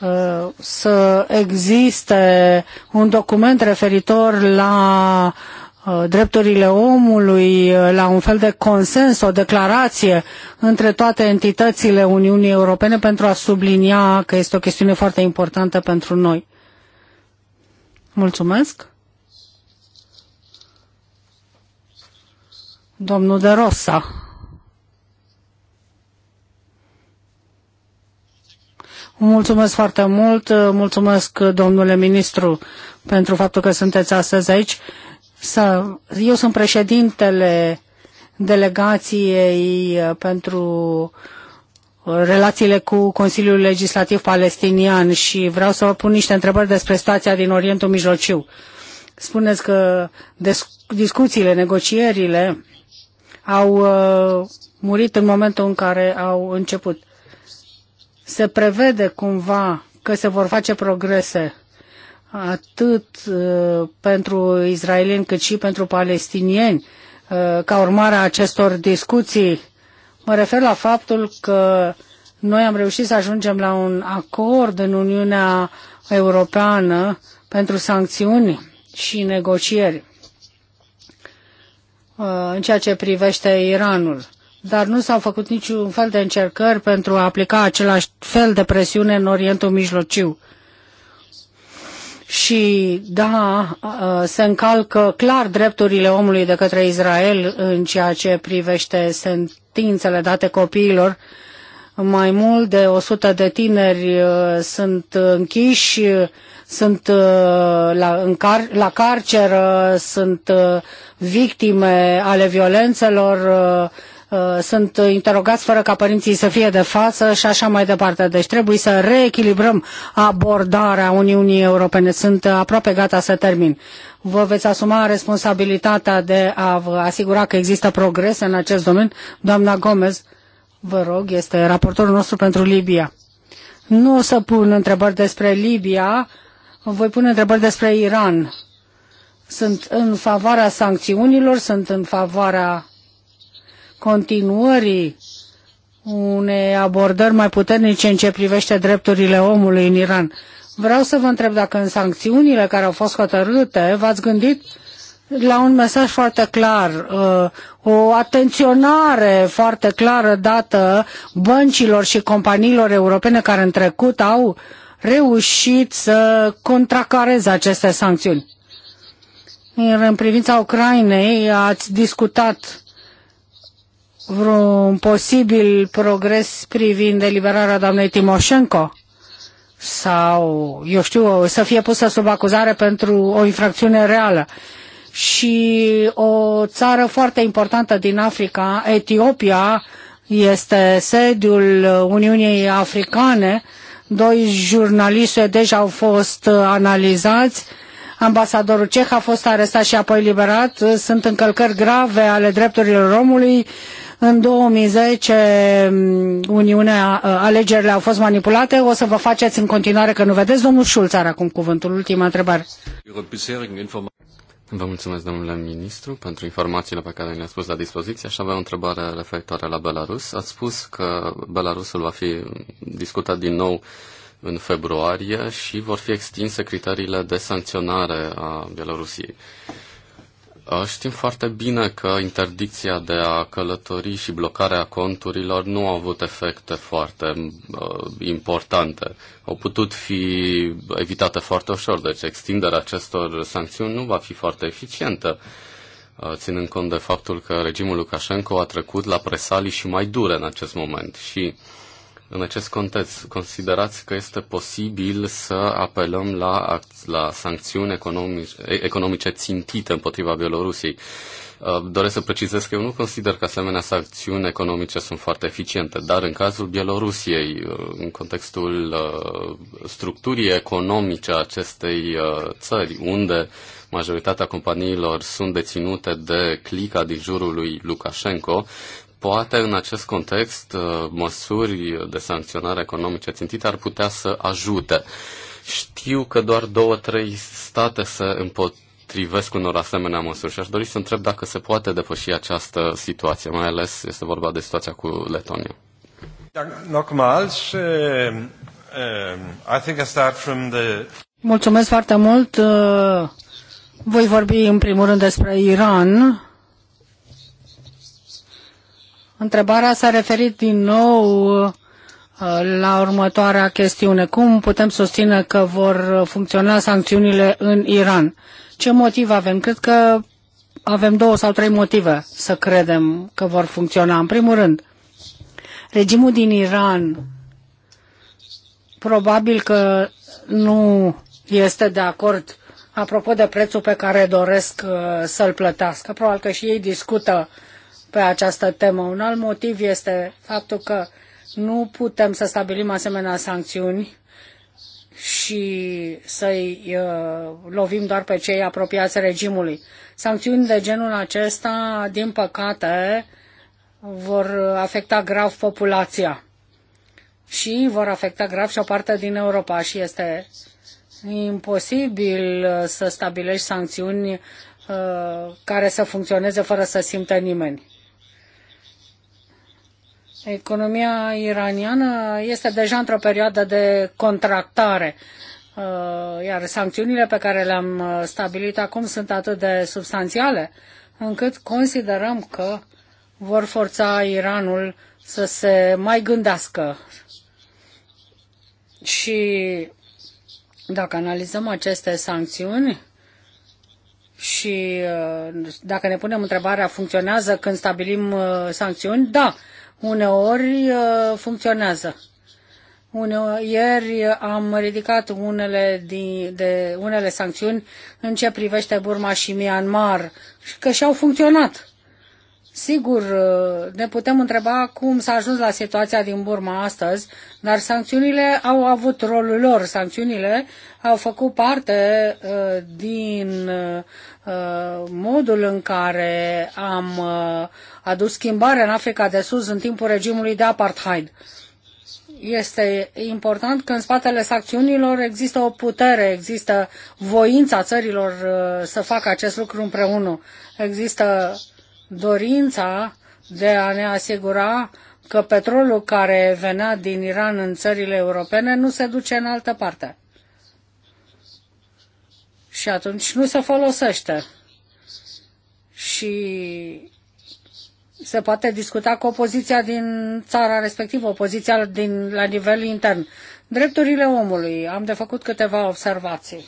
uh, să existe un document referitor la uh, drepturile omului, la un fel de consens, o declarație între toate entitățile Uniunii Europene pentru a sublinia că este o chestiune foarte importantă pentru noi. Mulțumesc. Domnul de Rosa. Mulțumesc foarte mult, mulțumesc domnule ministru pentru faptul că sunteți astăzi aici. eu sunt președintele delegației pentru relațiile cu Consiliul Legislativ Palestinian și vreau să vă pun niște întrebări despre situația din Orientul Mijlociu. Spuneți că discuțiile, negocierile au uh, murit în momentul în care au început. Se prevede cumva că se vor face progrese atât uh, pentru israelieni cât și pentru palestinieni uh, ca urmare a acestor discuții Mă refer la faptul că noi am reușit să ajungem la un acord în Uniunea Europeană pentru sancțiuni și negocieri uh, în ceea ce privește Iranul. Dar nu s-au făcut niciun fel de încercări pentru a aplica același fel de presiune în Orientul Mijlociu și da, se încalcă clar drepturile omului de către Israel în ceea ce privește sentințele date copiilor. Mai mult de 100 de tineri sunt închiși, sunt la, în car, la carceră, sunt victime ale violențelor Uh, sunt interogați fără ca părinții să fie de față și așa mai departe. Deci trebuie să reechilibrăm abordarea Uniunii Europene. Sunt aproape gata să termin. Vă veți asuma responsabilitatea de a vă asigura că există progres în acest domeniu. Doamna Gomez, vă rog, este raportorul nostru pentru Libia. Nu o să pun întrebări despre Libia, voi pune întrebări despre Iran. Sunt în favoarea sancțiunilor, sunt în favoarea continuării unei abordări mai puternice în ce privește drepturile omului în Iran. Vreau să vă întreb dacă în sancțiunile care au fost hotărâte v-ați gândit la un mesaj foarte clar, uh, o atenționare foarte clară dată băncilor și companiilor europene care în trecut au reușit să contracareze aceste sancțiuni. În privința Ucrainei ați discutat vreun posibil progres privind eliberarea doamnei Timoșenko? sau, eu știu, să fie pusă sub acuzare pentru o infracțiune reală. Și o țară foarte importantă din Africa, Etiopia, este sediul Uniunii Africane. Doi jurnaliști deja au fost analizați. Ambasadorul ceh a fost arestat și apoi liberat. Sunt încălcări grave ale drepturilor omului în 2010 mm, Uniunea, uh, alegerile au fost manipulate. O să vă faceți în continuare că nu vedeți. Domnul Schulz are acum cuvântul. Ultima întrebare. Vă mulțumesc, domnule ministru, pentru informațiile pe care le-a spus la dispoziție. Aș avea o întrebare referitoare la Belarus. Ați spus că Belarusul va fi discutat din nou în februarie și vor fi extinse criteriile de sancționare a Belarusiei. Uh, știm foarte bine că interdicția de a călători și blocarea conturilor nu au avut efecte foarte uh, importante. Au putut fi evitate foarte ușor, deci extinderea acestor sancțiuni nu va fi foarte eficientă, uh, ținând cont de faptul că regimul Lukashenko a trecut la presalii și mai dure în acest moment. Și uh, în acest context, considerați că este posibil să apelăm la, la sancțiuni economice, economice țintite împotriva Bielorusiei? Uh, doresc să precizez că eu nu consider că asemenea sancțiuni economice sunt foarte eficiente, dar în cazul Bielorusiei, uh, în contextul uh, structurii economice a acestei țări, unde majoritatea companiilor sunt deținute de clica din jurul lui Lukashenko, Poate în acest context uh, măsuri de sancționare economice țintite ar putea să ajute. Știu că doar două, trei state se împotrivesc unor asemenea măsuri și aș dori să întreb dacă se poate depăși această situație, mai ales este vorba de situația cu Letonia. Eh, eh, Mulțumesc foarte mult. Eh, voi vorbi în primul rând despre Iran Întrebarea s-a referit din nou uh, la următoarea chestiune. Cum putem susține că vor funcționa sancțiunile în Iran? Ce motiv avem? Cred că avem două sau trei motive să credem că vor funcționa. În primul rând, regimul din Iran probabil că nu este de acord apropo de prețul pe care doresc uh, să-l plătească. Probabil că și ei discută uh, pe această temă. Un alt motiv este faptul că nu putem să stabilim asemenea sancțiuni și să-i uh, lovim doar pe cei apropiați regimului. Sancțiuni de genul acesta, din păcate, vor afecta grav populația și vor afecta grav și o parte din Europa și este imposibil uh, să stabilești sancțiuni uh, care să funcționeze fără să simtă nimeni. Economia iraniană este deja într-o perioadă de contractare, uh, iar sancțiunile pe care le-am stabilit acum sunt atât de substanțiale, încât considerăm că vor forța Iranul să se mai gândească. Și dacă analizăm aceste sancțiuni, și uh, dacă ne punem întrebarea funcționează când stabilim uh, sancțiuni, da, uneori uh, funcționează. Uneori, ieri am ridicat unele, din, de, unele sancțiuni în ce privește Burma și Myanmar, că și-au funcționat. Sigur, uh, ne putem întreba cum s-a ajuns la situația din Burma astăzi, dar sancțiunile au avut rolul lor. Sancțiunile au făcut parte uh, din uh, uh modul în care am uh, adus schimbarea în Africa de Sud în timpul regimului de apartheid. Este important că în spatele sancțiunilor există o putere, există voința țărilor uh, să facă acest lucru împreună. Există dorința de a ne asigura că petrolul care venea din Iran în țările europene nu se duce în altă parte. Și atunci nu se folosește. Și se poate discuta cu opoziția din țara respectivă, opoziția din, la nivel intern. Drepturile omului. Am de făcut câteva observații.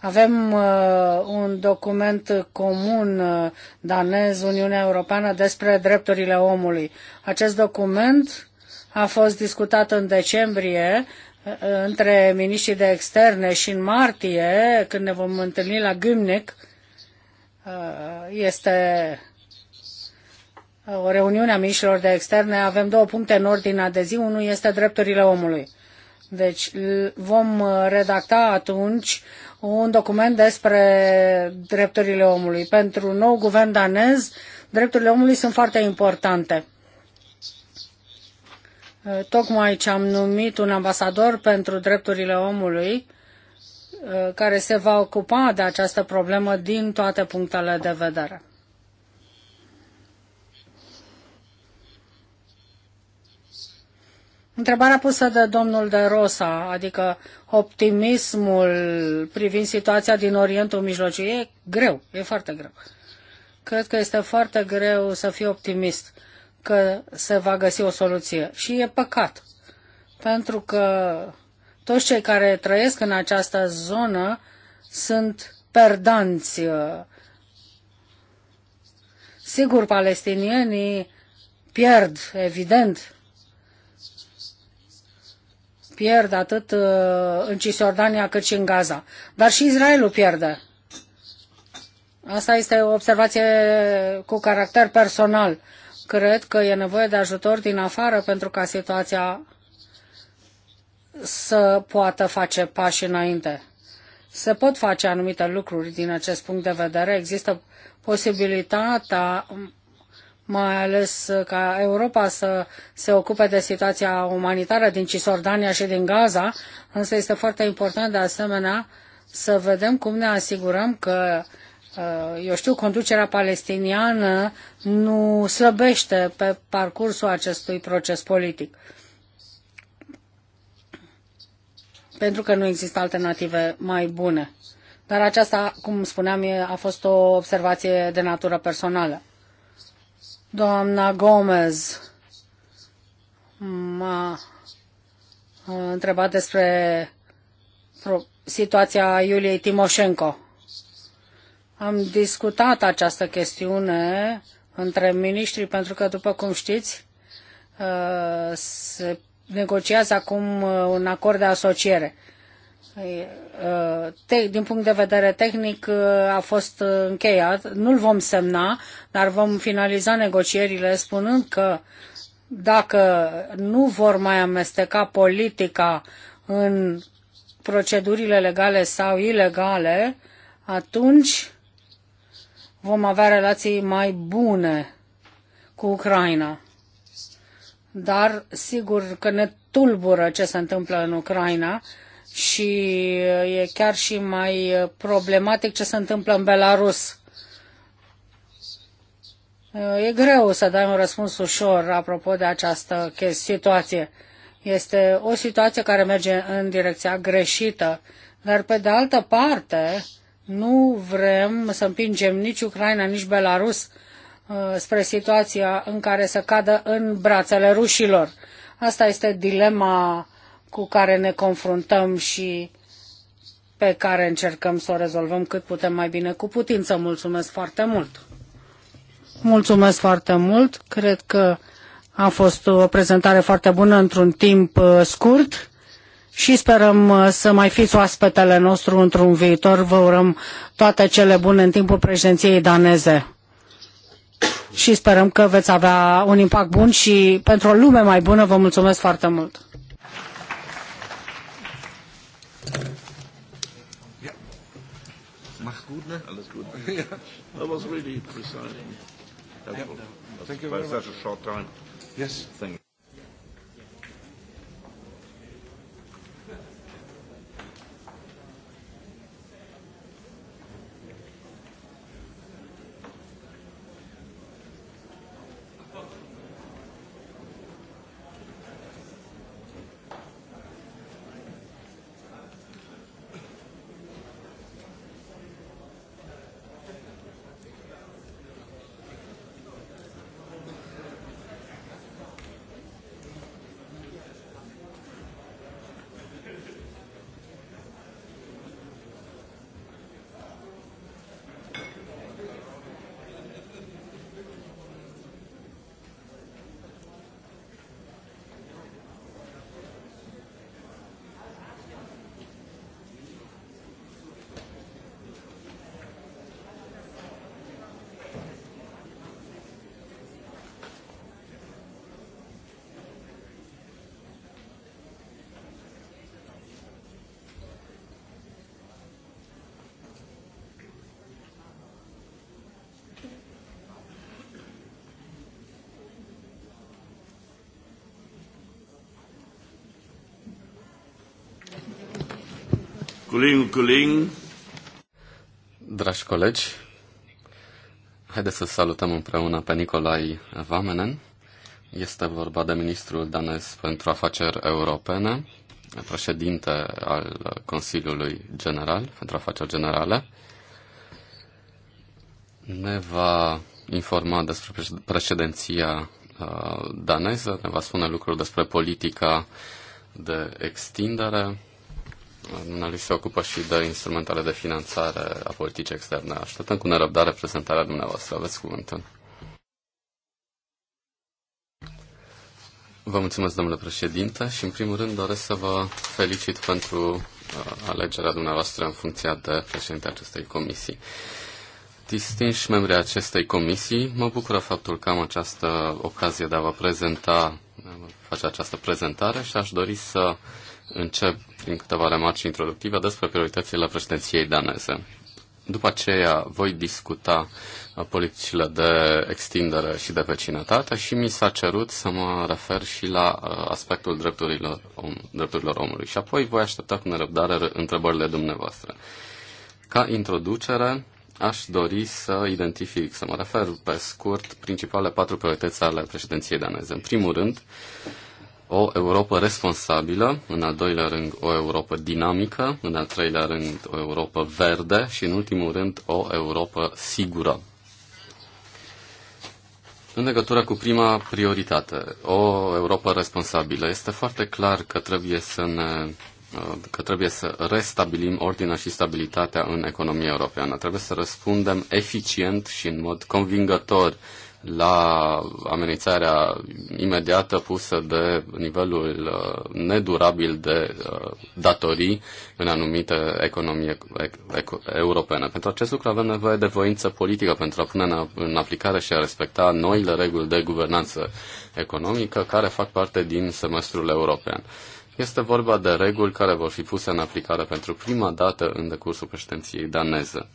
Avem uh, un document comun uh, danez, Uniunea Europeană, despre drepturile omului. Acest document a fost discutat în decembrie uh, între miniștrii de externe și în martie, când ne vom întâlni la Gümnich, uh, Uh, este uh, o reuniune a mișilor de externe. Avem două puncte în ordinea de zi. Unul este drepturile omului. Deci vom uh, redacta atunci un document despre drepturile omului. Pentru nou guvern danez, drepturile omului sunt foarte importante. Tocmai ce am numit un ambasador pentru drepturile omului Uh, care se va ocupa de această problemă din toate punctele de vedere. Întrebarea pusă de domnul de Rosa, adică optimismul privind situația din Orientul Mijlociu, e greu, e foarte greu. Cred că este foarte greu să fii optimist că se va găsi o soluție. Și e păcat, pentru că toți cei care trăiesc în această zonă sunt perdanți. Sigur, palestinienii pierd, evident, pierd atât uh, în Cisjordania cât și în Gaza. Dar și Israelul pierde. Asta este o observație cu caracter personal. Cred că e nevoie de ajutor din afară pentru ca situația să poată face pași înainte. Se pot face anumite lucruri din acest punct de vedere. Există posibilitatea mai ales ca Europa să se ocupe de situația umanitară din Cisordania și din Gaza, însă este foarte important de asemenea să vedem cum ne asigurăm că, uh, eu știu, conducerea palestiniană nu slăbește pe parcursul acestui proces politic. pentru că nu există alternative mai bune. Dar aceasta, cum spuneam, a fost o observație de natură personală. Doamna Gomez m-a întrebat despre situația Iuliei Timoșenco. Am discutat această chestiune între miniștri pentru că, după cum știți, se negociază acum uh, un acord de asociere. Păi, uh, din punct de vedere tehnic uh, a fost încheiat, nu-l vom semna, dar vom finaliza negocierile spunând că dacă nu vor mai amesteca politica în procedurile legale sau ilegale, atunci vom avea relații mai bune cu Ucraina dar sigur că ne tulbură ce se întâmplă în Ucraina și e chiar și mai problematic ce se întâmplă în Belarus. E greu să dai un răspuns ușor apropo de această situație. Este o situație care merge în direcția greșită, dar pe de altă parte nu vrem să împingem nici Ucraina, nici Belarus Uh, spre situația în care să cadă în brațele rușilor. Asta este dilema cu care ne confruntăm și pe care încercăm să o rezolvăm cât putem mai bine cu putință. Mulțumesc foarte mult! Mulțumesc foarte mult! Cred că a fost o prezentare foarte bună într-un timp uh, scurt și sperăm uh, să mai fiți oaspetele nostru într-un viitor. Vă urăm toate cele bune în timpul președinției daneze și sperăm că veți avea un impact bun și pentru o lume mai bună vă mulțumesc foarte mult. Yes. Thank you. Colegi, colegi. Dragi colegi, haideți să salutăm împreună pe Nicolai Vamenen. Este vorba de ministrul danez pentru afaceri europene, președinte al Consiliului General pentru afaceri generale. Ne va informa despre președinția uh, daneză, ne va spune lucruri despre politica de extindere, Dumnealui se ocupă și de instrumentele de finanțare a politicii externe. Așteptăm cu nerăbdare prezentarea dumneavoastră. Aveți cuvântul. Vă mulțumesc, domnule președinte, și în primul rând doresc să vă felicit pentru uh, alegerea dumneavoastră în funcția de președinte acestei comisii. Distinși membrii acestei comisii, mă bucură faptul că am această ocazie de a vă prezenta, face această prezentare și aș dori să încep prin câteva remarci introductive despre prioritățile președinției daneze. După aceea voi discuta politicile de extindere și de vecinătate și mi s-a cerut să mă refer și la uh, aspectul drepturilor, om, drepturilor omului. Și apoi voi aștepta cu nerăbdare întrebările dumneavoastră. Ca introducere, aș dori să identific, să mă refer pe scurt, principalele patru priorități ale președinției daneze. În primul rând, o Europa responsabilă, în al doilea rând o Europa dinamică, în al treilea rând o Europa verde și în ultimul rând o Europa sigură. În legătură cu prima prioritate, o Europa responsabilă, este foarte clar că trebuie să ne că trebuie să restabilim ordinea și stabilitatea în economia europeană. Trebuie să răspundem eficient și în mod convingător la amenințarea imediată pusă de nivelul uh, nedurabil de uh, datorii în anumite economii europene. Pentru acest lucru avem nevoie de voință politică pentru a pune în aplicare și a respecta noile reguli de guvernanță economică care fac parte din semestrul european. Este vorba de reguli care vor fi puse în aplicare pentru prima dată în decursul președinției daneze.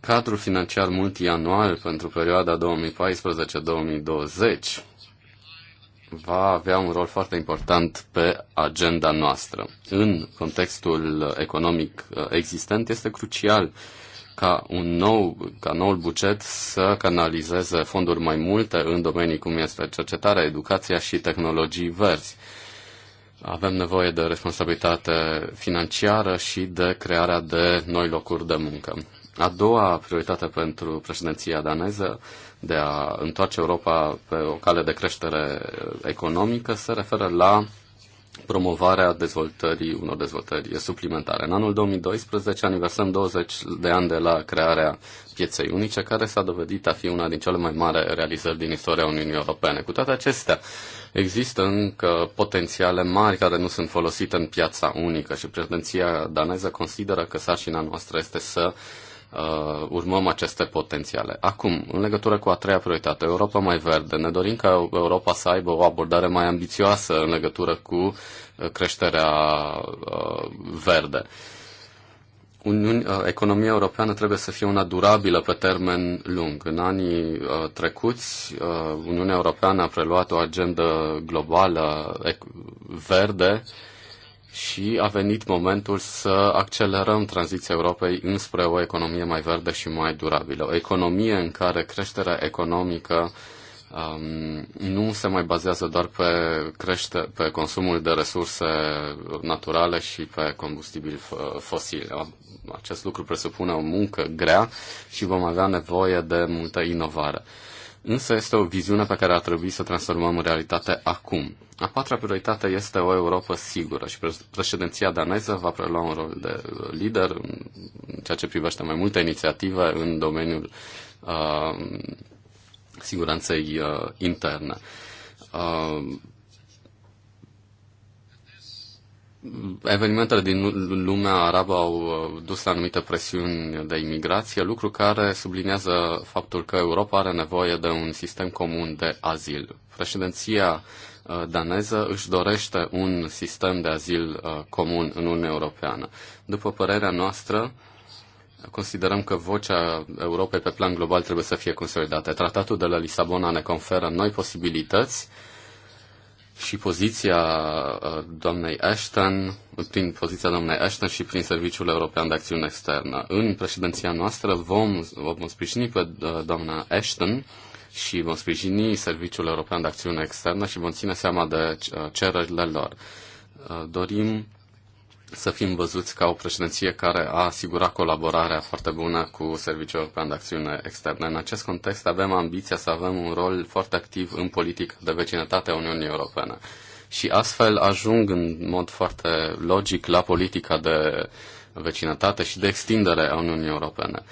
Cadrul financiar multianual pentru perioada 2014-2020 va avea un rol foarte important pe agenda noastră. În contextul economic uh, existent este crucial ca un nou, ca noul buget să canalizeze fonduri mai multe în domenii cum este cercetarea, educația și tehnologii verzi. Avem nevoie de responsabilitate financiară și de crearea de noi locuri de muncă. A doua prioritate pentru președinția daneză de a întoarce Europa pe o cale de creștere economică se referă la promovarea dezvoltării unor dezvoltări suplimentare. În anul 2012 aniversăm 20 de ani de la crearea pieței unice, care s-a dovedit a fi una din cele mai mari realizări din istoria Uniunii Europene. Cu toate acestea, există încă potențiale mari care nu sunt folosite în piața unică și președinția daneză consideră că sarcina noastră este să uh, uh, urmăm aceste potențiale. Acum, în legătură cu a treia prioritate, Europa mai verde, ne dorim ca Europa să aibă o abordare mai ambițioasă în legătură cu uh, creșterea uh, verde. Uniunea uh, economia europeană trebuie să fie una durabilă pe termen lung. În anii uh, trecuți, uh, Uniunea Europeană a preluat o agendă globală verde uh, și a venit momentul să accelerăm tranziția Europei înspre o economie mai verde și mai durabilă. O economie în care creșterea economică um, nu se mai bazează doar pe, crește, pe consumul de resurse naturale și pe combustibili uh, fosili. Acest lucru presupune o muncă grea și vom avea nevoie de multă inovare însă este o viziune pe care ar trebui să o transformăm în realitate acum. A patra prioritate este o Europa sigură și președinția daneză va prelua un rol de uh, lider în ceea ce privește mai multe inițiative în domeniul uh, siguranței uh, interne. Uh, Evenimentele din lumea arabă au uh, dus la anumite presiuni de imigrație, lucru care sublinează faptul că Europa are nevoie de un sistem comun de azil. Președinția uh, daneză își dorește un sistem de azil uh, comun în Uniunea Europeană. După părerea noastră, Considerăm că vocea Europei pe plan global trebuie să fie consolidată. Tratatul de la Lisabona ne conferă noi posibilități și poziția uh, doamnei Ashton, prin poziția doamnei Ashton și prin Serviciul European de Acțiune Externă. În președinția noastră vom, vom sprijini pe uh, doamna Ashton și vom sprijini Serviciul European de Acțiune Externă și vom ține seama de uh, cererile lor. Dorim să fim văzuți ca o președinție care a asigurat colaborarea foarte bună cu Serviciul European de Acțiune Externă. În acest context avem ambiția să avem un rol foarte activ în politică de vecinătate a Uniunii Europene. Și astfel ajung în mod foarte logic la politica de vecinătate și de extindere a Uniunii Europene.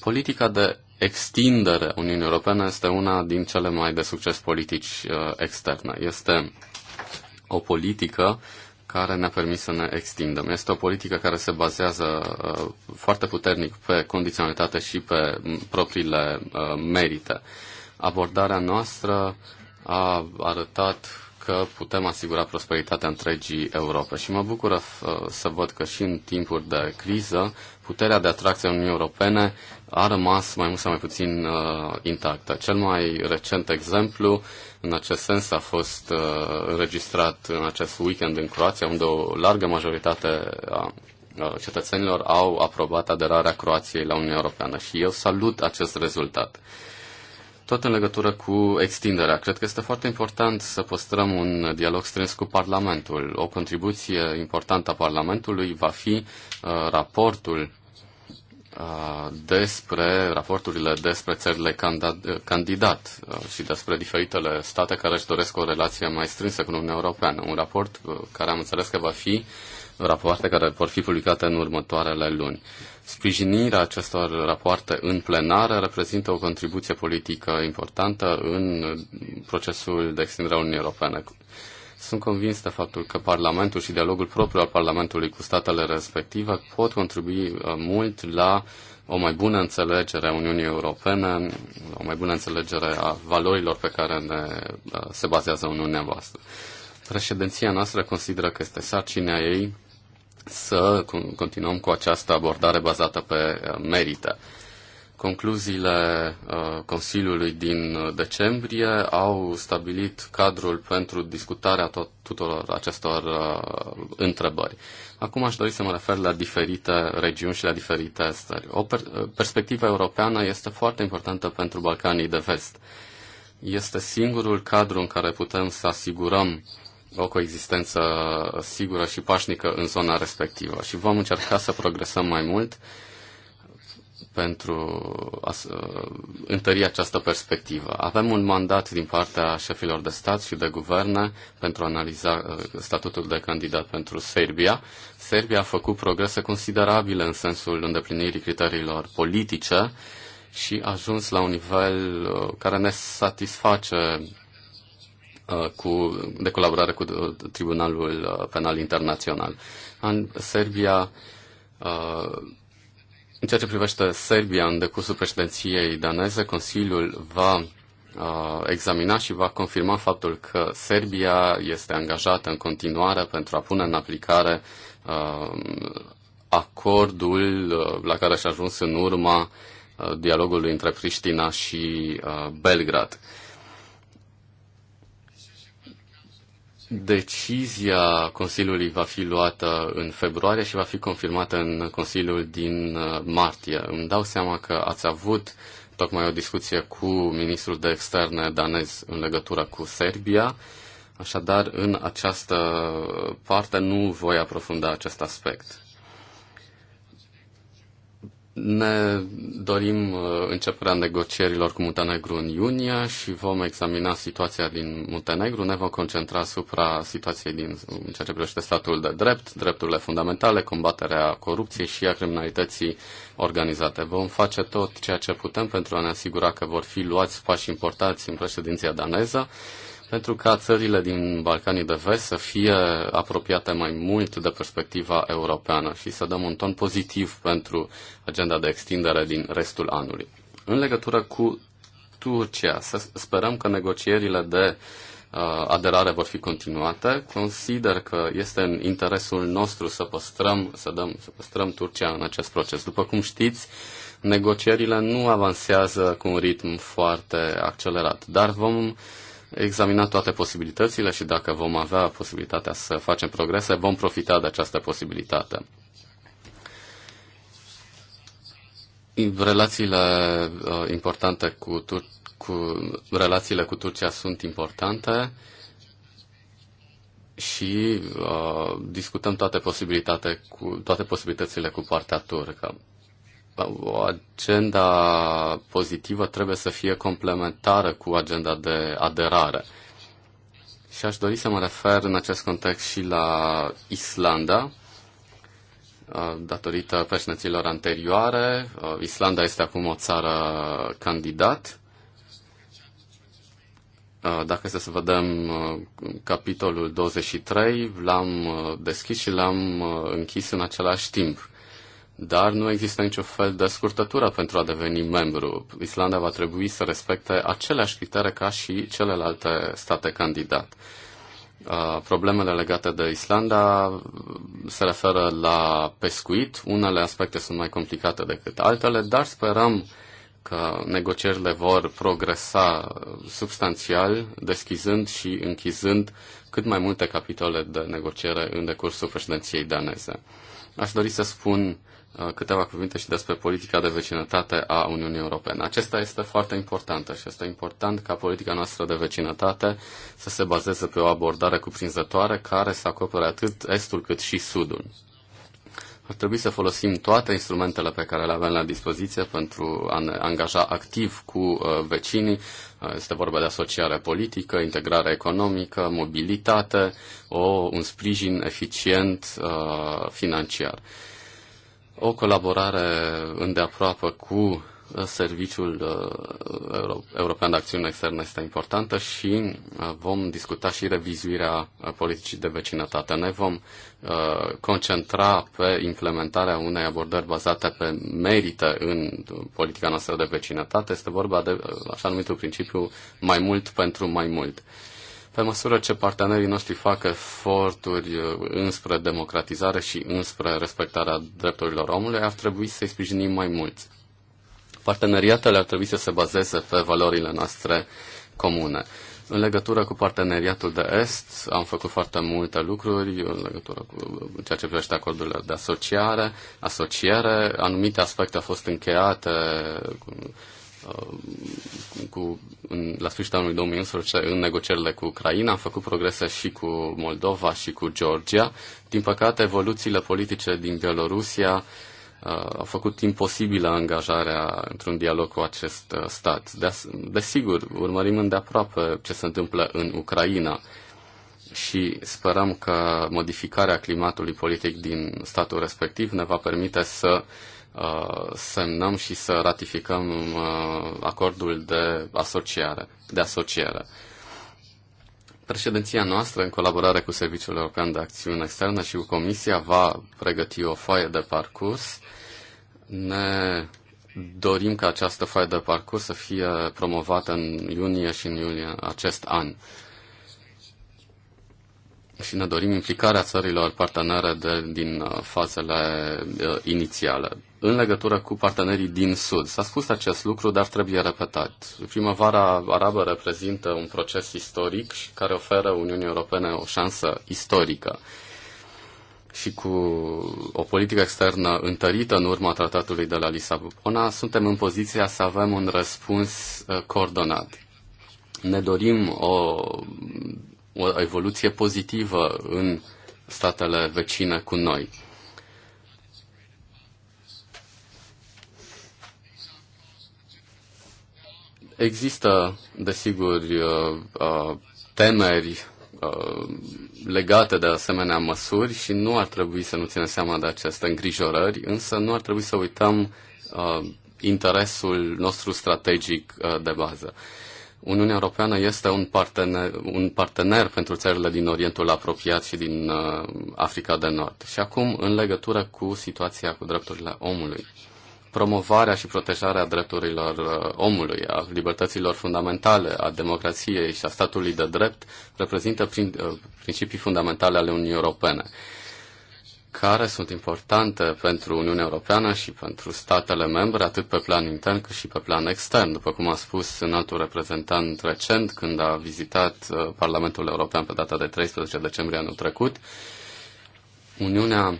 Politica de extindere a Uniunii Europene este una din cele mai de succes politici uh, externe. Este o politică uh, care ne-a permis să ne extindem. Este o politică care se bazează uh, foarte puternic pe condiționalitate și pe propriile uh, merite. Abordarea noastră a arătat că putem asigura prosperitatea întregii Europe și mă bucură uh, să văd că și în timpuri de criză puterea de atracție a Uniunii Europene a rămas mai mult sau mai puțin uh, intactă. Cel mai recent exemplu în acest sens a fost uh, înregistrat în acest weekend în Croația, unde o largă majoritate a cetățenilor au aprobat aderarea Croației la Uniunea Europeană și eu salut acest rezultat. Tot în legătură cu extinderea, cred că este foarte important să păstrăm un dialog strâns cu Parlamentul. O contribuție importantă a Parlamentului va fi uh, raportul despre raporturile despre țările candidat și despre diferitele state care își doresc o relație mai strânsă cu Uniunea Europeană. Un raport care am înțeles că va fi rapoarte care vor fi publicate în următoarele luni. Sprijinirea acestor rapoarte în plenară reprezintă o contribuție politică importantă în procesul de extindere a Uniunii Europene. Sunt convins de faptul că Parlamentul și dialogul propriu al Parlamentului cu statele respective pot contribui uh, mult la o mai bună înțelegere a Uniunii Europene, o mai bună înțelegere a valorilor pe care ne, uh, se bazează Uniunea voastră. Președinția noastră consideră că este sarcina ei să continuăm cu această abordare bazată pe uh, merită. Concluziile uh, Consiliului din uh, decembrie au stabilit cadrul pentru discutarea tuturor acestor uh, întrebări. Acum aș dori să mă refer la diferite regiuni și la diferite stări. O per- perspectivă europeană este foarte importantă pentru Balcanii de Vest. Este singurul cadru în care putem să asigurăm o coexistență sigură și pașnică în zona respectivă și vom încerca să progresăm mai mult pentru a întări această perspectivă. Avem un mandat din partea șefilor de stat și de guverne pentru a analiza uh, statutul de candidat pentru Serbia. Serbia a făcut progrese considerabile în sensul îndeplinirii criteriilor politice și a ajuns la un nivel uh, care ne satisface uh, cu, de colaborare cu Tribunalul Penal Internațional. Serbia în ceea ce privește Serbia, în decursul președinției daneze, Consiliul va uh, examina și va confirma faptul că Serbia este angajată în continuare pentru a pune în aplicare uh, acordul uh, la care și-a ajuns în urma dialogului între Priștina și Belgrad. Decizia Consiliului va fi luată în februarie și va fi confirmată în Consiliul din uh, martie. Îmi dau seama că ați avut tocmai o discuție cu ministrul de externe danez în legătură cu Serbia, așadar în această parte nu voi aprofunda acest aspect. Ne dorim uh, începerea negocierilor cu Muntenegru în iunie și vom examina situația din Muntenegru. Ne vom concentra asupra situației din în ceea ce privește statul de drept, drepturile fundamentale, combaterea corupției și a criminalității organizate. Vom face tot ceea ce putem pentru a ne asigura că vor fi luați pași importați în președinția daneză pentru ca țările din Balcanii de Vest să fie apropiate mai mult de perspectiva europeană și să dăm un ton pozitiv pentru agenda de extindere din restul anului. În legătură cu Turcia, să sperăm că negocierile de uh, aderare vor fi continuate. Consider că este în interesul nostru să păstrăm, să, dăm, să păstrăm Turcia în acest proces. După cum știți, negocierile nu avansează cu un ritm foarte accelerat, dar vom examina toate posibilitățile și dacă vom avea posibilitatea să facem progrese, vom profita de această posibilitate. Relațiile uh, importante cu, Tur- cu relațiile cu Turcia sunt importante și uh, discutăm toate posibilitate cu toate posibilitățile cu partea turcă agenda pozitivă trebuie să fie complementară cu agenda de aderare. Și aș dori să mă refer în acest context și la Islanda, uh, datorită președinților anterioare. Uh, Islanda este acum o țară candidat. Uh, dacă să vedem capitolul 23, l-am deschis și l-am închis în același timp dar nu există niciun fel de scurtătură pentru a deveni membru. Islanda va trebui să respecte aceleași criterii ca și celelalte state candidat. Uh, problemele legate de Islanda se referă la pescuit. Unele aspecte sunt mai complicate decât altele, dar sperăm că negocierile vor progresa substanțial, deschizând și închizând cât mai multe capitole de negociere în decursul președinției daneze. Aș dori să spun Uh, câteva cuvinte și despre politica de vecinătate a Uniunii Europene. Acesta este foarte importantă și este important ca politica noastră de vecinătate să se bazeze pe o abordare cuprinzătoare care să acopere atât estul cât și sudul. Ar trebui să folosim toate instrumentele pe care le avem la dispoziție pentru a ne angaja activ cu uh, vecinii. Uh, este vorba de asociare politică, integrare economică, mobilitate, o, un sprijin eficient uh, financiar. Uh, o colaborare îndeaproapă cu uh, Serviciul uh, European de Acțiune Externă este importantă și uh, vom discuta și revizuirea politicii de vecinătate. Ne vom concentra pe implementarea unei abordări bazate pe merită în politica noastră de vecinătate. Este vorba de așa numitul principiu mai mult pentru mai mult. Pe măsură ce partenerii noștri fac eforturi uh, înspre democratizare și înspre respectarea drepturilor omului, ar trebui să-i sprijinim mai mult. Parteneriatele ar trebui să se bazeze pe valorile noastre comune. În legătură cu parteneriatul de Est, am făcut foarte multe lucruri în legătură cu ceea ce privește acordurile de asociare, asociere. Anumite aspecte au fost încheiate cu Uh, cu, în, la sfârșitul anului 2011 în negocierile cu Ucraina, am făcut progrese și cu Moldova și cu Georgia. Din păcate, evoluțiile politice din Bielorusia uh, au făcut imposibilă angajarea într-un dialog cu acest uh, stat. Des, desigur, urmărim îndeaproape ce se întâmplă în Ucraina și sperăm că modificarea climatului politic din statul respectiv ne va permite să uh, Uh, semnăm și să ratificăm uh, acordul de asociere. De asociere. Președinția noastră, în colaborare cu Serviciul European de Acțiune Externă și cu Comisia, va pregăti o foaie de parcurs. Ne dorim ca această foaie de parcurs să fie promovată în iunie și în iulie acest an. Și ne dorim implicarea țărilor partenere de, din uh, fazele inițiale în legătură cu partenerii din Sud. S-a spus acest lucru, dar trebuie repetat. Primăvara arabă reprezintă un proces istoric și care oferă Uniunii Europene o șansă istorică. Și cu o politică externă întărită în urma tratatului de la Lisabona, suntem în poziția să avem un răspuns uh, coordonat. Ne dorim o, o evoluție pozitivă în statele vecine cu noi Există, desigur, uh, uh, temeri uh, legate de asemenea măsuri și nu ar trebui să nu ținem seama de aceste îngrijorări, însă nu ar trebui să uităm interesul nostru strategic de bază. Uniunea Europeană este un partener, un partener pentru țările din Orientul apropiat și din Africa de Nord. Și acum, în legătură cu situația cu drepturile omului promovarea și protejarea drepturilor uh, omului, a libertăților fundamentale, a democrației și a statului de drept reprezintă prin, uh, principii fundamentale ale Uniunii Europene, care sunt importante pentru Uniunea Europeană și pentru statele membre, atât pe plan intern cât și pe plan extern, după cum a spus în altul reprezentant recent când a vizitat uh, Parlamentul European pe data de 13 decembrie anul trecut. Uniunea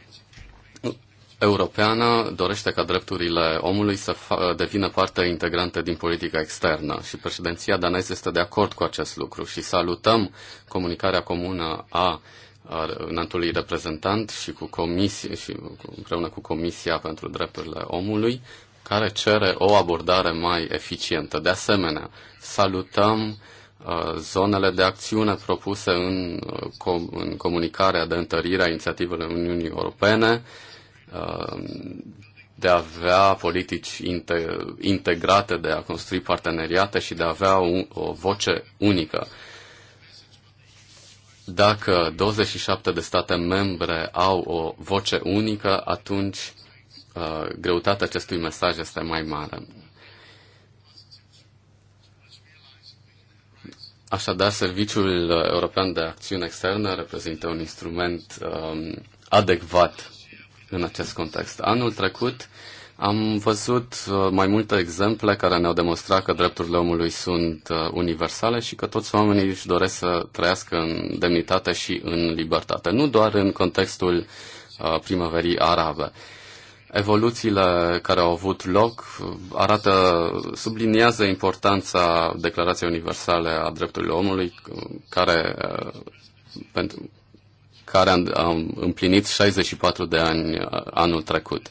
europeană dorește ca drepturile omului să devină parte integrantă din politica externă și președinția daneză este de acord cu acest lucru și salutăm comunicarea comună a înaltului reprezentant și, cu comisie, și împreună cu Comisia pentru Drepturile Omului, care cere o abordare mai eficientă. De asemenea, salutăm zonele de acțiune propuse în, com- în comunicarea de întărire a inițiativelor Uniunii Europene, Um, de a avea politici integrate, de a construi parteneriate și de a avea o voce unică. Dacă 27 de state membre au o voce unică, atunci uh, greutatea acestui mesaj este mai mare. Așadar, Serviciul European de Acțiune Externă reprezintă un instrument um, adecvat în acest context. Anul trecut am văzut uh, mai multe exemple care ne-au demonstrat că drepturile omului sunt uh, universale și că toți oamenii își doresc să trăiască în demnitate și în libertate, nu doar în contextul uh, primăverii arabe evoluțiile care au avut loc arată, subliniază importanța Declarației Universale a Drepturilor Omului, care pentru, care am împlinit 64 de ani uh, anul trecut.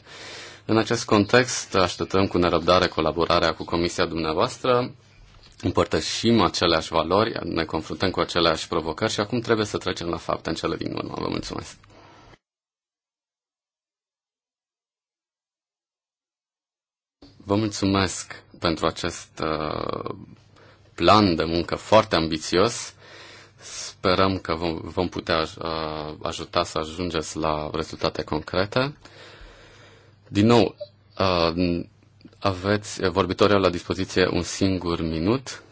În acest context, așteptăm cu nerăbdare colaborarea cu Comisia dumneavoastră, împărtășim aceleași valori, ne confruntăm cu aceleași provocări și acum trebuie să trecem la fapte în cele din urmă. Vă mulțumesc! Vă mulțumesc pentru acest uh, plan de muncă foarte ambițios Sperăm că vom, vom putea uh, ajuta să ajungeți la rezultate concrete. Din nou, uh, aveți uh, vorbitorii la dispoziție un singur minut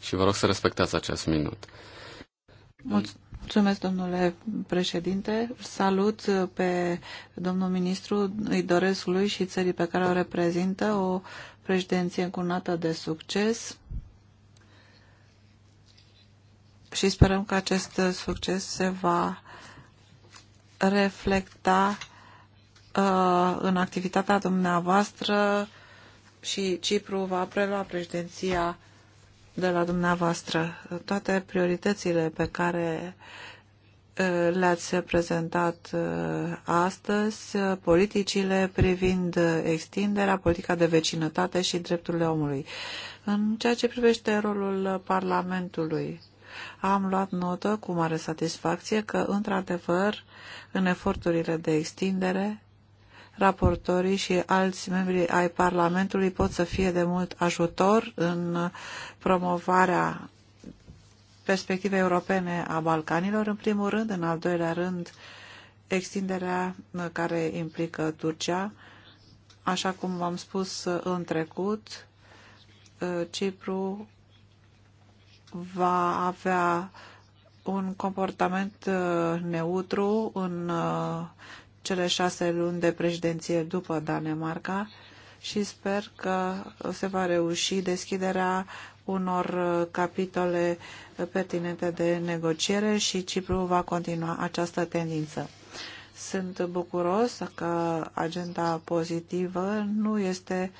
și vă rog să respectați acest minut. Mulțumesc, domnule președinte. Salut pe domnul ministru. Îi doresc lui și țării pe care o reprezintă o președinție încunată de succes și sperăm că acest succes se va reflecta uh, în activitatea dumneavoastră și Cipru va prelua președinția de la dumneavoastră. Toate prioritățile pe care uh, le-ați prezentat uh, astăzi, politicile privind extinderea, politica de vecinătate și drepturile omului. În ceea ce privește rolul Parlamentului, am luat notă cu mare satisfacție că, într-adevăr, în eforturile de extindere, raportorii și alți membri ai Parlamentului pot să fie de mult ajutor în promovarea perspectivei europene a Balcanilor, în primul rând, în al doilea rând, extinderea care implică Turcia, așa cum v-am spus în trecut, Cipru va avea un comportament uh, neutru în uh, cele șase luni de președinție după Danemarca și sper că se va reuși deschiderea unor uh, capitole pertinente de negociere și Cipru va continua această tendință. Sunt bucuros că agenda pozitivă nu este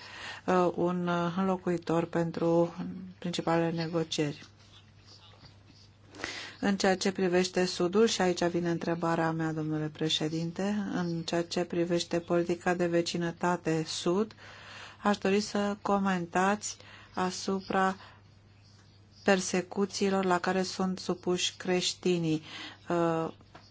un înlocuitor pentru principalele negocieri. În ceea ce privește Sudul, și aici vine întrebarea mea, domnule președinte, în ceea ce privește politica de vecinătate Sud, aș dori să comentați asupra persecuțiilor la care sunt supuși creștinii. Uh,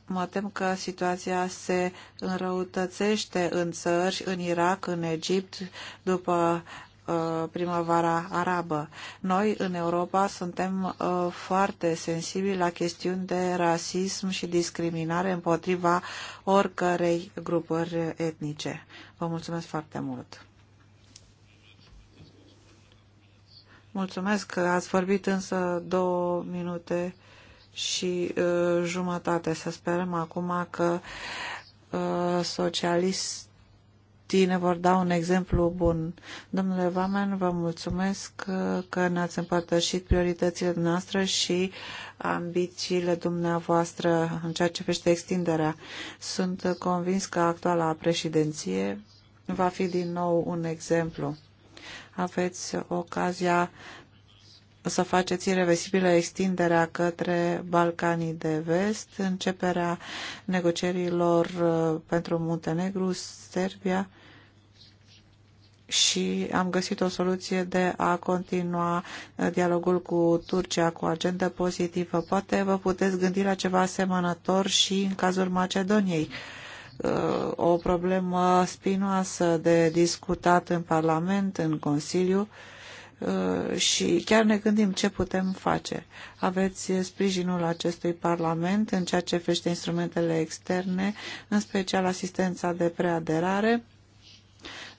mă tem că situația se înrăutățește în țări, în Irak, în Egipt, după Uh, primăvara arabă. Noi, în Europa, suntem uh, foarte sensibili la chestiuni de rasism și discriminare împotriva oricărei grupări etnice. Vă mulțumesc foarte mult! Mulțumesc că ați vorbit însă două minute și uh, jumătate. Să sperăm acum că uh, socialist ne vor da un exemplu bun. Domnule Vamen, vă mulțumesc că ne-ați împărtășit prioritățile noastre și ambițiile dumneavoastră în ceea ce vește extinderea. Sunt convins că actuala președinție va fi din nou un exemplu. Aveți ocazia să faceți irreversibilă extinderea către Balcanii de Vest, începerea negocierilor uh, pentru Muntenegru, Serbia și am găsit o soluție de a continua uh, dialogul cu Turcia cu agenda pozitivă. Poate vă puteți gândi la ceva asemănător și în cazul Macedoniei uh, o problemă spinoasă de discutat în Parlament, în Consiliu, Uh, și chiar ne gândim ce putem face. Aveți sprijinul acestui Parlament în ceea ce fește instrumentele externe, în special asistența de preaderare.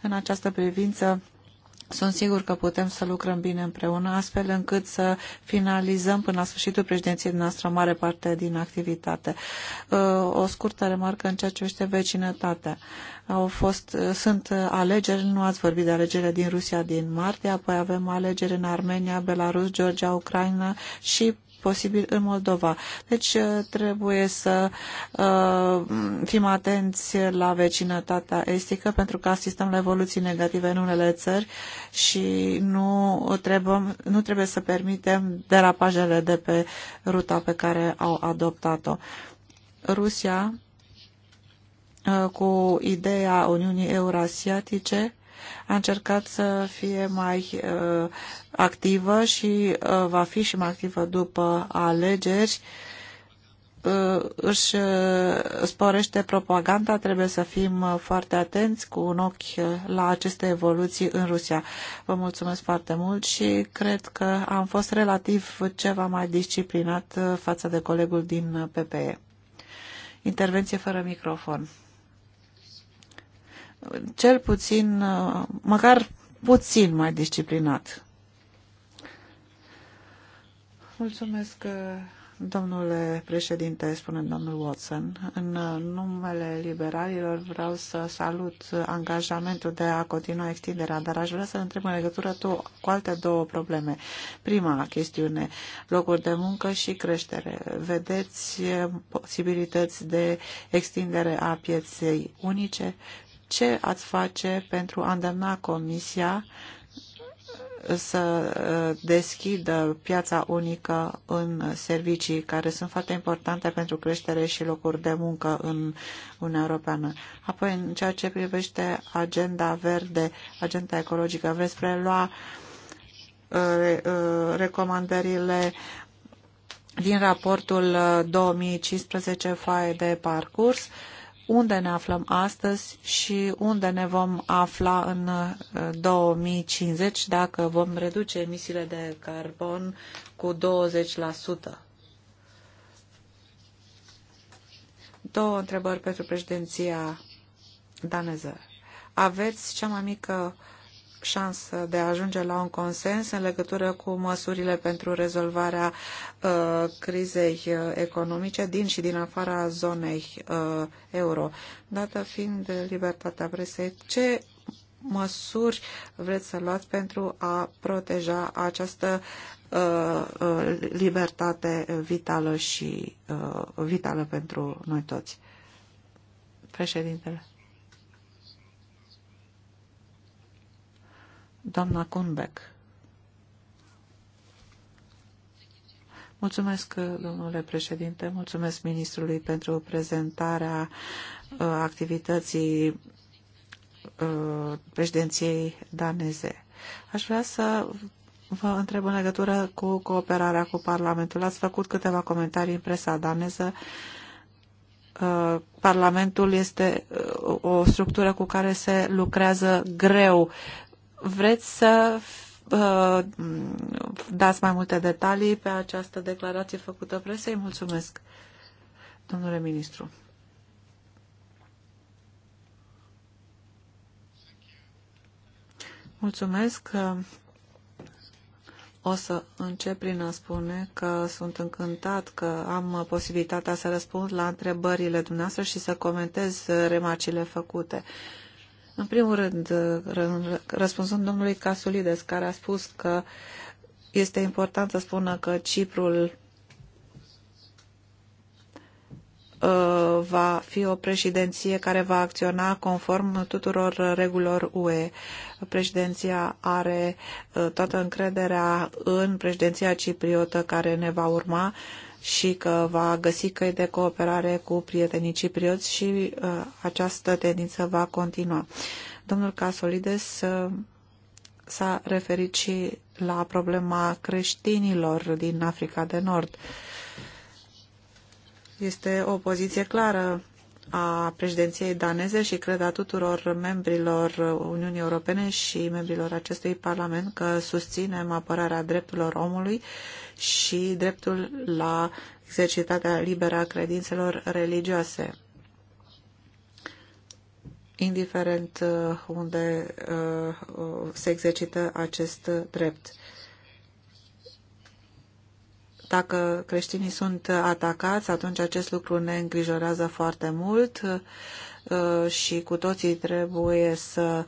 În această privință sunt sigur că putem să lucrăm bine împreună, astfel încât să finalizăm până la sfârșitul președinției noastre o mare parte din activitate. Uh, o scurtă remarcă în ceea ce este vecinătatea. Au fost, uh, sunt alegeri, nu ați vorbit de alegerile din Rusia din martie, apoi avem alegeri în Armenia, Belarus, Georgia, Ucraina și posibil în Moldova. Deci uh, trebuie să uh, fim atenți la vecinătatea estică pentru că asistăm la evoluții negative în unele țări și nu, trebuie, nu trebuie să permitem derapajele de pe ruta pe care au adoptat-o. Rusia uh, cu ideea Uniunii Eurasiatice a încercat să fie mai uh, activă și uh, va fi și mai activă după alegeri. Uh, își uh, sporește propaganda, trebuie să fim uh, foarte atenți cu un ochi uh, la aceste evoluții în Rusia. Vă mulțumesc foarte mult și cred că am fost relativ ceva mai disciplinat uh, față de colegul din uh, PPE. Intervenție fără microfon cel puțin, uh, măcar puțin mai disciplinat. Mulțumesc, uh, domnule președinte, spune domnul Watson. În uh, numele liberalilor vreau să salut angajamentul de a continua extinderea, dar aș vrea să întreb în legătură cu alte două probleme. Prima chestiune, locuri de muncă și creștere. Vedeți posibilități de extindere a pieței unice ce ați face pentru a îndemna Comisia să uh, deschidă piața unică în servicii care sunt foarte importante pentru creștere și locuri de muncă în Uniunea Europeană. Apoi, în ceea ce privește agenda verde, agenda ecologică, veți prelua uh, uh, recomandările din raportul 2015 foaie de parcurs uh, unde ne aflăm astăzi și unde ne vom afla în 2050 uh, dacă vom reduce emisiile de carbon cu 20%. Două întrebări pentru președinția daneză. Aveți cea mai mică uh, șansă de a ajunge la un consens în legătură cu măsurile pentru rezolvarea uh, crizei uh, economice din și din afara zonei uh, euro. Dată fiind libertatea presei, ce măsuri vreți să luați pentru a proteja această uh, uh libertate vitală și uh, vitală pentru noi toți? Președintele. Doamna Kunbeck. Mulțumesc, domnule președinte, mulțumesc ministrului pentru prezentarea uh, activității uh, președinției daneze. Aș vrea să vă întreb în legătură cu cooperarea cu Parlamentul. Ați făcut câteva comentarii în presa daneză. Uh, Parlamentul este uh, o structură cu care se lucrează greu Vreți să uh, dați mai multe detalii pe această declarație făcută presei? Mulțumesc, domnule ministru. Mulțumesc. O să încep prin a spune că sunt încântat că am posibilitatea să răspund la întrebările dumneavoastră și să comentez remarcile făcute. Uh, în primul rând, răspunsând domnului Casulides, care a spus că este important să spună că Ciprul uh, va fi o președinție care va acționa conform tuturor regulilor UE. Președinția are uh, toată încrederea în președinția cipriotă care ne va urma și că va găsi căi de cooperare cu prietenii ciprioți și uh, această tendință va continua. Domnul Casolides uh, s-a referit și la problema creștinilor din Africa de Nord. Este o poziție clară a președinției daneze și cred a tuturor membrilor Uniunii Europene și membrilor acestui Parlament că susținem apărarea drepturilor omului uh, și dreptul la exercitarea liberă a credințelor religioase. Indiferent uh, unde uh, uh, se exercită acest drept dacă creștinii sunt atacați, atunci acest lucru ne îngrijorează foarte mult și cu toții trebuie să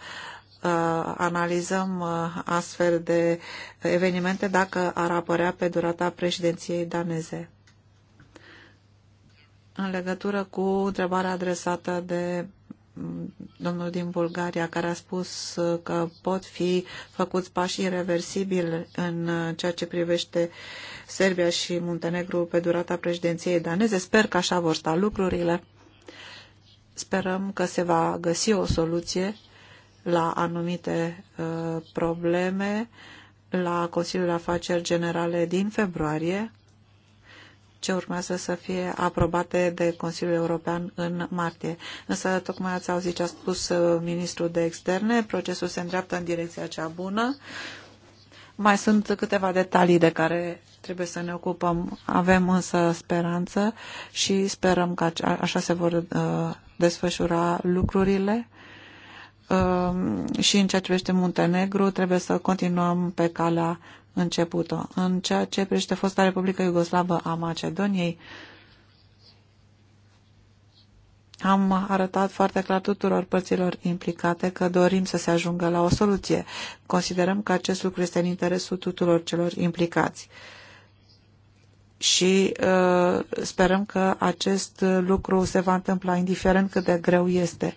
Uh, analizăm uh, astfel de evenimente dacă ar apărea pe durata președinției daneze. În legătură cu întrebarea adresată de mm, domnul din Bulgaria, care a spus uh, că pot fi făcuți pași irreversibili în ceea ce privește Serbia și Muntenegru pe durata președinției daneze. Sper că așa vor sta lucrurile. Sperăm că se va găsi o soluție la anumite uh, probleme la Consiliul Afaceri Generale din februarie, ce urmează să fie aprobate de Consiliul European în martie. Însă, tocmai ați auzit ce a spus uh, ministrul de externe, procesul se îndreaptă în direcția cea bună. Mai sunt câteva detalii de care trebuie să ne ocupăm. Avem însă speranță și sperăm că așa se vor uh, desfășura lucrurile Um, și în ceea ce privește Muntenegru trebuie să continuăm pe calea începută. În ceea ce privește fosta Republică Iugoslavă a Macedoniei, am arătat foarte clar tuturor părților implicate că dorim să se ajungă la o soluție. Considerăm că acest lucru este în interesul tuturor celor implicați. Uh, și uh, sperăm că acest lucru se va întâmpla, indiferent cât de greu este.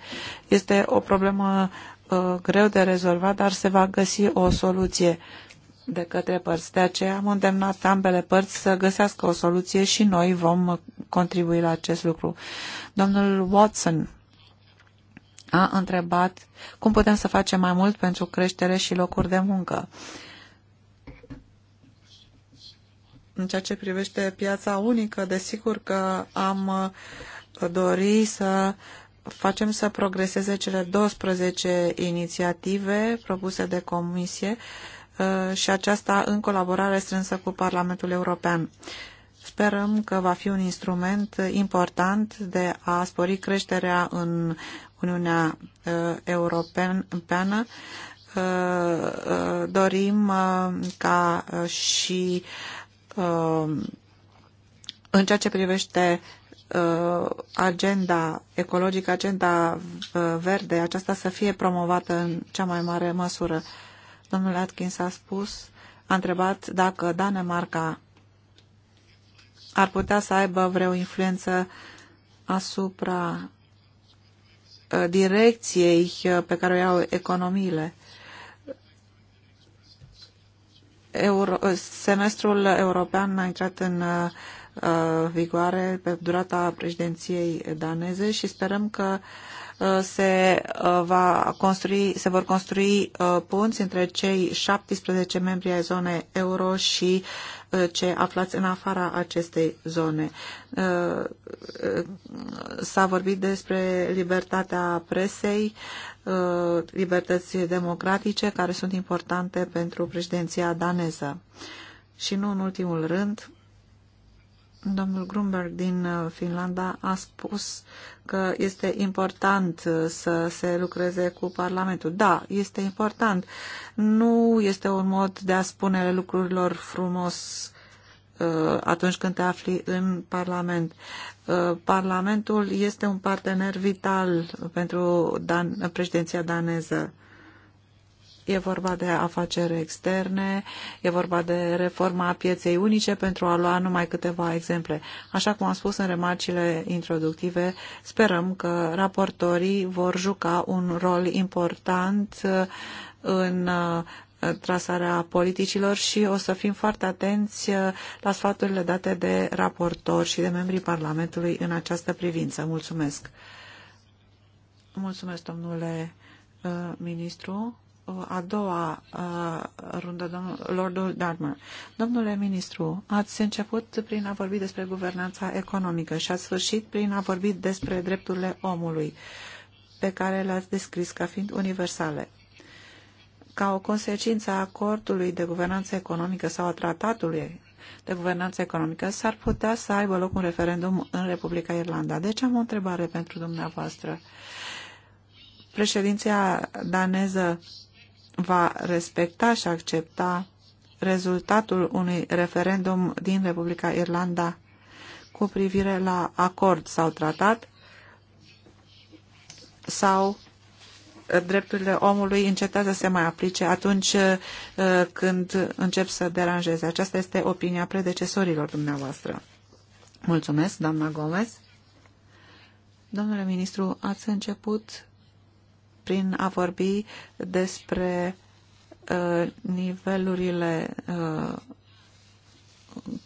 Este o problemă uh, greu de rezolvat, dar se va găsi o soluție de către părți. De aceea am îndemnat ambele părți să găsească o soluție și noi vom contribui la acest lucru. Domnul Watson a întrebat cum putem să facem mai mult pentru creștere și locuri de muncă. Uh, În ceea ce privește piața unică, desigur că am uh, dori să facem să progreseze cele 12 inițiative propuse de Comisie uh, și aceasta în colaborare strânsă cu Parlamentul European. Sperăm că va fi un instrument important de a spori creșterea în Uniunea uh, Europeană. Dorim ca și uh, Um, în ceea ce privește uh, agenda ecologică, agenda uh, verde, aceasta să fie promovată în cea mai mare măsură. Domnul Atkins a spus, a întrebat dacă Danemarca ar putea să aibă vreo influență asupra uh, direcției pe care o iau economiile. Euro, semestrul european a intrat în uh, uh, vigoare pe durata președinției daneze și sperăm că uh, se, uh, va construi, se vor construi punți între cei 17 membri ai zonei euro și ce aflați în afara acestei zone. Uh, uh, s-a vorbit despre libertatea presei, uh, libertăți democratice care sunt importante pentru președinția daneză. Și nu în ultimul rând, Domnul Grunberg din uh, Finlanda a spus că este important uh, să se lucreze cu Parlamentul. Da, este important. Nu este un mod de a spune lucrurilor frumos uh, atunci când te afli în Parlament. Parlamentul este un partener vital pentru dan președinția daneză e vorba de afaceri externe, e vorba de reforma pieței unice, pentru a lua numai câteva exemple. Așa cum am spus în remarcile introductive, sperăm că raportorii vor juca un rol important uh, în uh, trasarea politicilor și o să fim foarte atenți uh, la sfaturile date de raportori și de membrii Parlamentului în această privință. Mulțumesc! Mulțumesc, domnule ministru a doua uh, rundă, domnul, Lordul Dartmouth. Domnule ministru, ați început prin a vorbi despre guvernanța economică și ați sfârșit prin a vorbi despre drepturile omului, pe care le-ați descris ca fiind universale. Ca o consecință a acordului de guvernanță economică sau a tratatului de guvernanță economică, s-ar putea să aibă loc un referendum în Republica Irlanda. Deci am o întrebare pentru dumneavoastră. Președinția daneză va respecta și accepta rezultatul unui referendum din Republica Irlanda cu privire la acord sau tratat sau drepturile omului încetează să se mai aplice atunci uh, când încep să deranjeze. Aceasta este opinia predecesorilor dumneavoastră. Mulțumesc, doamna Gomez. Domnule ministru, ați început prin a vorbi despre uh, nivelurile uh,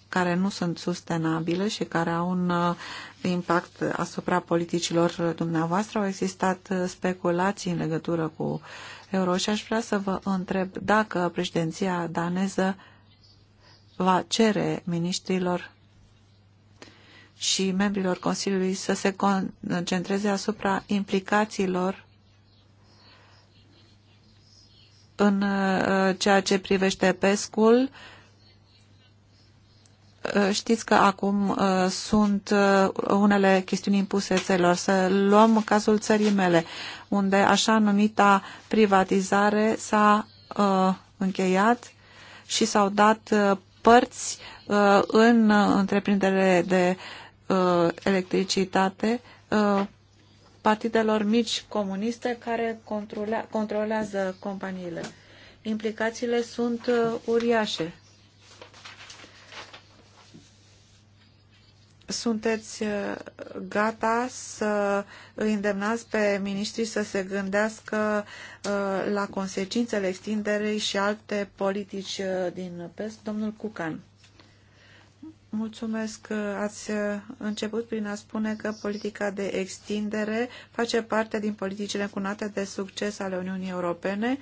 care nu sunt sustenabile și care au un uh, impact asupra politicilor dumneavoastră. Au existat speculații în legătură cu euro și aș vrea să vă întreb dacă președinția daneză va cere ministrilor și membrilor Consiliului să se concentreze asupra implicațiilor În uh, ceea ce privește pescul, uh, știți că acum uh, sunt unele chestiuni impuse țărilor. Să luăm cazul țării mele, unde așa numita privatizare s-a încheiat și s-au dat părți în întreprindere de electricitate partidelor mici comuniste care controlea, controlează companiile. Implicațiile sunt uh, uriașe. sunteți uh, gata să îi îndemnați pe miniștri să se gândească uh, la consecințele extinderii și alte politici din PES? Domnul Cucan. Mulțumesc. Ați uh, început prin a spune că politica de extindere face parte din politicile cunate de succes ale Uniunii Europene.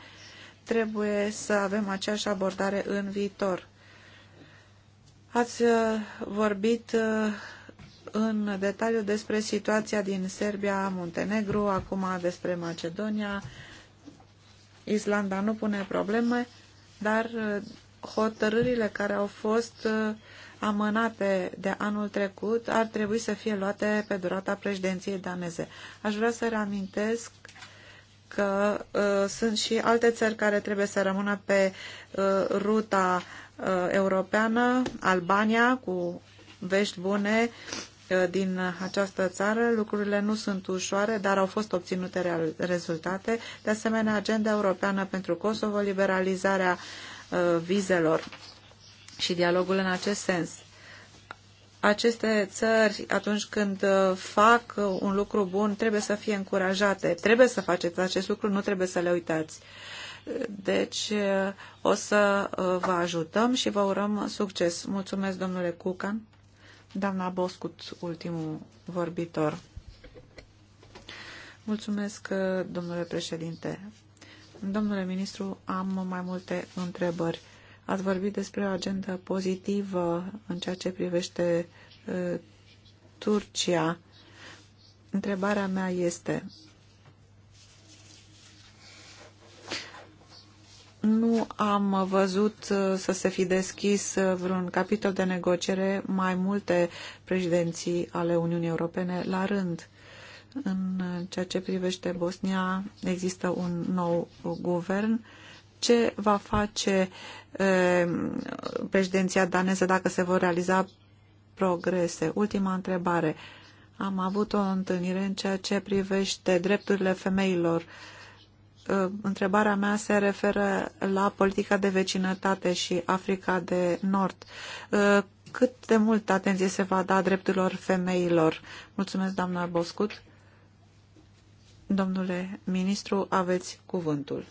Trebuie să avem aceeași abordare în viitor. Ați uh, vorbit uh, în detaliu despre situația din Serbia, Muntenegru, acum despre Macedonia. Islanda nu pune probleme, dar hotărârile care au fost uh, amânate de anul trecut ar trebui să fie luate pe durata președinției daneze. Aș vrea să reamintesc că uh, sunt și alte țări care trebuie să rămână pe uh, ruta uh, europeană, Albania, cu vești bune uh, din această țară. Lucrurile nu sunt ușoare, dar au fost obținute rezultate. De asemenea, agenda europeană pentru Kosovo, liberalizarea uh, vizelor și dialogul în acest sens. Aceste țări, atunci când uh, fac uh, un lucru bun, trebuie să fie încurajate. Trebuie să faceți acest lucru, nu trebuie să le uitați. Deci uh, o să vă ajutăm și vă urăm succes. Mulțumesc, domnule Cucan. Doamna Boscut, ultimul vorbitor. Mulțumesc, domnule președinte. Domnule ministru, am mai multe întrebări. Ați vorbit despre o agendă pozitivă în ceea ce privește Turcia. Întrebarea mea este, nu am văzut să se fi deschis vreun capitol de negociere mai multe președinții ale Uniunii Europene la rând. În ceea ce privește Bosnia, există un nou guvern ce va face președinția daneză dacă se vor realiza progrese. Ultima întrebare. Am avut o întâlnire în ceea ce privește drepturile femeilor. Întrebarea mea se referă la politica de vecinătate și Africa de Nord. Cât de mult atenție se va da drepturilor femeilor? Mulțumesc, doamna Boscut. Domnule ministru, aveți cuvântul.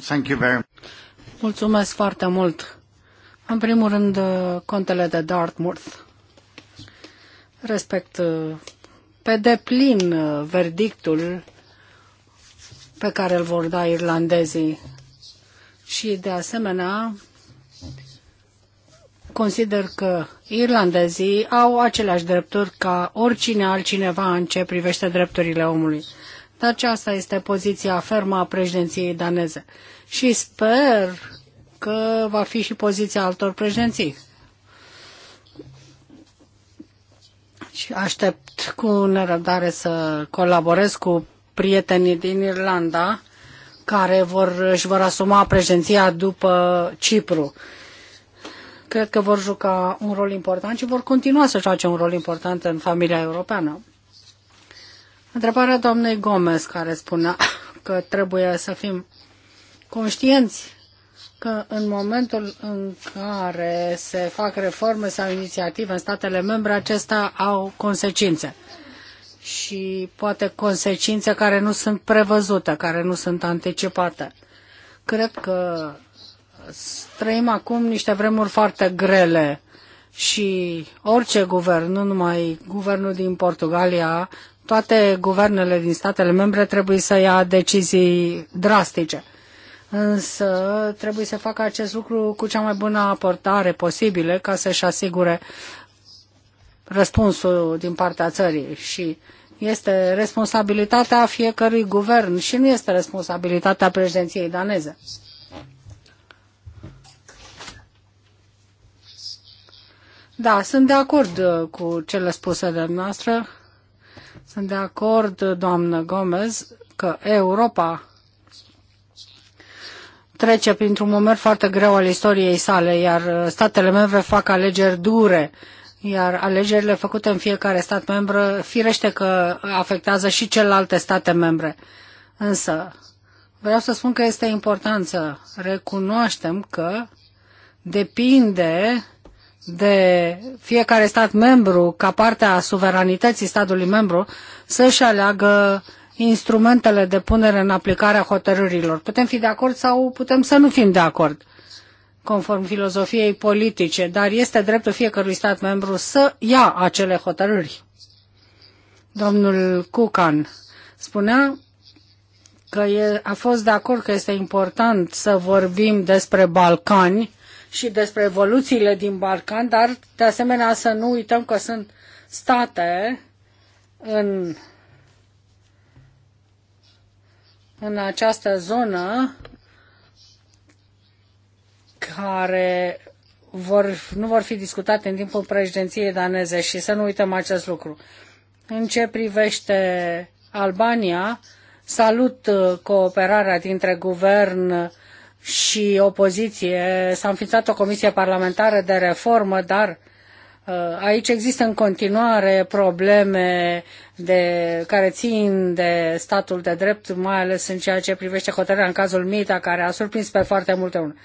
Thank you very Mulțumesc foarte mult. În primul rând, uh, contele de Dartmouth. Respect uh, pe deplin uh, verdictul pe care îl vor da irlandezii. Și, de asemenea, consider că irlandezii au aceleași drepturi ca oricine altcineva în ce privește drepturile omului. Aceasta este poziția fermă a președinției daneze și sper că va fi și poziția altor președinții. Și aștept cu nerăbdare să colaborez cu prietenii din Irlanda care vor, își vor asuma președinția după Cipru. Cred că vor juca un rol important și vor continua să joace un rol important în familia europeană. Întrebarea doamnei Gomez, care spunea că trebuie să fim conștienți că în momentul în care se fac reforme sau inițiative în statele membre, acestea au consecințe și poate consecințe care nu sunt prevăzute, care nu sunt anticipate. Cred că trăim acum niște vremuri foarte grele și orice guvern, nu numai guvernul din Portugalia, toate guvernele din statele membre trebuie să ia decizii drastice. Însă trebuie să facă acest lucru cu cea mai bună aportare posibilă ca să-și asigure răspunsul din partea țării și este responsabilitatea fiecărui guvern și nu este responsabilitatea președinției daneze. Da, sunt de acord uh, cu cele spuse de noastră. Sunt de acord, doamnă Gomez, că Europa trece printr-un moment foarte greu al istoriei sale, iar statele membre fac alegeri dure, iar alegerile făcute în fiecare stat membru, firește că afectează și celelalte state membre. Însă, vreau să spun că este important să recunoaștem că depinde de fiecare stat membru, ca parte a suveranității statului membru, să-și aleagă instrumentele de punere în aplicare a hotărârilor. Putem fi de acord sau putem să nu fim de acord, conform filozofiei politice, dar este dreptul fiecărui stat membru să ia acele hotărâri. Domnul Cucan spunea că e, a fost de acord că este important să vorbim despre Balcani, și despre evoluțiile din Balcan, dar de asemenea să nu uităm că sunt state în, în această zonă care vor, nu vor fi discutate în timpul președinției daneze și să nu uităm acest lucru. În ce privește Albania, salut uh, cooperarea dintre guvern și opoziție. S-a înființat o comisie parlamentară de reformă, dar uh, aici există în continuare probleme de, care țin de statul de drept, mai ales în ceea ce privește hotărârea în cazul Mita, care a surprins pe foarte multe unii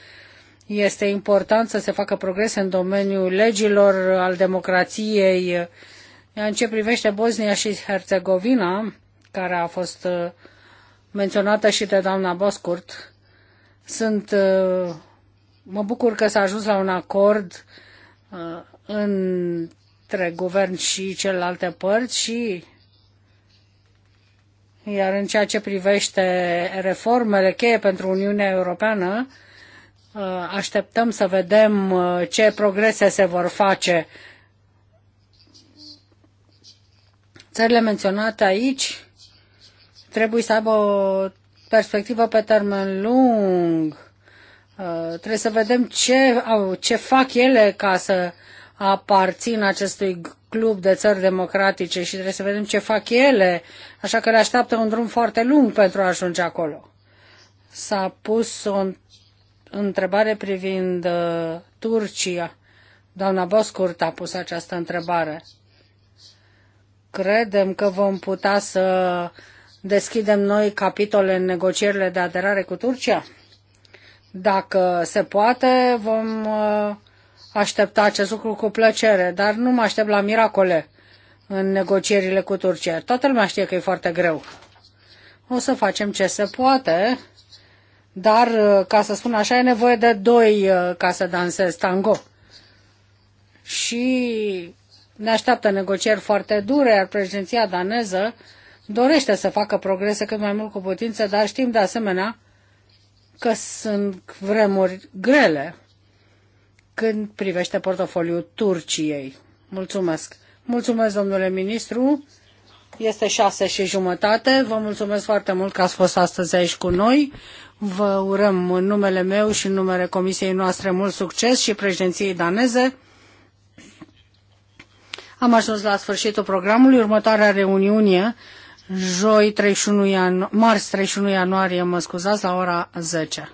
este important să se facă progrese în domeniul legilor, al democrației. În ce privește Bosnia și Herțegovina, care a fost uh, menționată și de doamna Boscurt, sunt, uh, mă bucur că s-a ajuns la un acord uh, între guvern și celelalte părți și iar în ceea ce privește reformele cheie pentru Uniunea Europeană, uh, așteptăm să vedem ce progrese se vor face. Țările menționate aici trebuie să aibă o perspectivă pe termen lung. Uh, trebuie să vedem ce, ce fac ele ca să aparțin acestui club de țări democratice și trebuie să vedem ce fac ele, așa că le așteaptă un drum foarte lung pentru a ajunge acolo. S-a pus o întrebare privind uh, Turcia. Doamna Boscurt a pus această întrebare. Credem că vom putea să deschidem noi capitole în negocierile de aderare cu Turcia? Dacă se poate, vom uh, aștepta acest lucru cu plăcere, dar nu mă aștept la miracole în negocierile cu Turcia. Toată lumea știe că e foarte greu. O să facem ce se poate, dar, uh, ca să spun așa, e nevoie de doi uh, ca să dansez tango. Și ne așteaptă negocieri foarte dure, iar președinția daneză dorește să facă progrese cât mai mult cu putință, dar știm de asemenea că sunt vremuri grele când privește portofoliul Turciei. Mulțumesc. Mulțumesc, domnule ministru. Este șase și jumătate. Vă mulțumesc foarte mult că ați fost astăzi aici cu noi. Vă urăm în numele meu și în numele comisiei noastre mult succes și președinției daneze. Am ajuns la sfârșitul programului. Următoarea reuniune joi 31 ianuarie, marți 31 ianuarie, mă scuzați, la ora 10.